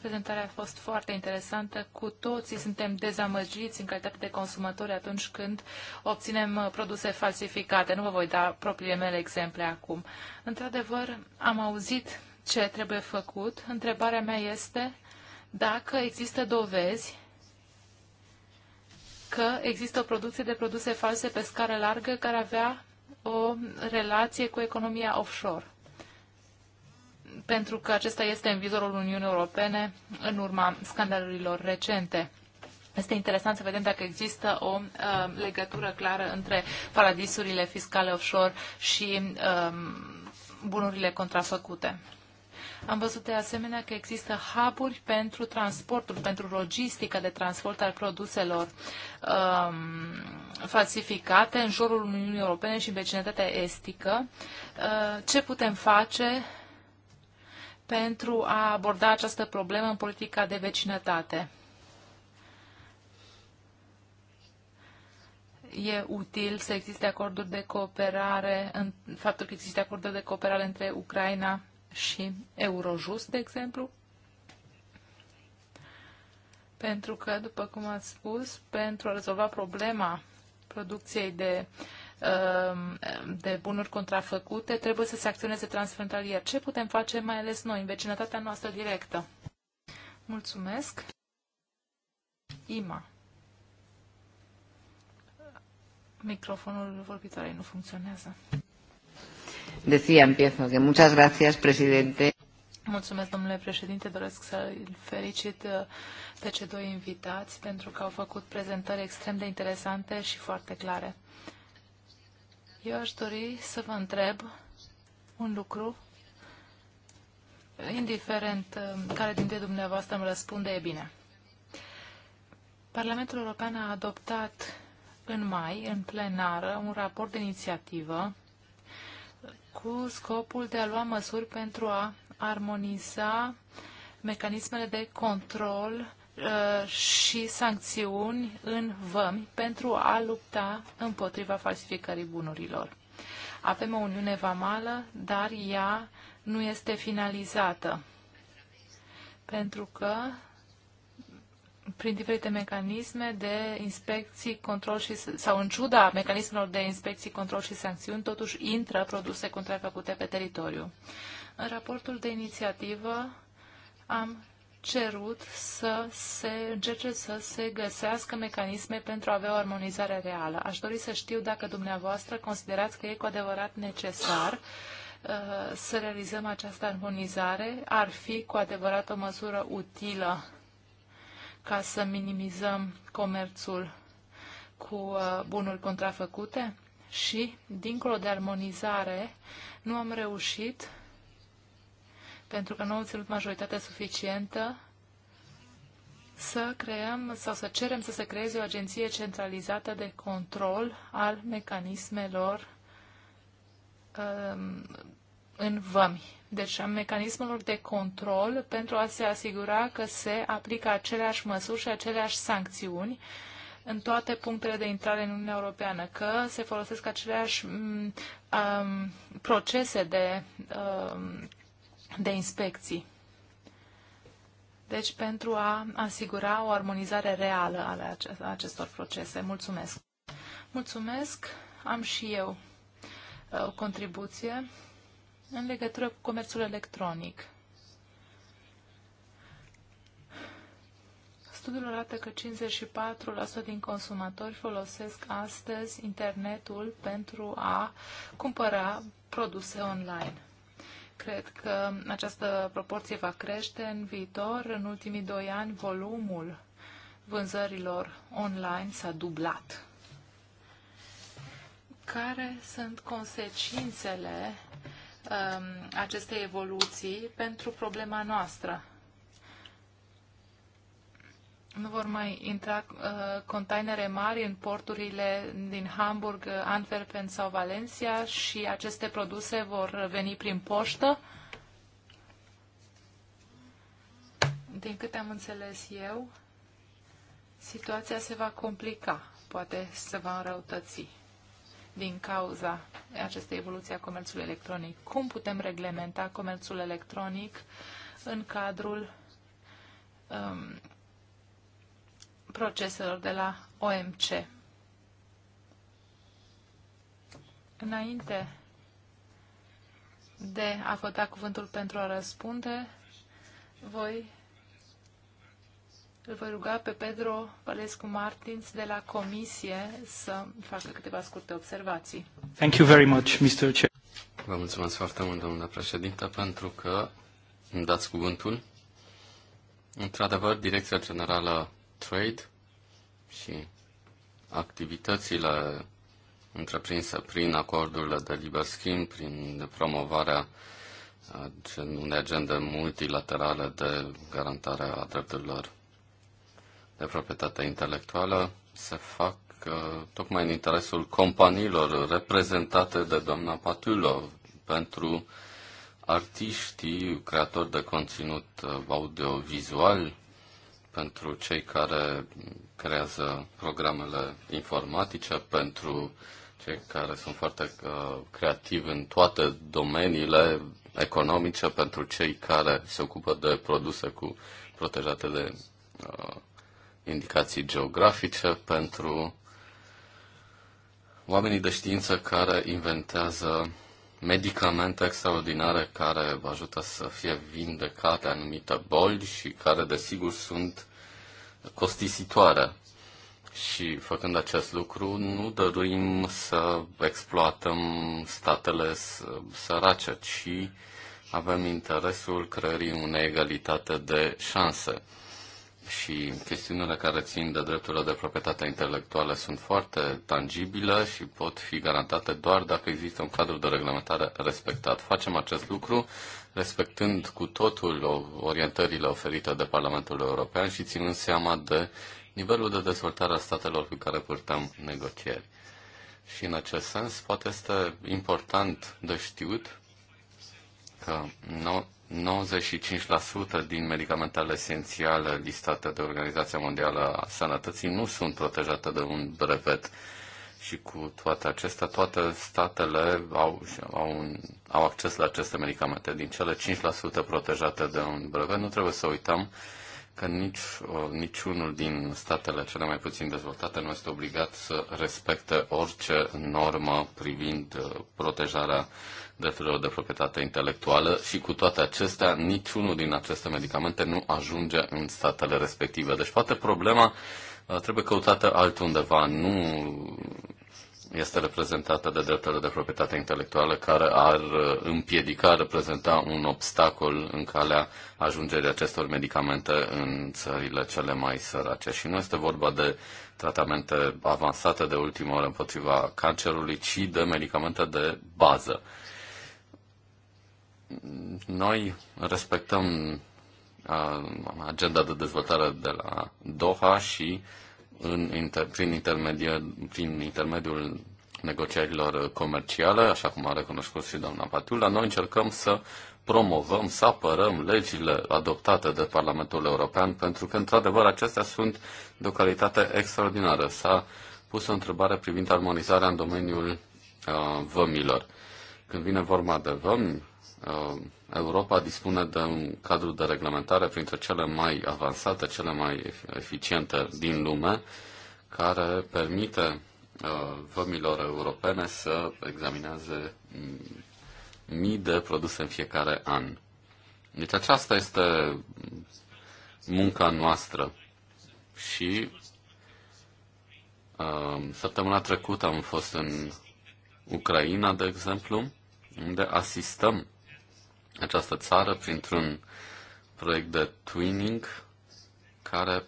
Prezentarea a fost foarte interesantă. Cu toții suntem dezamăgiți în calitate de consumatori atunci când obținem produse falsificate. Nu vă voi da propriile mele exemple acum. Într-adevăr, am auzit ce trebuie făcut. Întrebarea mea este dacă există dovezi că există o producție de produse false pe scară largă care avea o relație cu economia offshore pentru că acesta este în vizorul Uniunii Europene în urma scandalurilor recente. Este interesant să vedem dacă există o uh, legătură clară între paradisurile fiscale offshore și uh, bunurile contrafăcute. Am văzut de asemenea că există hub pentru transportul, pentru logistica de transport al produselor um, falsificate în jurul Uniunii Europene și în vecinătatea estică. Uh, ce putem face pentru a aborda această problemă în politica de vecinătate. E util să existe acorduri de cooperare, în faptul că există acorduri de cooperare între Ucraina și Eurojust, de exemplu, pentru că, după cum ați spus, pentru a rezolva problema producției de uh, Um, de bunuri contrafăcute, trebuie să se acționeze transfrontalier. Ce putem face, mai ales noi, în vecinătatea noastră directă? Mulțumesc. Ima. Microfonul vorbitoarei nu funcționează. Decía, empiezo, que muchas gracias, presidente. Mulțumesc, domnule președinte. Doresc să felicit uh, pe cei doi invitați pentru că au făcut prezentări extrem de interesante și foarte clare. Eu aș dori să vă întreb un lucru, indiferent uh, care dintre dumneavoastră îmi răspunde, e bine. Parlamentul European a adoptat în mai, în plenară, un raport de inițiativă cu scopul de a lua măsuri pentru a armoniza mecanismele de control Uh, și sancțiuni în vămi pentru a lupta împotriva falsificării bunurilor. Avem o uniune vamală, dar ea nu este finalizată, pentru că prin diferite mecanisme de inspecții, control și, sau în ciuda mecanismelor de inspecții, control și sancțiuni, totuși intră produse contrafăcute pe teritoriu. În raportul de inițiativă am cerut să se încerce să se găsească mecanisme pentru a avea o armonizare reală. Aș dori să știu dacă dumneavoastră considerați că e cu adevărat necesar uh, să realizăm această armonizare. Ar fi cu adevărat o măsură utilă ca să minimizăm comerțul cu uh, bunuri contrafăcute și, dincolo de armonizare, nu am reușit pentru că nu au obținut majoritatea suficientă să creăm sau să cerem să se creeze o agenție centralizată de control al mecanismelor um, în vămi. Deci a mecanismelor de control pentru a se asigura că se aplică aceleași măsuri și aceleași sancțiuni în toate punctele de intrare în Uniunea Europeană, că se folosesc aceleași mm, um, procese de um, de inspecții. Deci pentru a asigura o armonizare reală ale acestor procese. Mulțumesc! Mulțumesc! Am și eu uh, o contribuție în legătură cu comerțul electronic. Studiul arată că 54% din consumatori folosesc astăzi internetul pentru a cumpăra produse online. Cred că această proporție va crește în viitor. În ultimii doi ani, volumul vânzărilor online s-a dublat. Care sunt consecințele um, acestei evoluții pentru problema noastră? nu vor mai intra uh, containere mari în porturile din Hamburg, Antwerpen sau Valencia și aceste produse vor veni prin poștă. Din câte am înțeles eu, situația se va complica, poate se va înrăutăți din cauza acestei evoluții a comerțului electronic. Cum putem reglementa comerțul electronic în cadrul um, proceselor de la OMC. Înainte de a vă da cuvântul pentru a răspunde, voi îl voi ruga pe Pedro Valescu Martins de la Comisie să facă câteva scurte observații. Thank you very much, Mr. Chair. Vă mulțumesc foarte mult, domnule președinte, pentru că îmi dați cuvântul. Într-adevăr, Direcția Generală Trade și activitățile întreprinse prin acordurile de liber schimb, prin promovarea unei agende multilaterale de garantare a drepturilor de proprietate intelectuală, se fac tocmai în interesul companiilor reprezentate de doamna Patulov pentru artiștii, creatori de conținut audiovizual, pentru cei care creează programele informatice, pentru cei care sunt foarte uh, creativi în toate domeniile economice, pentru cei care se ocupă de produse cu protejate de uh, indicații geografice, pentru oamenii de știință care inventează medicamente extraordinare care vă ajută să fie vindecate anumite boli și care, desigur, sunt costisitoare. Și făcând acest lucru, nu dorim să exploatăm statele sărace, ci avem interesul creării unei egalitate de șanse și chestiunile care țin de drepturile de proprietate intelectuală sunt foarte tangibile și pot fi garantate doar dacă există un cadru de reglementare respectat. Facem acest lucru respectând cu totul orientările oferite de Parlamentul European și ținând seama de nivelul de dezvoltare a statelor cu care purtăm negocieri. Și în acest sens, poate este important de știut că 95% din medicamentele esențiale listate de Organizația Mondială a Sănătății nu sunt protejate de un brevet. Și cu toate acestea, toate statele au, au, un, au acces la aceste medicamente. Din cele 5% protejate de un brevet, nu trebuie să uităm că nici, uh, niciunul din statele cele mai puțin dezvoltate nu este obligat să respecte orice normă privind uh, protejarea uh, drepturilor de proprietate intelectuală și cu toate acestea, niciunul din aceste medicamente nu ajunge în statele respective. Deci poate problema uh, trebuie căutată altundeva, nu este reprezentată de drepturile de proprietate intelectuală care ar uh, împiedica, reprezenta un obstacol în calea ajungerii acestor medicamente în țările cele mai sărace. Și nu este vorba de tratamente avansate de ultimă oră împotriva cancerului, ci de medicamente de bază. Noi respectăm agenda de dezvoltare de la Doha și în inter, prin, intermediul, prin intermediul negocierilor comerciale, așa cum a recunoscut și doamna Patiula, noi încercăm să promovăm, să apărăm legile adoptate de Parlamentul European, pentru că, într-adevăr, acestea sunt de o calitate extraordinară. S-a pus o întrebare privind armonizarea în domeniul uh, vămilor. Când vine vorba de vămi, Uh, Europa dispune de un cadru de reglementare printre cele mai avansate, cele mai eficiente din lume, care permite uh, vămilor europene să examineze mm, mii de produse în fiecare an. Deci aceasta este munca noastră și uh, săptămâna trecută am fost în Ucraina, de exemplu, unde asistăm această țară printr-un proiect de twinning care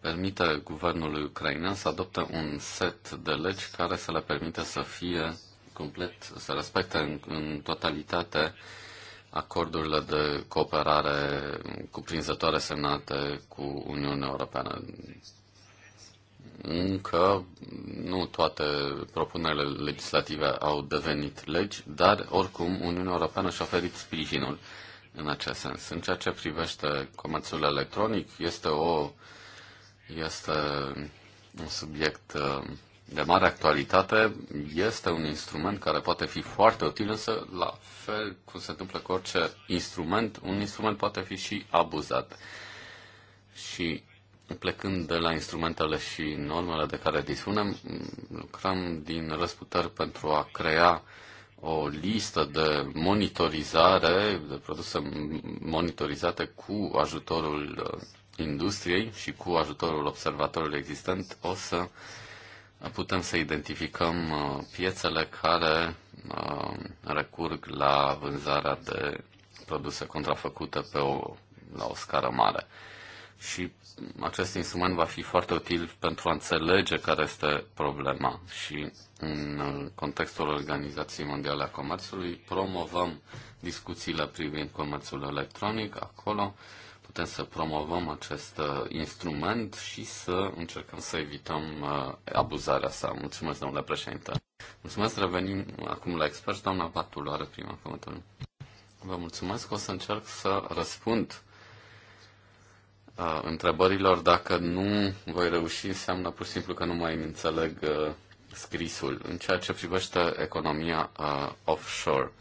permite guvernului ucrainean să adopte un set de legi care să le permite să fie complet, să respecte în, în totalitate acordurile de cooperare cuprinzătoare semnate cu Uniunea Europeană încă nu toate propunerile legislative au devenit legi, dar oricum Uniunea Europeană și-a oferit sprijinul în acest sens. În ceea ce privește comerțul electronic, este, o, este un subiect uh, de mare actualitate, este un instrument care poate fi foarte util, însă la fel cum se întâmplă cu orice instrument, un instrument poate fi și abuzat. Și plecând de la instrumentele și normele de care dispunem, lucrăm din răsputeri pentru a crea o listă de monitorizare, de produse monitorizate cu ajutorul uh, industriei și cu ajutorul observatorului existent, o să putem să identificăm uh, piețele care uh, recurg la vânzarea de produse contrafăcute pe o, la o scară mare și acest instrument va fi foarte util pentru a înțelege care este problema și în contextul Organizației Mondiale a Comerțului promovăm discuțiile privind comerțul electronic acolo, putem să promovăm acest uh, instrument și să încercăm să evităm uh, abuzarea sa. Mulțumesc, domnule președinte. Mulțumesc, revenim acum la expert. Doamna Batul are prima cuvântul. Vă mulțumesc, o să încerc să răspund uh, a întrebărilor. Dacă nu voi reuși, înseamnă pur și simplu că nu mai înțeleg uh, scrisul. În ceea ce privește economia uh, offshore,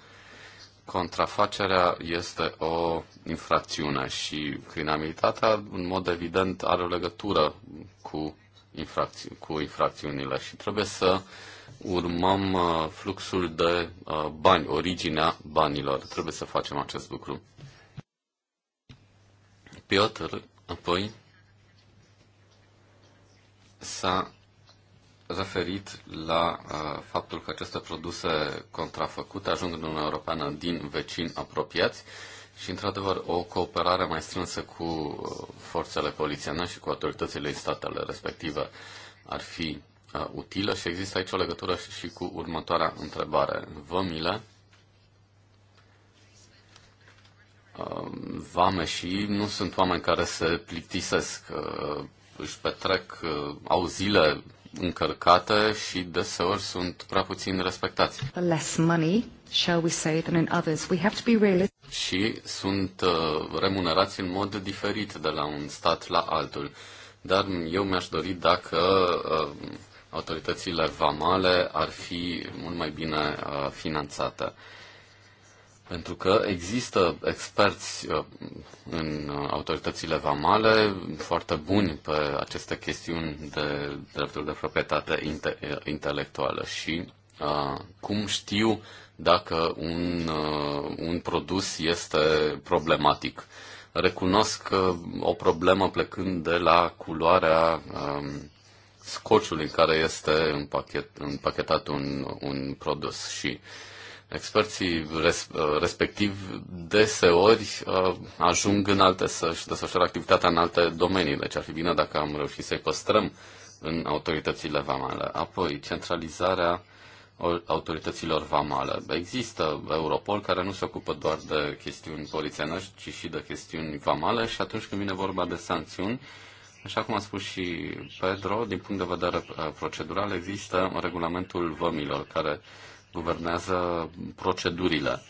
contrafacerea este o infracțiune și criminalitatea, în mod evident, are o legătură cu, infracți- cu infracțiunile și trebuie să urmăm uh, fluxul de bani, originea banilor. Trebuie să facem acest lucru. Piotr Apoi s-a referit la uh, faptul că aceste produse contrafăcute ajung în Uniunea Europeană din vecini apropiați și, într-adevăr, o cooperare mai strânsă cu uh, forțele polițiene și cu autoritățile statele respective ar fi uh, utilă și există aici o legătură și, și cu următoarea întrebare. Vămile Um, vame și nu sunt oameni care se plictisesc, uh, își petrec, uh, au zile încărcate și deseori sunt prea puțin respectați. Less money, shall we say, than in others. We have to be realistic. Și sunt uh, remunerați în mod diferit de la un stat la altul. Dar eu mi-aș dori dacă autoritățile vamale ar fi mult mai bine finanțate. Pentru că există experți uh, în autoritățile vamale foarte buni pe aceste chestiuni de drepturi de proprietate inte- uh, intelectuală și uh, cum știu dacă un, uh, un produs este problematic. Recunosc uh, o problemă plecând de la culoarea um, scociului în care este împachet, împachetat un, un produs și uh, experții uh, respectiv deseori uh, ajung în alte să-și desfășoare activitatea în alte domenii, deci ar fi bine dacă am reușit să-i păstrăm în autoritățile vamale. Apoi, centralizarea autorităților vamale. Există Europol care nu se ocupă doar de chestiuni polițienești, ci și de chestiuni vamale și atunci când vine vorba de sancțiuni, Așa cum a spus și Pedro, din punct de vedere uh, procedural există regulamentul vămilor care guvernează procedurile.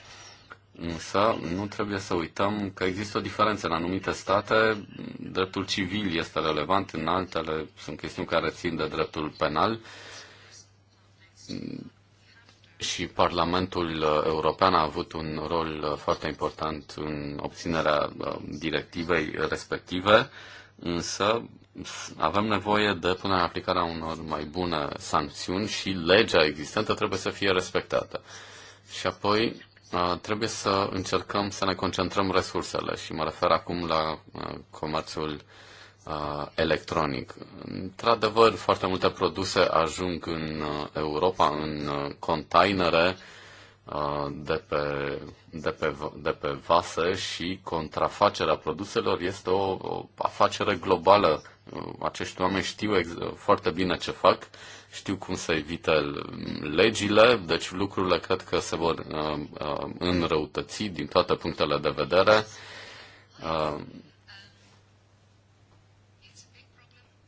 Însă nu trebuie să uităm că există o diferență în anumite state. Dreptul civil este relevant, în altele sunt chestiuni care țin de dreptul penal și Parlamentul European a avut un rol foarte important în obținerea uh, directivei respective, însă avem nevoie de punerea în aplicare a unor mai bune sancțiuni și legea existentă trebuie să fie respectată. Și apoi trebuie să încercăm să ne concentrăm resursele și mă refer acum la comerțul electronic. Într-adevăr, foarte multe produse ajung în Europa în containere de pe, de pe, de pe vase și contrafacerea produselor este o, o afacere globală acești oameni știu foarte bine ce fac, știu cum să evite legile, deci lucrurile cred că se vor uh, uh, înrăutăți din toate punctele de vedere. Uh,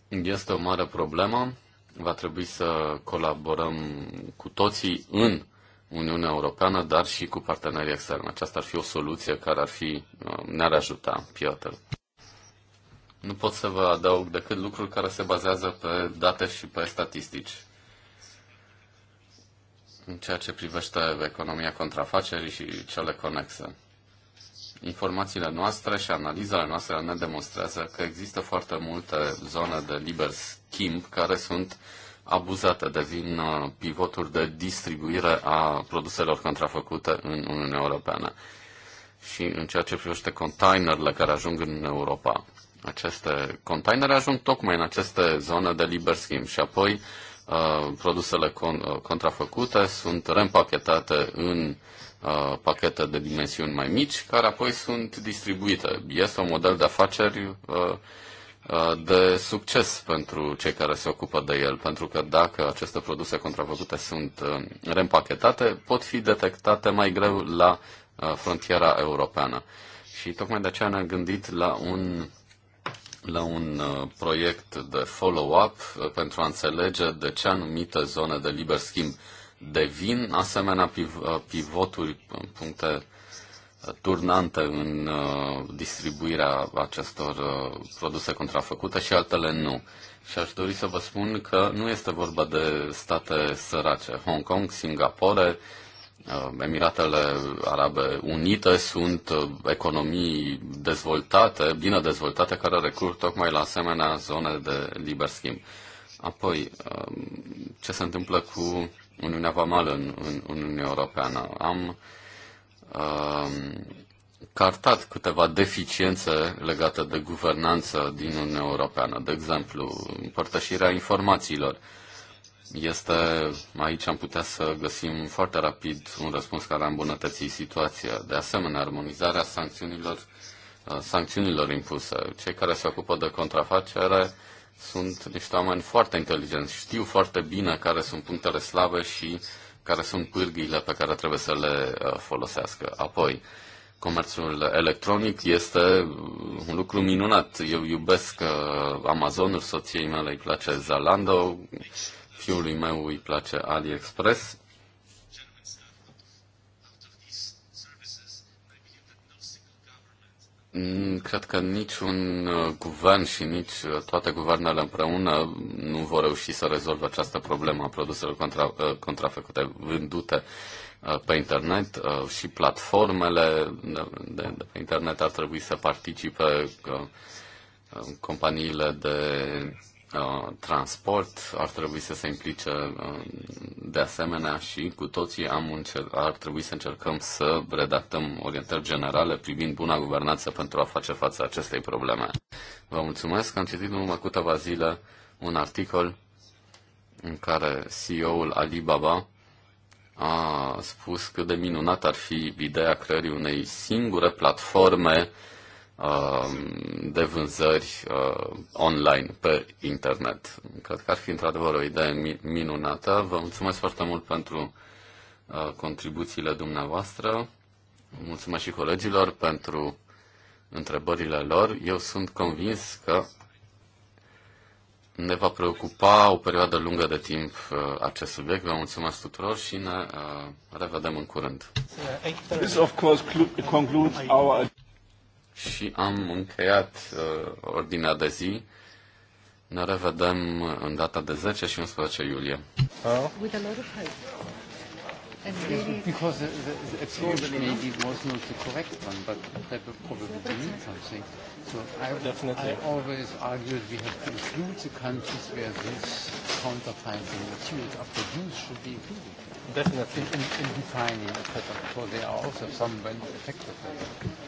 este o mare problemă. Va trebui să colaborăm cu toții în Uniunea Europeană, dar și cu partenerii externi. Aceasta ar fi o soluție care ar fi, ne-ar ajuta, Piotr nu pot să vă adaug decât lucruri care se bazează pe date și pe statistici. În ceea ce privește economia contrafacerii și cele conexe. Informațiile noastre și analizele noastre ne demonstrează că există foarte multe zone de liber schimb care sunt abuzate, devin uh, pivoturi de distribuire a produselor contrafăcute în Uniunea Europeană și în ceea ce privește containerele care ajung în Europa aceste containere ajung tocmai în aceste zone de liber schimb și apoi uh, produsele con- uh, contrafăcute sunt reîmpachetate în uh, pachete de dimensiuni mai mici, care apoi sunt distribuite. Este un model de afaceri uh, uh, de succes pentru cei care se ocupă de el, pentru că dacă aceste produse contrafăcute sunt uh, reîmpachetate, pot fi detectate mai greu la frontiera europeană. Și tocmai de aceea ne-am gândit la un la un uh, proiect de follow-up uh, pentru a înțelege de ce anumite zone de liber schimb devin asemenea uh, pivoturi, puncte turnante în distribuirea acestor produse contrafăcute și altele nu. Și aș dori să vă spun că nu este vorba de state sărace. Hong Kong, Singapore, Uh, Emiratele Arabe Unite sunt uh, economii dezvoltate, bine dezvoltate, care recur tocmai la asemenea zone de liber schimb. Apoi, um, ce se întâmplă cu Uniunea Vamală în, în, Uniunea Europeană? Am um, cartat câteva deficiențe legate de guvernanță din Uniunea Europeană, de exemplu, împărtășirea informațiilor. Uh, este, aici am putea să găsim foarte rapid un răspuns care a îmbunătățit situația. De asemenea, armonizarea sancțiunilor, uh, sancțiunilor impuse. Cei care se ocupă de contrafacere sunt niște oameni foarte inteligenți, știu foarte bine care sunt punctele slabe și care sunt pârghiile pe care trebuie să le uh, folosească. Apoi, comerțul electronic este uh, un lucru minunat. Eu iubesc Amazonul, soției mele îi place Zalando, Fiului meu îi place AliExpress. Mm, cred că niciun uh, guvern și nici uh, toate guvernele împreună nu vor reuși să rezolve această problemă a produselor contra, uh, contrafăcute vândute pe internet și platformele de, de, de pe internet ar trebui să participe companiile de Uh, transport ar trebui să se implice uh, de asemenea și cu toții am încer- ar trebui să încercăm să redactăm orientări generale privind buna guvernanță pentru a face față acestei probleme. Vă mulțumesc. Am citit în urmă cu câteva zile un articol în care CEO-ul Alibaba a spus cât de minunat ar fi ideea creării unei singure platforme Um, de vânzări uh, online pe internet. Cred că ar fi într-adevăr o idee minunată. Vă mulțumesc foarte mult pentru uh, contribuțiile dumneavoastră. Mulțumesc și colegilor pentru întrebările lor. Eu sunt convins că ne va preocupa o perioadă lungă de timp uh, acest subiect. Vă mulțumesc tuturor și ne revedem în curând. This of course și am încheiat uh, ordinea de zi. Ne revedem în data de 10 și 11 iulie. With a lot of hope. because not the correct one, but they probably need something. So I, Definitely. I always we have to include the countries where produced should be Definitely. In, in, in defining, etc. So they are also some affected by that.